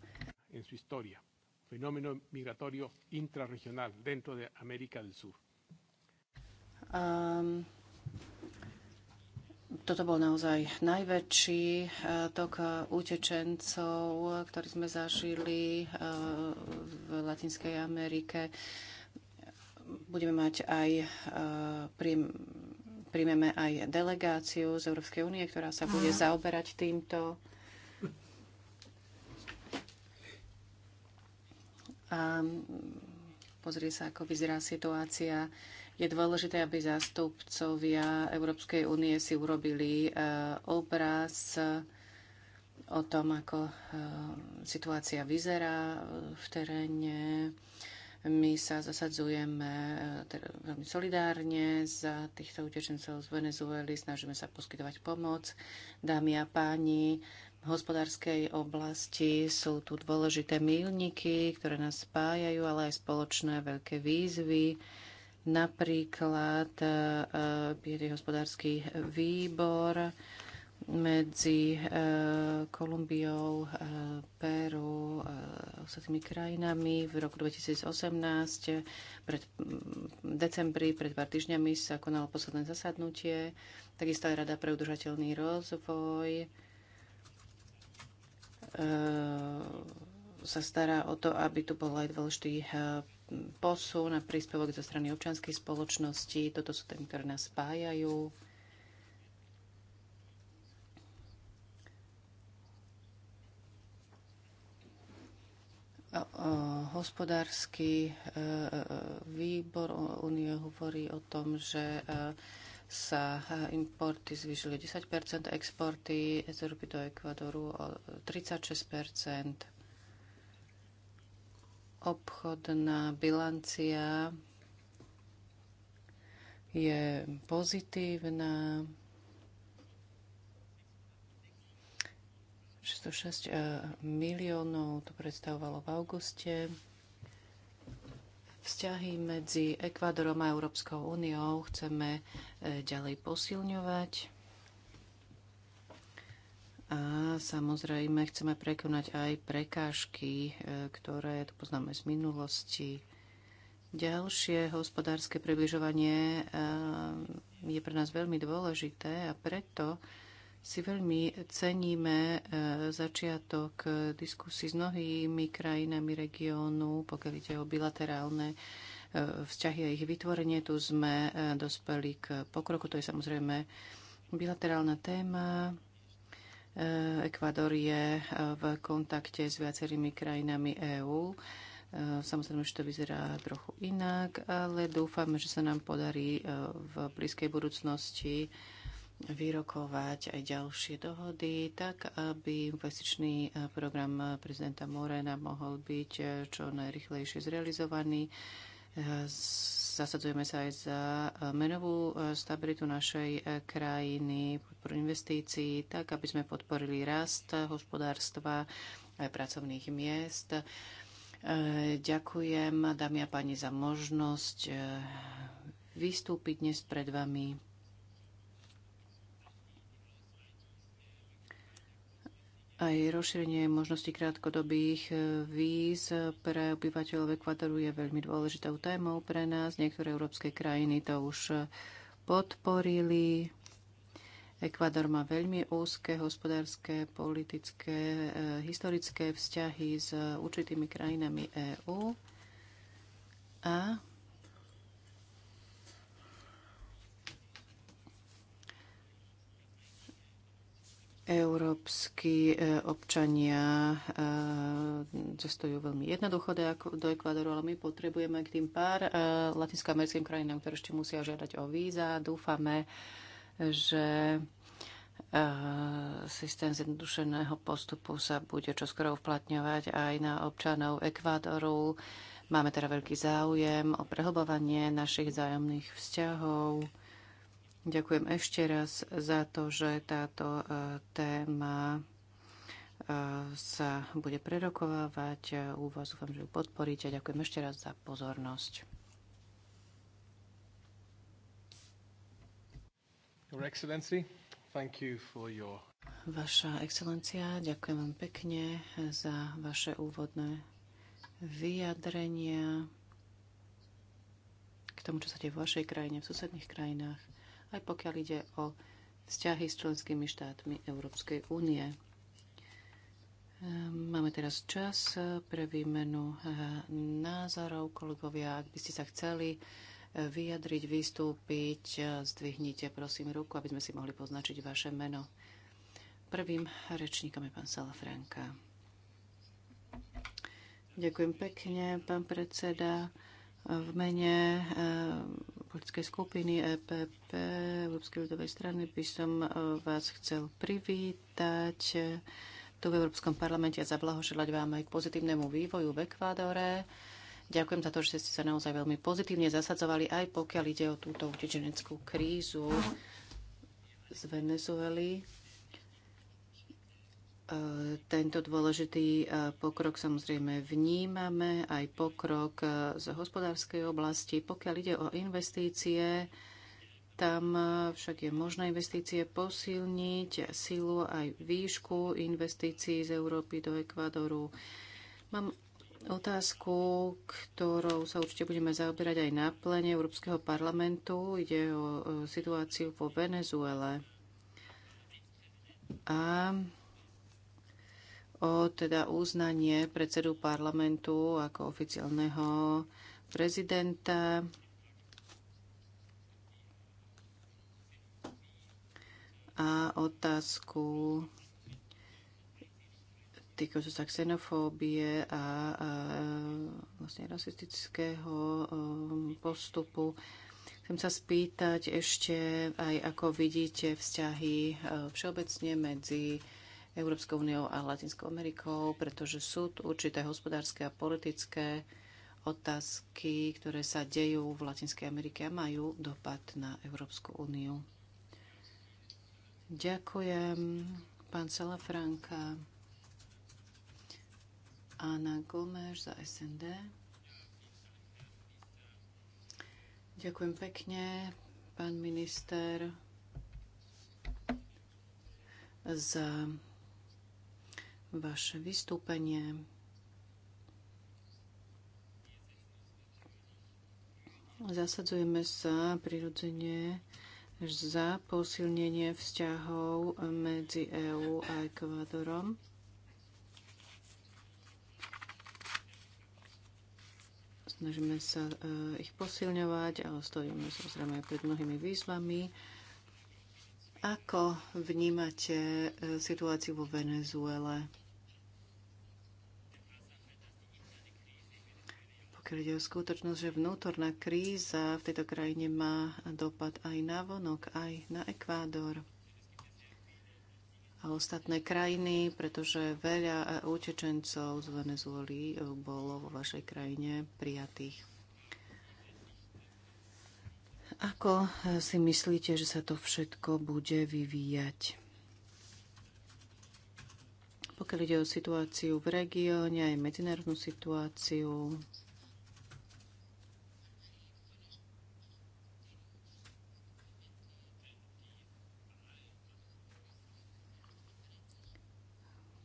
En su historia, fenómeno migratorio intrarregional dentro de América del Sur. Um, toto bol naozaj najväčší eh, tok eh, utečencov, ktorý sme zažili v Latinskej Amerike. Budeme mať aj príjmeme aj delegáciu z Európskej únie, ktorá sa bude zaoberať týmto. A pozrie sa, ako vyzerá situácia. Je dôležité, aby zástupcovia Európskej únie si urobili e, obraz o tom, ako e, situácia vyzerá v teréne, my sa zasadzujeme eh, teda veľmi solidárne za týchto utečencov z Venezuely, snažíme sa poskytovať pomoc. Dámy a páni, v hospodárskej oblasti sú tu dôležité milníky, ktoré nás spájajú, ale aj spoločné veľké výzvy. Napríklad Bielý eh, eh, hospodársky výbor, medzi eh, Kolumbiou, eh, Peru a eh, ostatnými krajinami. V roku 2018, pred mm, decembri, pred pár týždňami sa konalo posledné zasadnutie, takisto aj Rada pre udržateľný rozvoj sa stará o to, aby tu bol aj dôležitý posun a príspevok zo strany občianskej spoločnosti. Toto sú témy, ktoré nás spájajú. hospodársky e, e, výbor únie hovorí o tom, že e, sa importy zvýšili 10 exporty z Európy do Ekvadoru o 36 Obchodná bilancia je pozitívna. 606 e, miliónov to predstavovalo v auguste. Vzťahy medzi Ekvádorom a Európskou úniou chceme e, ďalej posilňovať. A samozrejme chceme prekonať aj prekážky, e, ktoré tu poznáme z minulosti. Ďalšie hospodárske približovanie je pre nás veľmi dôležité a preto si veľmi ceníme e, začiatok diskusí s mnohými krajinami regiónu, pokiaľ ide o bilaterálne e, vzťahy a ich vytvorenie. Tu sme e, dospeli k pokroku. To je samozrejme bilaterálna téma. Ekvador je v kontakte s viacerými krajinami EÚ. Samozrejme, že to vyzerá trochu inak, ale dúfame, že sa nám podarí v blízkej budúcnosti vyrokovať aj ďalšie dohody, tak aby investičný eh, program eh, prezidenta Morena mohol byť eh, čo najrychlejšie zrealizovaný. Zasadzujeme sa aj za menovú stabilitu našej krajiny, podporu investícií, tak aby sme podporili rast hospodárstva aj pracovných miest. Ďakujem, dámy a páni, za možnosť vystúpiť dnes pred vami Aj rozšírenie možností krátkodobých eh, víz pre obyvateľov Ekvadoru je veľmi dôležitou témou pre nás. Niektoré európske krajiny to už eh, podporili. Ekvador má veľmi úzke hospodárske, politické, eh, historické vzťahy s určitými krajinami EÚ a Európsky e, občania e, cestujú veľmi jednoducho do ekvádoru, ale my potrebujeme k tým pár e, latinskoamerickým krajinám, ktoré ešte musia žiadať o víza. Dúfame, že systém zjednodušeného postupu sa bude čoskoro uplatňovať aj na občanov Ekvádoru. Máme teda veľký záujem o prehlbovanie našich vzájomných vzťahov Ďakujem ešte raz za to, že táto e, téma e, sa bude prerokovávať. E, u vás dúfam, že ju podporíte. Ďakujem ešte raz za pozornosť. Your Excellency, thank you for your... Vaša excelencia, ďakujem vám pekne za vaše úvodné vyjadrenia k tomu, čo sa deje v vašej krajine, v susedných krajinách aj pokiaľ ide o vzťahy s členskými štátmi Európskej únie. Ehm, máme teraz čas eh, pre výmenu eh, názorov. Kolegovia, ak by ste sa chceli eh, vyjadriť, vystúpiť, zdvihnite prosím ruku, aby sme si mohli poznačiť vaše meno. Prvým rečníkom je pán Salafranka. Ďakujem pekne, pán predseda. V mene politickej skupiny EPP, Európskej ľudovej strany, by som e, vás chcel privítať e, tu v Európskom parlamente a zablahoželať vám aj k pozitívnemu vývoju v Ekvádore. Ďakujem za to, že ste sa naozaj veľmi pozitívne zasadzovali, aj pokiaľ ide o túto utečeneckú krízu z Venezuely. Tento dôležitý eh, pokrok samozrejme vnímame, aj pokrok eh, z hospodárskej oblasti. Pokiaľ ide o investície, tam eh, však je možné investície posilniť, silu aj výšku investícií z Európy do Ekvadoru. Mám otázku, ktorou sa určite budeme zaoberať aj na plene Európskeho parlamentu. Ide o situáciu vo Venezuele. A o teda uznanie predsedu parlamentu ako oficiálneho prezidenta. A otázku týkajúcu sa xenofóbie a, a vlastne rasistického postupu. Chcem sa spýtať ešte aj, ako vidíte vzťahy všeobecne medzi Európskou úniou a Latinskou Amerikou, pretože sú tu určité hospodárske a politické otázky, ktoré sa dejú v Latinskej Amerike a majú dopad na Európsku úniu. Ďakujem, pán Salafranka. Anna Gomes za SND. Ďakujem pekne, pán minister, za vaše vystúpenie. Zasadzujeme sa prirodzene za posilnenie vzťahov medzi EÚ a Ekvádorom. Snažíme sa eh, ich posilňovať, ale stojíme samozrejme aj pred mnohými výzvami. Ako vnímate e, situáciu vo Venezuele? pokiaľ ide o skutočnosť, že vnútorná kríza v tejto krajine má dopad aj na vonok, aj na Ekvádor a ostatné krajiny, pretože veľa e, utečencov z Venezuely e, bolo vo vašej krajine prijatých. Ako e, si myslíte, že sa to všetko bude vyvíjať? Pokiaľ ide o situáciu v regióne, aj medzinárodnú situáciu,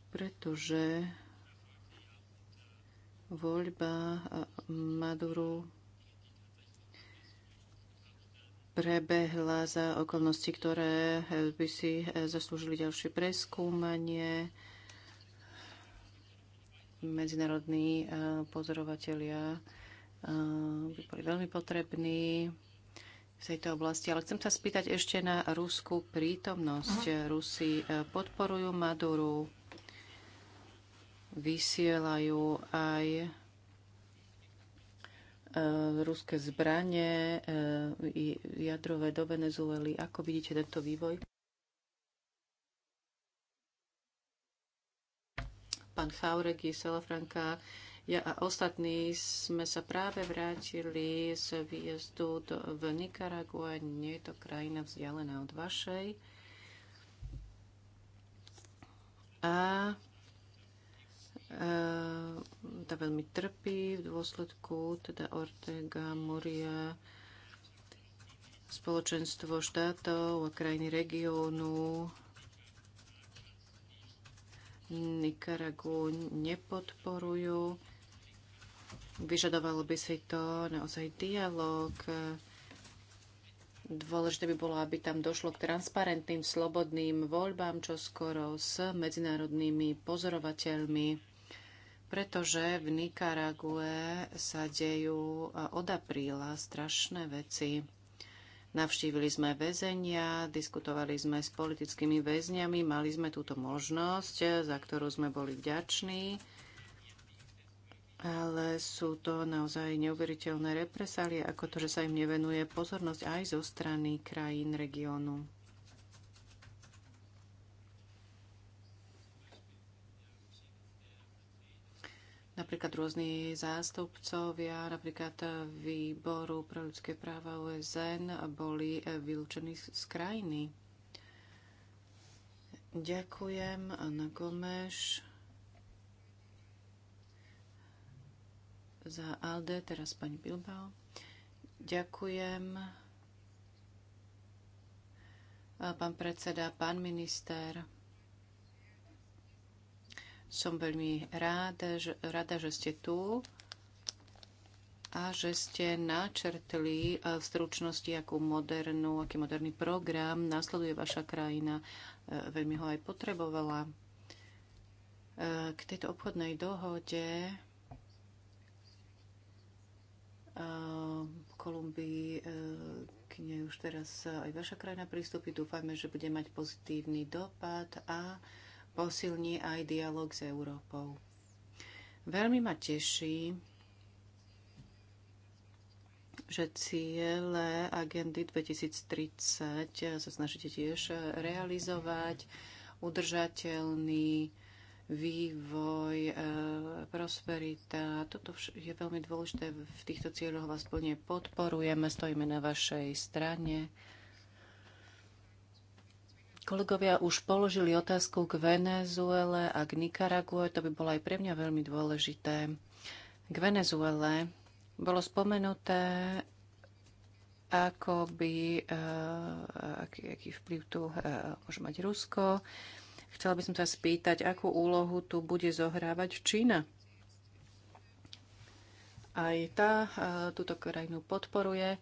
pretože voľba e, Maduru prebehla za okolnosti, ktoré eh, by si eh, zaslúžili ďalšie preskúmanie. Medzinárodní eh, pozorovatelia by boli veľmi potrební v tejto oblasti. Ale chcem sa spýtať ešte na rúskú prítomnosť. Aha. Rusi podporujú Maduru, vysielajú aj E, ruské zbranie, e, jadrové do Venezuely. Ako vidíte tento vývoj? Pán Chauregi, Salafranka, ja a ostatní sme sa práve vrátili z výjezdu do, v Nikaragua. Nie je to krajina vzdialená od vašej. A Ehm, tá veľmi trpí v dôsledku teda Ortega, Moria, spoločenstvo štátov a krajiny regiónu Nikaragu nepodporujú. Vyžadovalo by si to naozaj dialog. Dôležité by bolo, aby tam došlo k transparentným, slobodným voľbám čoskoro s medzinárodnými pozorovateľmi pretože v Nikarague sa dejú od apríla strašné veci. Navštívili sme väzenia, diskutovali sme s politickými väzňami, mali sme túto možnosť, za ktorú sme boli vďační, ale sú to naozaj neuveriteľné represálie, ako to, že sa im nevenuje pozornosť aj zo strany krajín regiónu. napríklad rôzni zástupcovia, napríklad výboru pre ľudské práva OSN boli eh, vylúčení z krajiny. Ďakujem, Anna Gomeš. Za Alde, teraz pani Bilbao. Ďakujem. Eh, pán predseda, pán minister. Som veľmi ráda, že, rada, že ste tu a že ste načrtli e, v stručnosti, akú modernú, aký moderný program následuje vaša krajina. E, veľmi ho aj potrebovala. E, k tejto obchodnej dohode v Kolumbii k nej už teraz aj vaša krajina prístupí. Dúfajme, že bude mať pozitívny dopad a posilní aj dialog s Európou. Veľmi ma teší, že ciele agendy 2030 sa snažíte tiež realizovať udržateľný vývoj, e, prosperita. Toto je veľmi dôležité v týchto cieľoch. Vás plne podporujeme, stojíme na vašej strane. Kolegovia už položili otázku k Venezuele a k Nikarague. To by bolo aj pre mňa veľmi dôležité. K Venezuele bolo spomenuté, ako by, eh, aký, aký vplyv tu eh, môže mať Rusko. Chcela by som sa spýtať, akú úlohu tu bude zohrávať Čína. Aj tá eh, túto krajinu podporuje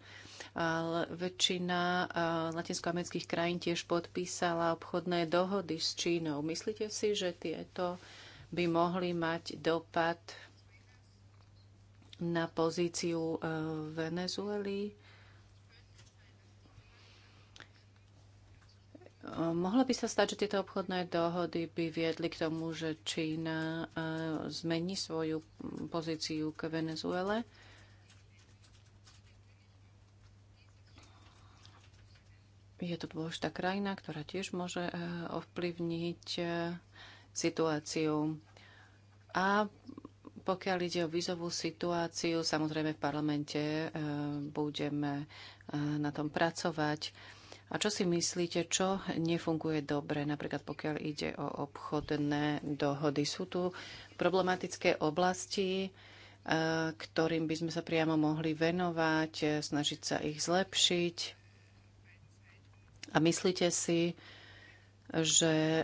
väčšina eh, latinskoamerických krajín tiež podpísala obchodné dohody s Čínou. Myslíte si, že tieto by mohli mať dopad na pozíciu eh, Venezuely? Eh, mohlo by sa stať, že tieto obchodné dohody by viedli k tomu, že Čína zmení svoju mm, pozíciu k Venezuele? je to dôležitá krajina, ktorá tiež môže eh, ovplyvniť eh, situáciu. A pokiaľ ide o vízovú situáciu, samozrejme v parlamente eh, budeme na tom pracovať. A čo si myslíte, čo nefunguje dobre, napríklad pokiaľ ide o obchodné dohody? Sú tu problematické oblasti, ktorým by sme sa priamo mohli venovať, snažiť sa ich zlepšiť? A myslíte si, že e, e,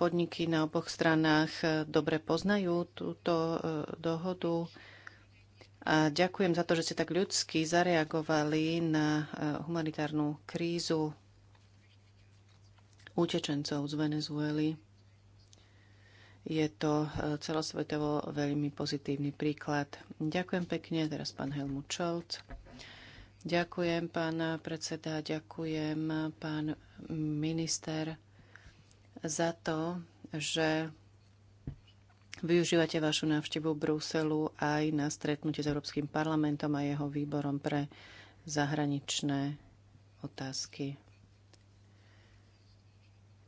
podniky na oboch stranách e, dobre poznajú túto dohodu? A ďakujem za to, že ste tak ľudsky zareagovali na humanitárnu krízu utečencov z Venezuely. Je to celosvetovo veľmi pozitívny príklad. Ďakujem pekne. Teraz pán Helmut Scholz. Ďakujem, pán predseda, ďakujem, pán minister, za to, že využívate vašu návštevu Bruselu aj na stretnutie s Európskym parlamentom a jeho výborom pre zahraničné otázky.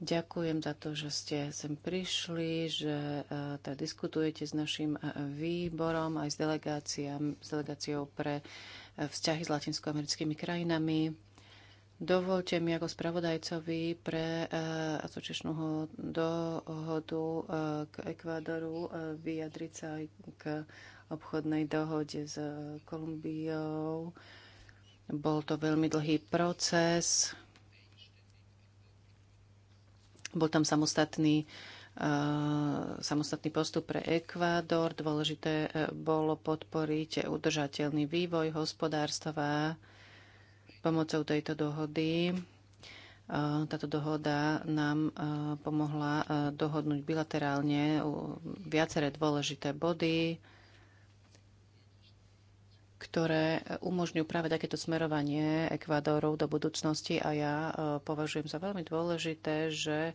Ďakujem za to, že ste sem prišli, že e, teda diskutujete s našim e, výborom aj s, delegáciám, s delegáciou pre vzťahy s latinskoamerickými krajinami. Dovolte mi ako spravodajcovi pre eh, asociačnú dohodu eh, k Ekvádoru eh, vyjadriť sa aj k obchodnej dohode s Kolumbiou. Bol to veľmi dlhý proces. Bol tam samostatný Ehm, samostatný postup pre Ekvádor. Dôležité e, bolo podporiť udržateľný vývoj hospodárstva pomocou tejto dohody. Ehm, táto dohoda nám e, pomohla e, dohodnúť bilaterálne viaceré dôležité body, ktoré umožňujú práve takéto smerovanie Ekvádorov do budúcnosti a ja považujem za veľmi dôležité, že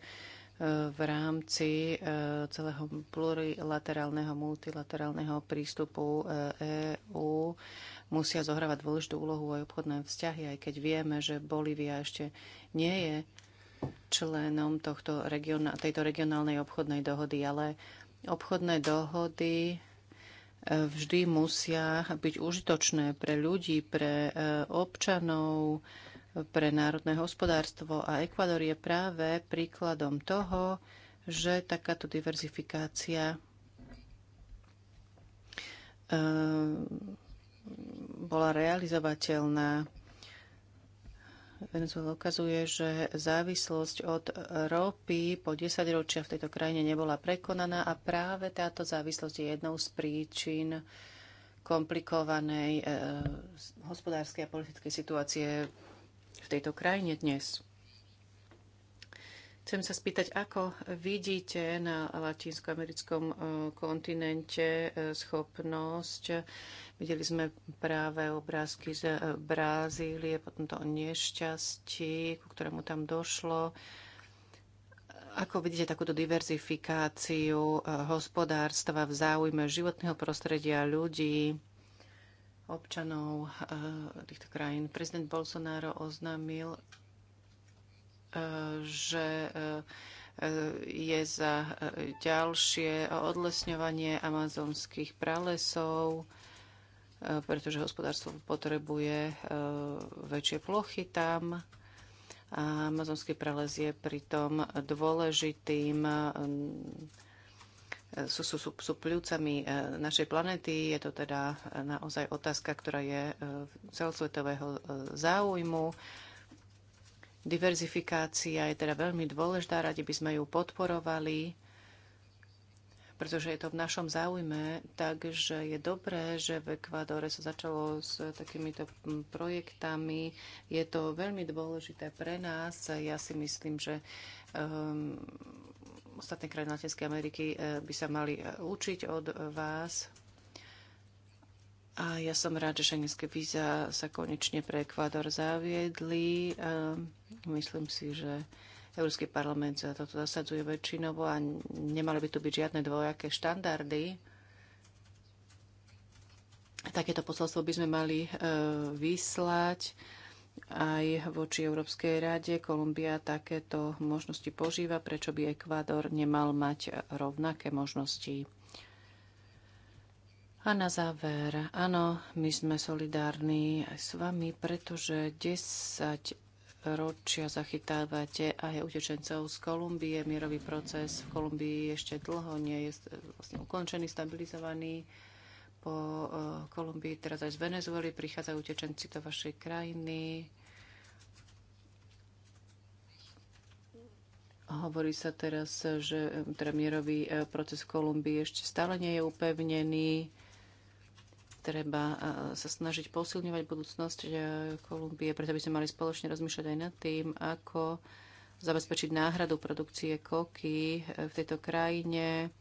v rámci eh, celého plurilaterálneho, multilaterálneho prístupu EÚ eh, e musia zohrávať dôležitú úlohu aj obchodné vzťahy, aj keď vieme, že Bolívia ešte nie je členom tohto region, tejto regionálnej obchodnej dohody, ale obchodné dohody eh, vždy musia byť užitočné pre ľudí, pre občanov, pre národné hospodárstvo a Ekvador je práve príkladom toho, že takáto diverzifikácia eh, bola realizovateľná. Venezuela ukazuje, že závislosť od ropy po 10 ročia v tejto krajine nebola prekonaná a práve táto závislosť je jednou z príčin komplikovanej eh, hospodárskej a politickej situácie v tejto krajine dnes. Chcem sa spýtať, ako vidíte na latinskoamerickom e, kontinente e, schopnosť. Videli sme práve obrázky z e, Brazílie, potom to nešťastí, ku ktorému tam došlo. Ako vidíte takúto diverzifikáciu hospodárstva v záujme životného prostredia ľudí? občanov eh, týchto krajín. Prezident Bolsonaro oznámil, eh, že eh, je za ďalšie odlesňovanie amazonských pralesov, pretože hospodárstvo potrebuje väčšie plochy tam. A amazonský prales je pritom dôležitým sú, sú, sú, sú pľúcami e, našej planety. Je to teda naozaj otázka, ktorá je e, celosvetového e, záujmu. Diverzifikácia je teda veľmi dôležitá, radi by sme ju podporovali, pretože je to v našom záujme. Takže je dobré, že v Ekvádore sa začalo s takýmito projektami. Je to veľmi dôležité pre nás. Ja si myslím, že um, ostatné krajiny Latinskej Ameriky e, by sa mali e, učiť od e, vás. A ja som rád, že šengenské víza sa konečne pre Ekvádor zaviedli. Myslím si, že Európsky parlament sa toto zasadzuje väčšinovo a nemali by tu byť žiadne dvojaké štandardy. Takéto posolstvo by sme mali vyslať aj voči Európskej rade. Kolumbia takéto možnosti požíva, prečo by Ekvádor nemal mať rovnaké možnosti. A na záver, áno, my sme solidárni aj s vami, pretože 10 ročia zachytávate aj utečencov z Kolumbie. Mierový proces v Kolumbii ešte dlho nie je vlastne ukončený, stabilizovaný po eh, Kolumbii, teraz aj z Venezuely prichádzajú utečenci do vašej krajiny. Hovorí sa teraz, že eh, teda mierový eh, proces v Kolumbii ešte stále nie je upevnený. Treba sa snažiť posilňovať budúcnosť Kolumbie, preto by sme mali spoločne rozmýšľať aj nad tým, ako zabezpečiť náhradu produkcie koky v tejto krajine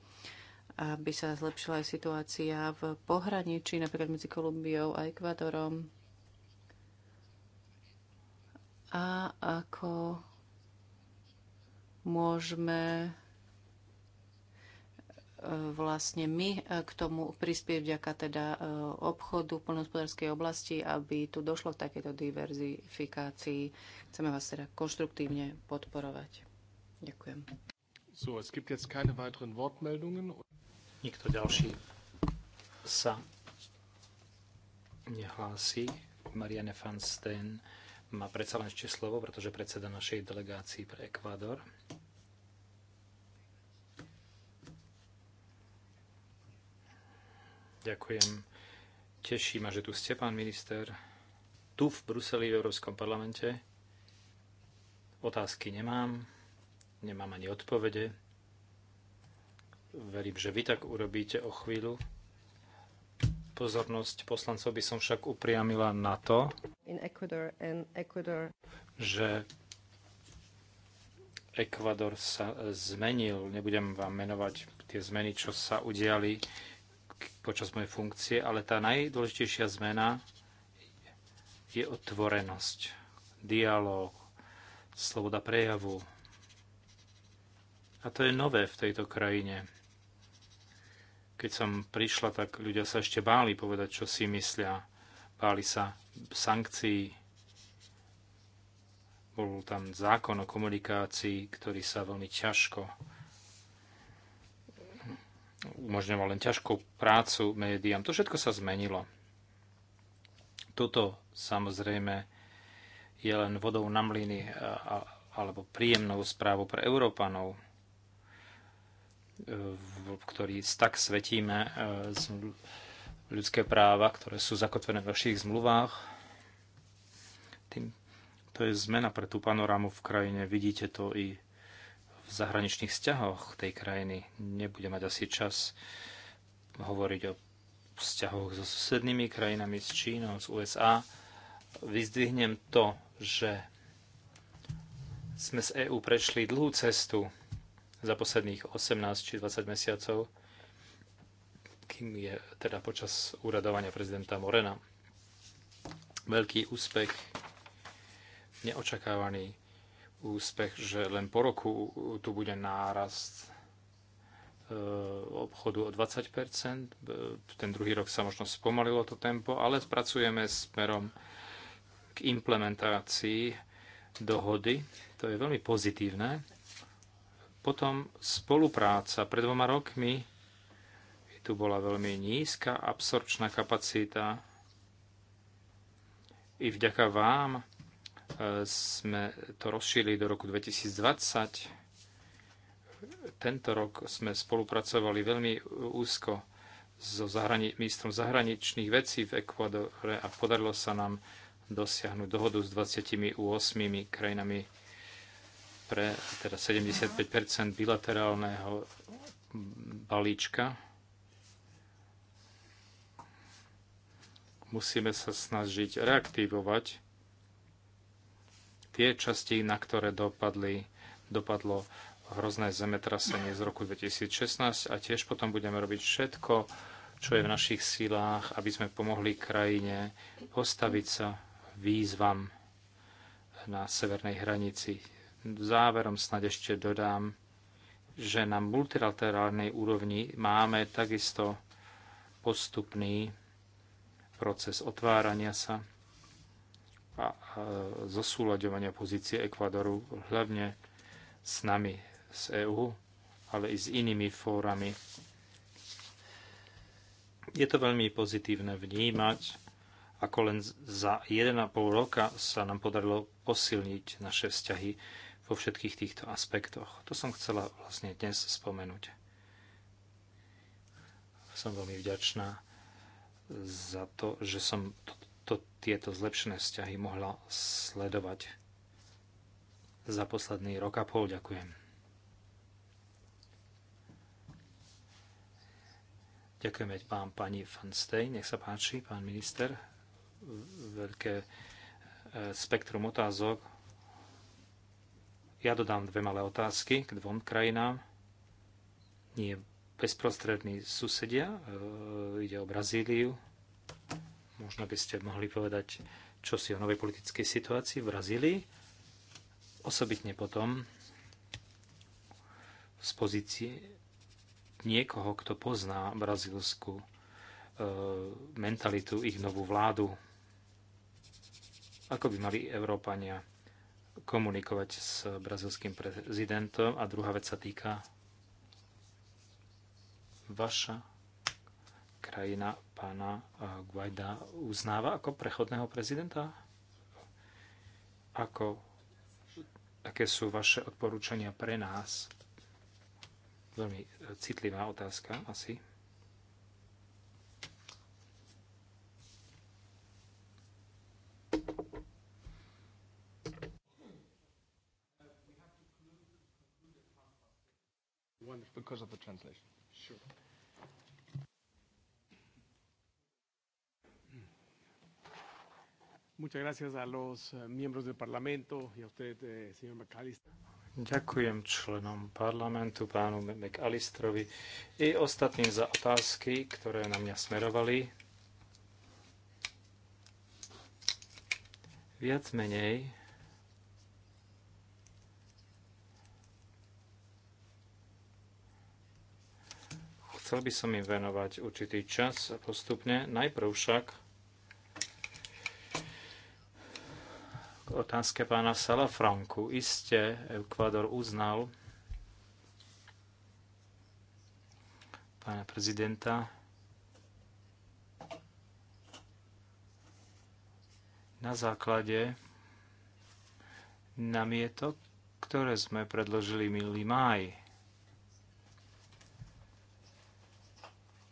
aby sa zlepšila aj situácia v pohraničí, napríklad medzi Kolumbiou a Ekvadorom. A ako môžeme e, vlastne my e, k tomu prispieť vďaka teda e, obchodu v plnohospodárskej oblasti, aby tu došlo k takéto diverzifikácii. Chceme vás teda konštruktívne podporovať. Ďakujem. So, es gibt jetzt keine weiteren Wortmeldungen. Nikto ďalší sa nehlási. Marianne van Steen má predsa len ešte slovo, pretože predseda našej delegácii pre Ekvádor. Ďakujem. Teší ma, že tu ste, pán minister. Tu v Bruseli, v Európskom parlamente. Otázky nemám. Nemám ani odpovede. Verím, že vy tak urobíte o chvíľu. Pozornosť poslancov by som však upriamila na to, Ecuador Ecuador. že Ekvador sa zmenil. Nebudem vám menovať tie zmeny, čo sa udiali počas mojej funkcie, ale tá najdôležitejšia zmena je otvorenosť, dialog, sloboda prejavu. A to je nové v tejto krajine. Keď som prišla, tak ľudia sa ešte báli povedať, čo si myslia. Báli sa sankcií. Bol tam zákon o komunikácii, ktorý sa veľmi ťažko umožňoval len ťažkú prácu médiám. To všetko sa zmenilo. Toto samozrejme je len vodou na mlyny alebo príjemnou správou pre Európanov ktorý tak svetíme e, z ľudské práva, ktoré sú zakotvené v našich zmluvách. Tým, to je zmena pre tú panorámu v krajine. Vidíte to i v zahraničných vzťahoch tej krajiny. Nebude mať asi čas hovoriť o vzťahoch so susednými krajinami, s Čínou, s USA. Vyzdvihnem to, že sme z EÚ prešli dlhú cestu za posledných 18 či 20 mesiacov, kým je teda počas úradovania prezidenta Morena. Veľký úspech, neočakávaný úspech, že len po roku tu bude nárast e, obchodu o 20%. E, ten druhý rok sa možno spomalilo to tempo, ale pracujeme smerom k implementácii dohody. To je veľmi pozitívne. Potom spolupráca. Pred dvoma rokmi tu bola veľmi nízka absorpčná kapacita. I vďaka vám e, sme to rozšírili do roku 2020. Tento rok sme spolupracovali veľmi úzko so zahrani- ministrom zahraničných vecí v Ekvadore a podarilo sa nám dosiahnuť dohodu s 28 krajinami pre teda 75 bilaterálneho balíčka. Musíme sa snažiť reaktivovať tie časti, na ktoré dopadli, dopadlo hrozné zemetrasenie z roku 2016 a tiež potom budeme robiť všetko, čo je v našich silách, aby sme pomohli krajine postaviť sa výzvam na severnej hranici Záverom snad ešte dodám, že na multilaterálnej úrovni máme takisto postupný proces otvárania sa a zosúľaďovania pozície Ekvadoru hlavne s nami, z EÚ, ale i s inými fórami. Je to veľmi pozitívne vnímať, ako len za 1,5 roka sa nám podarilo posilniť naše vzťahy vo všetkých týchto aspektoch. To som chcela vlastne dnes spomenúť. Som veľmi vďačná za to, že som to, to, tieto zlepšené vzťahy mohla sledovať za posledný rok a pol. Ďakujem. Ďakujeme pán pani Stey. Nech sa páči, pán minister. Veľké eh, spektrum otázok ja dodám dve malé otázky k dvom krajinám. Nie bezprostrední susedia, e, ide o Brazíliu. Možno by ste mohli povedať, čo si o novej politickej situácii v Brazílii. Osobitne potom z pozície niekoho, kto pozná brazílskú e, mentalitu, ich novú vládu. Ako by mali Európania komunikovať s brazilským prezidentom. A druhá vec sa týka vaša krajina pána eh, Guaida uznáva ako prechodného prezidenta? Ako, aké sú vaše odporúčania pre nás? Veľmi eh, citlivá otázka asi. because of the translation. Sure. Muchas gracias a los eh, miembros del Parlamento y a usted, eh, señor McAllister. Ďakujem členom parlamentu, pánu McAllisterovi i ostatným za otázky, ktoré na mňa smerovali. Viac menej Chcel by som im venovať určitý čas postupne. Najprv však k otázke pána Salafranku. Isté Ekvador uznal pána prezidenta na základe namietok, ktoré sme predložili minulý máj.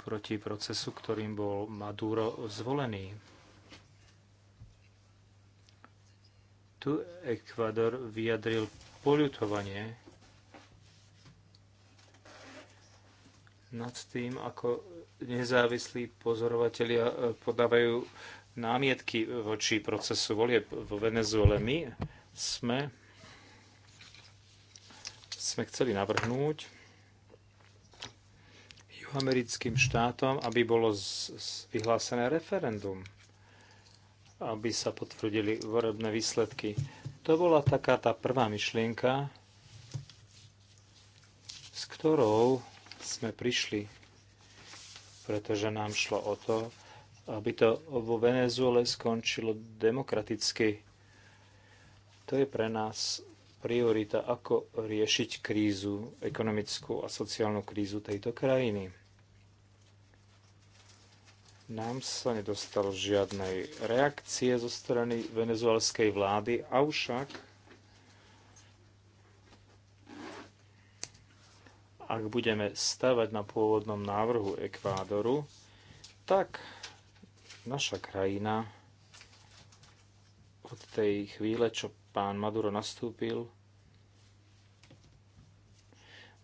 proti procesu, ktorým bol Maduro zvolený. Tu Ekvador vyjadril poľutovanie nad tým, ako nezávislí pozorovatelia eh, podávajú námietky voči procesu volie vo Venezuele. My sme, sme chceli navrhnúť, americkým štátom, aby bolo z, z vyhlásené referendum, aby sa potvrdili vorebné výsledky. To bola taká tá prvá myšlienka, s ktorou sme prišli, pretože nám šlo o to, aby to vo Venezuele skončilo demokraticky. To je pre nás priorita, ako riešiť krízu, ekonomickú a sociálnu krízu tejto krajiny. Nám sa nedostalo žiadnej reakcie zo strany venezuelskej vlády, avšak ak budeme stavať na pôvodnom návrhu Ekvádoru, tak naša krajina od tej chvíle, čo pán Maduro nastúpil,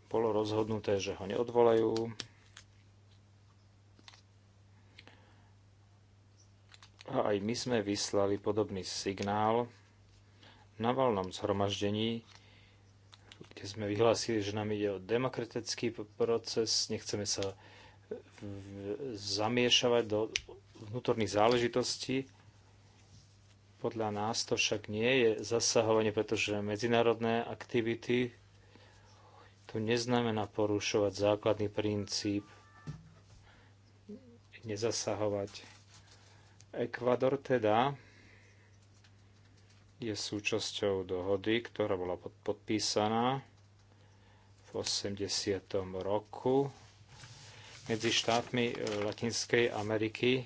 bolo rozhodnuté, že ho neodvolajú, A aj my sme vyslali podobný signál na valnom zhromaždení, kde sme vyhlásili, že nám ide o demokratický proces, nechceme sa zamiešavať do vnútorných záležitostí. Podľa nás to však nie je zasahovanie, pretože medzinárodné aktivity to neznamená porušovať základný princíp, nezasahovať Ekvador teda je súčasťou dohody, ktorá bola podpísaná v 80. roku medzi štátmi e, Latinskej Ameriky,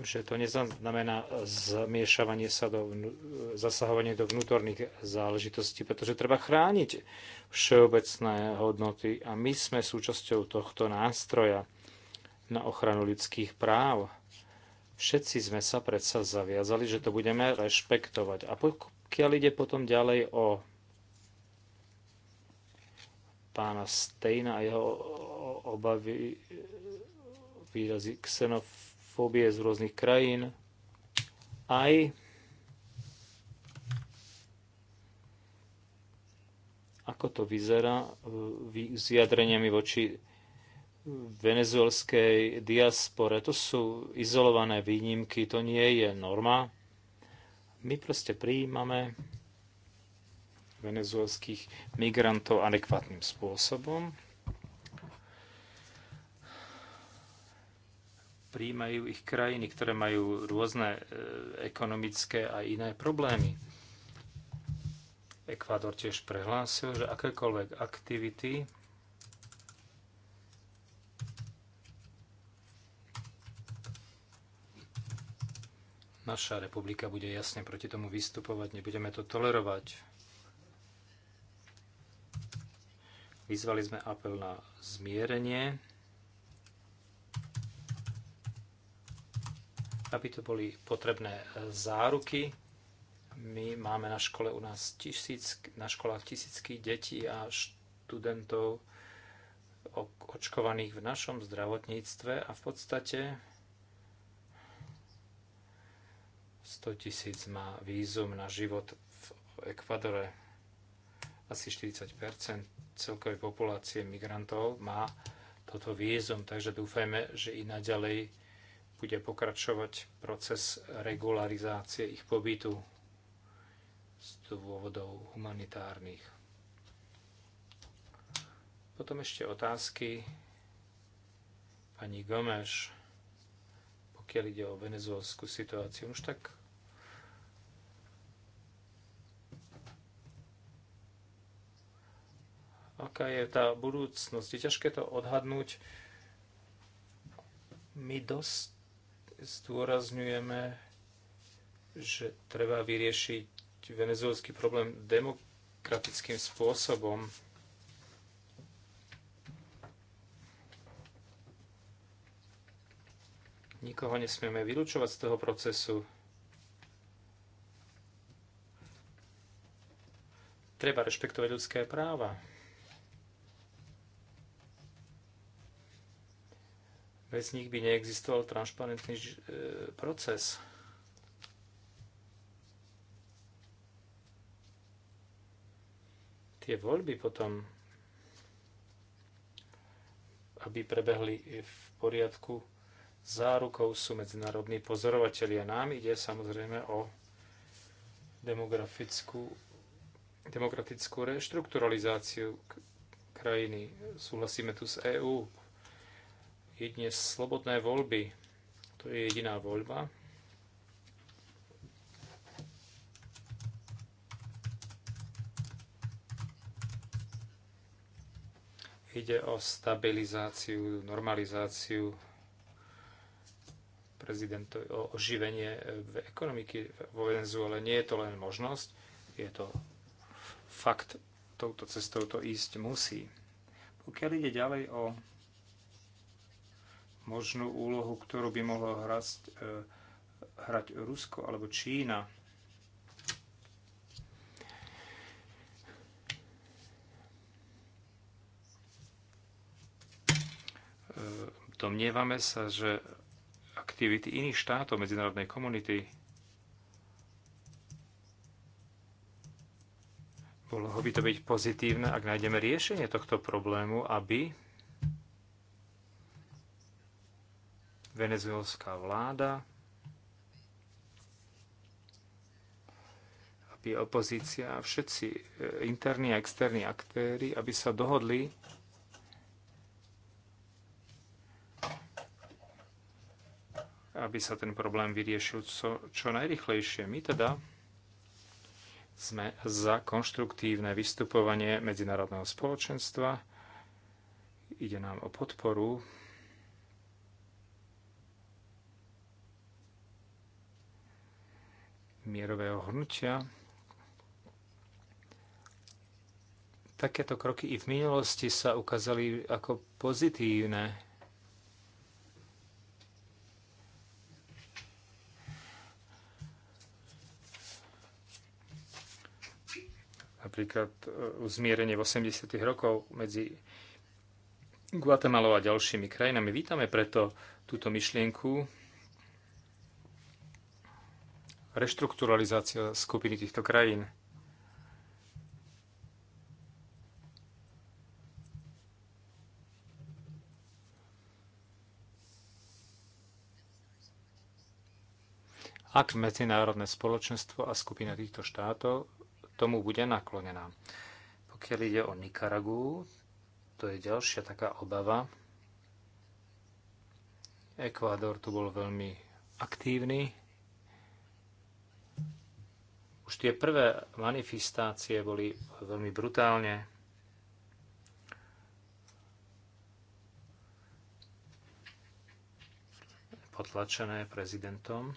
že to neznamená zmiešavanie sa do, zasahovanie do vnútorných záležitostí, pretože treba chrániť všeobecné hodnoty a my sme súčasťou tohto nástroja na ochranu ľudských práv. Všetci sme sa predsa zaviazali, že to budeme rešpektovať. A pokiaľ ide potom ďalej o pána Stejna a jeho obavy výrazy xenofóbie z rôznych krajín. Aj ako to vyzerá s e, vyjadreniami voči venezuelskej diaspore. To sú izolované výnimky, to nie je norma. My proste prijímame venezuelských migrantov adekvátnym spôsobom. Prijímajú ich krajiny, ktoré majú rôzne e, ekonomické a iné problémy. Ekvádor tiež prehlásil, že akékoľvek aktivity Naša republika bude jasne proti tomu vystupovať, nebudeme to tolerovať. Vyzvali sme apel na zmierenie, aby to boli potrebné záruky. My máme na škole u nás tisíc, na školách tisícky detí a študentov očkovaných v našom zdravotníctve a v podstate 100 tisíc má vízum na život v Ekvadore. Asi 40 celkovej populácie migrantov má toto vízum, takže dúfajme, že i naďalej bude pokračovať proces regularizácie ich pobytu z dôvodov humanitárnych. Potom ešte otázky pani Gomeš, pokiaľ ide o venezuelskú situáciu. Už tak aká je tá budúcnosť. Je ťažké to odhadnúť. My dosť zdôrazňujeme, že treba vyriešiť venezuelský problém demokratickým spôsobom. Nikoho nesmieme vylúčovať z toho procesu. Treba rešpektovať ľudské práva. Bez nich by neexistoval transparentný e, proces. Tie voľby potom, aby prebehli v poriadku, zárukou sú medzinárodní a Nám ide samozrejme o demografickú, demokratickú reštrukturalizáciu krajiny. Súhlasíme tu s EÚ, jedine slobodné voľby. To je jediná voľba. Ide o stabilizáciu, normalizáciu prezidento, o oživenie v ekonomiky vo Venezuele. Nie je to len možnosť, je to fakt, touto cestou to ísť musí. Pokiaľ ide ďalej o možnú úlohu, ktorú by mohlo hrať, e, hrať Rusko alebo Čína. E, domnievame sa, že aktivity iných štátov medzinárodnej komunity Bolo by to byť pozitívne, ak nájdeme riešenie tohto problému, aby venezuelská vláda, aby opozícia a všetci e, interní a externí aktéry, aby sa dohodli aby sa ten problém vyriešil čo, čo najrychlejšie. My teda sme za konštruktívne vystupovanie medzinárodného spoločenstva. Ide nám o podporu mierového hnutia. Takéto kroky i v minulosti sa ukázali ako pozitívne. Napríklad e, uzmierenie v 80. rokov medzi Guatemalou a ďalšími krajinami. Vítame preto túto myšlienku reštrukturalizácia skupiny týchto krajín. ak medzinárodné spoločenstvo a skupina týchto štátov tomu bude naklonená. Pokiaľ ide o Nikaragu, to je ďalšia taká obava. Ekvádor tu bol veľmi aktívny tie prvé manifestácie boli veľmi brutálne. potlačené prezidentom.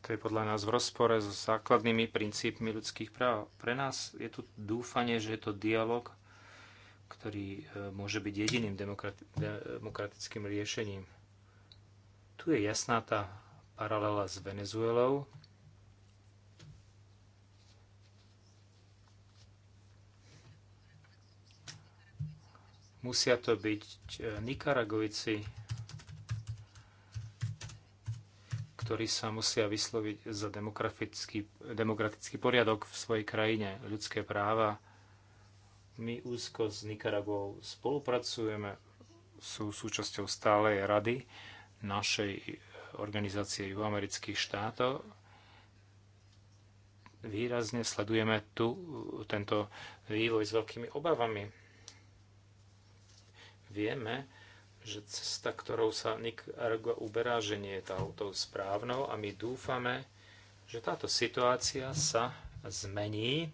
To je podľa nás v rozpore so základnými princípmi ľudských práv. Pre nás je tu dúfanie, že je to dialog, ktorý e, môže byť jediným demokratickým riešením tu je jasná tá paralela s Venezuelou. Musia to byť e, Nikaragovici, ktorí sa musia vysloviť za demokratický, demokratický poriadok v svojej krajine, ľudské práva. My úzko s Nikaragou spolupracujeme, sú súčasťou stálej rady našej e, organizácie amerických štátov. Výrazne sledujeme tu e, tento vývoj s veľkými obavami. Vieme, že cesta, ktorou sa Nicaragua uberá, že nie je tou správnou a my dúfame, že táto situácia sa zmení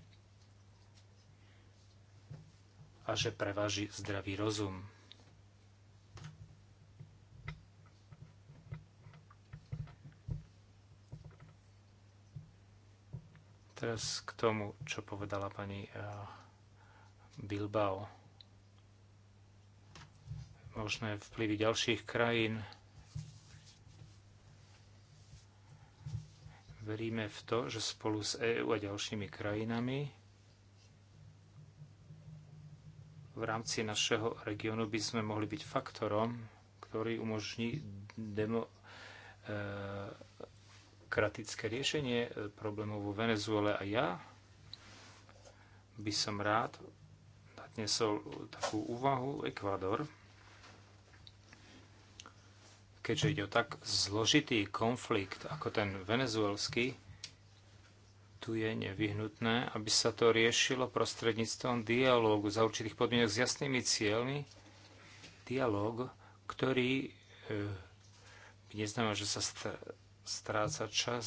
a že preváži zdravý rozum. Teraz k tomu, čo povedala pani eh, Bilbao. Možné vplyvy ďalších krajín. Veríme v to, že spolu s EÚ a ďalšími krajinami v rámci našeho regiónu by sme mohli byť faktorom, ktorý umožní demo, eh, demokratické riešenie e, problémov vo Venezuele a ja by som rád nadnesol takú úvahu Ekvador, keďže ide o tak zložitý konflikt ako ten venezuelský, tu je nevyhnutné, aby sa to riešilo prostredníctvom dialógu za určitých podmienok s jasnými cieľmi. Dialóg, ktorý e, neznamená, že sa strácať čas.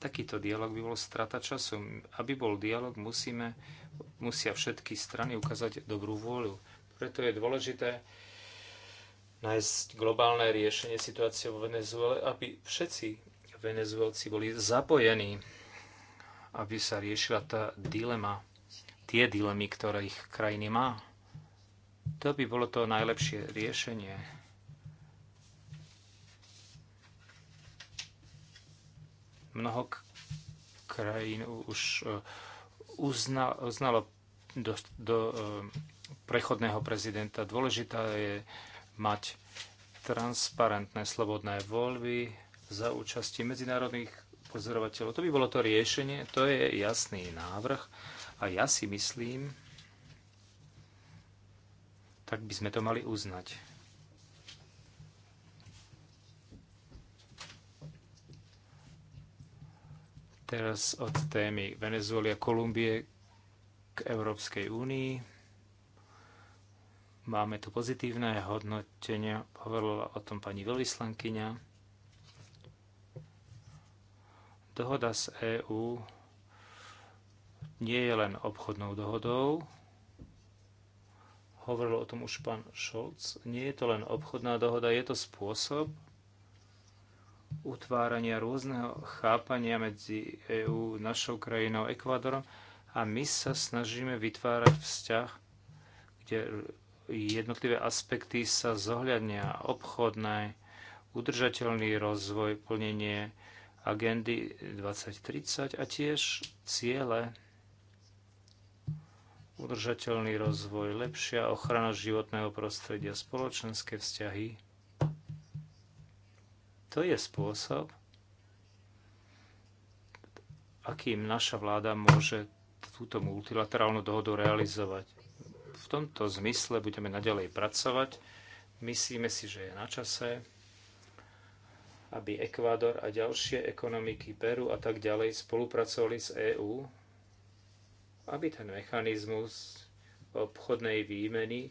Takýto dialog by bol strata času. Aby bol dialog, musíme, musia všetky strany ukázať dobrú vôľu. Preto je dôležité nájsť globálne riešenie situácie vo Venezuele, aby všetci Venezuelci boli zapojení, aby sa riešila tá dilema, tie dilemy, ktoré ich krajiny má. To by bolo to najlepšie riešenie Mnoho krajín už e, uzna, uznalo do, do e, prechodného prezidenta. Dôležitá je mať transparentné slobodné voľby za účasti medzinárodných pozorovateľov. To by bolo to riešenie, to je jasný návrh a ja si myslím, tak by sme to mali uznať. Teraz od témy Venezuelia, Kolumbie k Európskej únii. Máme tu pozitívne hodnotenia, hovorila o tom pani veľvyslankyňa. Dohoda z EÚ nie je len obchodnou dohodou, hovoril o tom už pán Šolc, nie je to len obchodná dohoda, je to spôsob, utvárania rôzneho chápania medzi EÚ, našou krajinou, Ekvádorom a my sa snažíme vytvárať vzťah, kde jednotlivé aspekty sa zohľadnia obchodné, udržateľný rozvoj, plnenie agendy 2030 a tiež ciele udržateľný rozvoj, lepšia ochrana životného prostredia, spoločenské vzťahy to je spôsob, akým naša vláda môže túto multilaterálnu dohodu realizovať. V tomto zmysle budeme naďalej pracovať. Myslíme si, že je na čase, aby Ekvádor a ďalšie ekonomiky Peru a tak ďalej spolupracovali s EÚ, aby ten mechanizmus obchodnej výmeny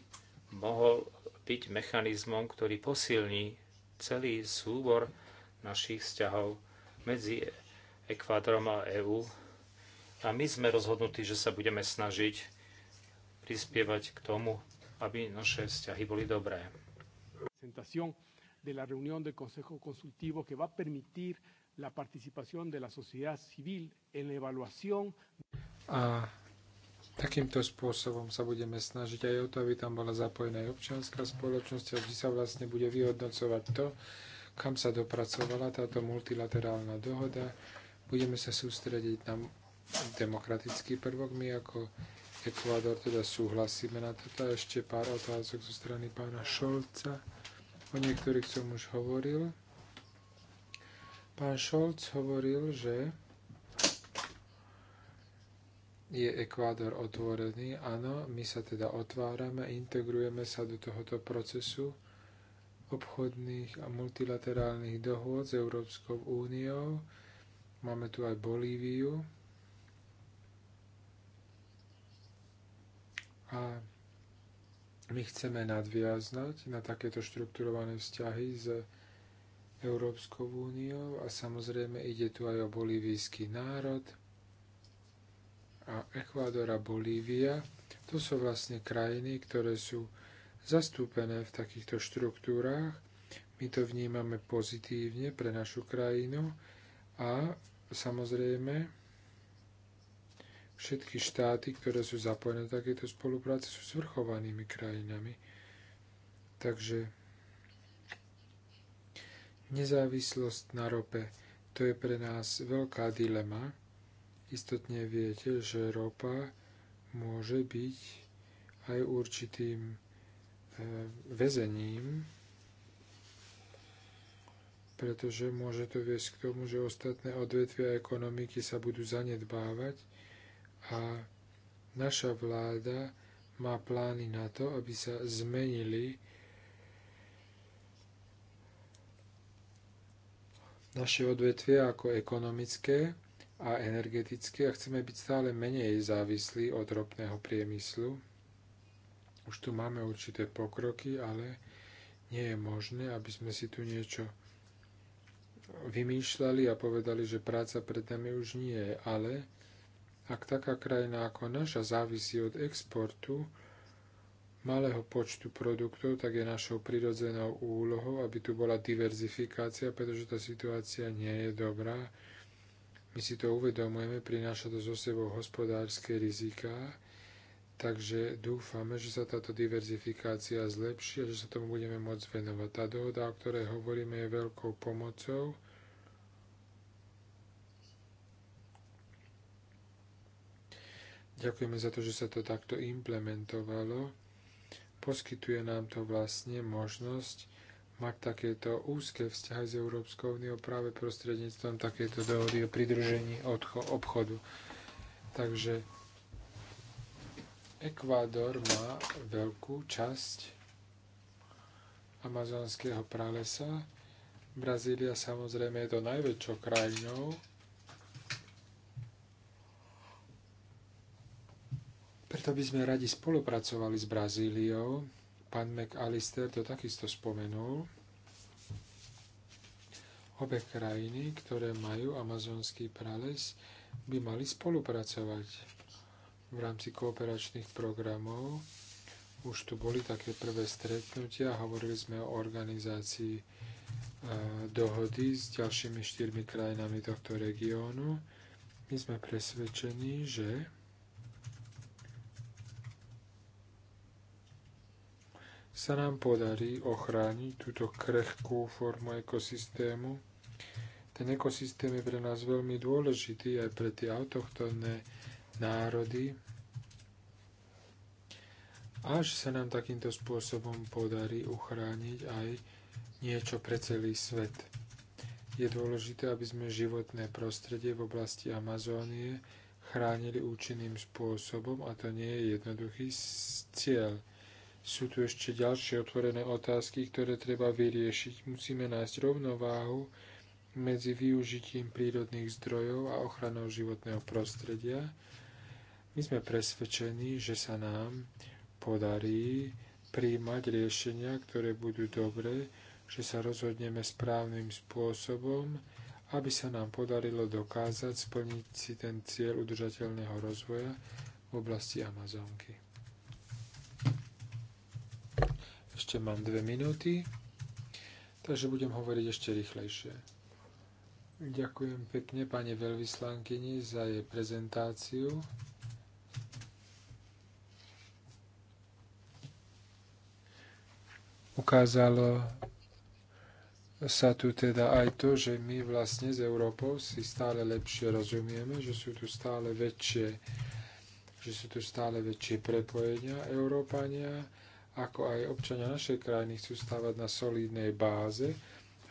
mohol byť mechanizmom, ktorý posilní celý súbor našich vzťahov medzi Ekvádorom a EÚ. A my sme rozhodnutí, že sa budeme snažiť prispievať k tomu, aby naše vzťahy boli dobré. de la reunión del Consejo Consultivo que va a permitir la participación de la sociedad civil en la evaluación. A Takýmto spôsobom sa budeme snažiť aj o to, aby tam bola zapojená aj občianská spoločnosť a vždy sa vlastne bude vyhodnocovať to, kam sa dopracovala táto multilaterálna dohoda. Budeme sa sústrediť na demokratický prvok. My ako Ekvador teda súhlasíme na toto. ešte pár otázok zo strany pána Šolca. O niektorých som už hovoril. Pán Šolc hovoril, že je Ekvádor otvorený. Áno, my sa teda otvárame, integrujeme sa do tohoto procesu obchodných a multilaterálnych dohôd s Európskou úniou. Máme tu aj Bolíviu. A my chceme nadviaznať na takéto štrukturované vzťahy s Európskou úniou a samozrejme ide tu aj o bolívijský národ – a Ekvádor a Bolívia, to sú vlastne krajiny, ktoré sú zastúpené v takýchto štruktúrách. My to vnímame pozitívne pre našu krajinu a samozrejme všetky štáty, ktoré sú zapojené do takéto spolupráce, sú zvrchovanými krajinami. Takže nezávislosť na rope, to je pre nás veľká dilema. Istotne viete, že ropa môže byť aj určitým e, väzením, pretože môže to viesť k tomu, že ostatné odvetvia ekonomiky sa budú zanedbávať a naša vláda má plány na to, aby sa zmenili naše odvetvia ako ekonomické, a energeticky a chceme byť stále menej závislí od ropného priemyslu. Už tu máme určité pokroky, ale nie je možné, aby sme si tu niečo vymýšľali a povedali, že práca pred nami už nie je, ale ak taká krajina ako naša závisí od exportu malého počtu produktov, tak je našou prirodzenou úlohou, aby tu bola diverzifikácia, pretože tá situácia nie je dobrá my si to uvedomujeme, prináša to zo sebou hospodárske riziká, takže dúfame, že sa táto diverzifikácia zlepší a že sa tomu budeme môcť venovať. Tá dohoda, o ktorej hovoríme, je veľkou pomocou. Ďakujeme za to, že sa to takto implementovalo. Poskytuje nám to vlastne možnosť mať takéto úzke vzťahy s Európskou úniou práve prostredníctvom takéto dohody o pridružení obchodu. Takže Ekvádor má veľkú časť amazonského pralesa. Brazília samozrejme je to najväčšou krajinou. Preto by sme radi spolupracovali s Brazíliou Pán McAllister to takisto spomenul. Obe krajiny, ktoré majú amazonský prales, by mali spolupracovať v rámci kooperačných programov. Už tu boli také prvé stretnutia, hovorili sme o organizácii e, dohody s ďalšími štyrmi krajinami tohto regiónu. My sme presvedčení, že sa nám podarí ochrániť túto krehkú formu ekosystému. Ten ekosystém je pre nás veľmi dôležitý aj pre tie autochtónne národy. Až sa nám takýmto spôsobom podarí uchrániť aj niečo pre celý svet. Je dôležité, aby sme životné prostredie v oblasti Amazónie chránili účinným spôsobom a to nie je jednoduchý cieľ. Sú tu ešte ďalšie otvorené otázky, ktoré treba vyriešiť. Musíme nájsť rovnováhu medzi využitím prírodných zdrojov a ochranou životného prostredia. My sme presvedčení, že sa nám podarí príjmať riešenia, ktoré budú dobré, že sa rozhodneme správnym spôsobom, aby sa nám podarilo dokázať splniť si ten cieľ udržateľného rozvoja v oblasti Amazonky. Ešte mám dve minúty, takže budem hovoriť ešte rýchlejšie. Ďakujem pekne pani veľvyslankyni za jej prezentáciu. Ukázalo sa tu teda aj to, že my vlastne s Európou si stále lepšie rozumieme, že sú tu stále väčšie, že sú tu stále väčšie prepojenia Európania ako aj občania našej krajiny chcú stávať na solidnej báze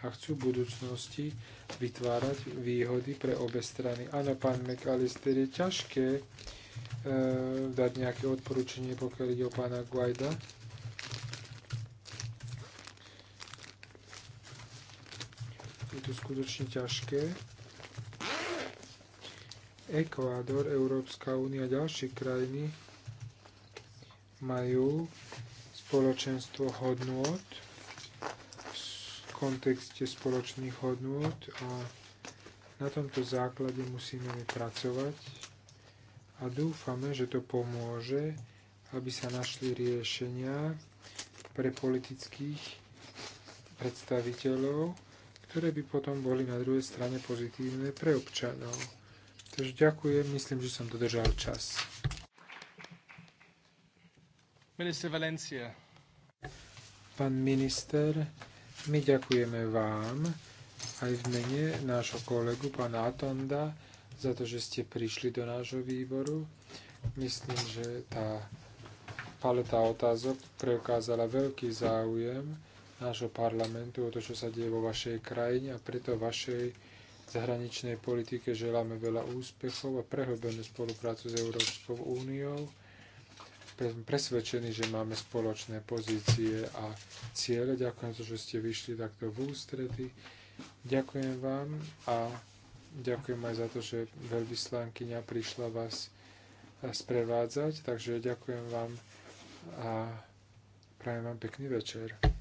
a chcú v budúcnosti vytvárať výhody pre obe strany. Áno, pán McAllister, je ťažké e, dať nejaké odporúčanie, pokiaľ ide o pána Guaida. Je to skutočne ťažké. Ekvádor, Európska únia a ďalšie krajiny majú spoločenstvo hodnôt v kontexte spoločných hodnôt a na tomto základe musíme my pracovať a dúfame, že to pomôže, aby sa našli riešenia pre politických predstaviteľov, ktoré by potom boli na druhej strane pozitívne pre občanov. Takže ďakujem, myslím, že som dodržal čas. Minister Valencia. Pán minister, my ďakujeme vám aj v mene nášho kolegu pána Atonda za to, že ste prišli do nášho výboru. Myslím, že tá paleta otázok preukázala veľký záujem nášho parlamentu o to, čo sa deje vo vašej krajine a preto vašej zahraničnej politike želáme veľa úspechov a prehlbenú spoluprácu s Európskou úniou presvedčení, že máme spoločné pozície a ciele. Ďakujem za to, že ste vyšli takto v ústredy, Ďakujem vám a ďakujem aj za to, že veľvyslankyňa prišla vás eh, sprevádzať. Takže ďakujem vám a prajem vám pekný večer.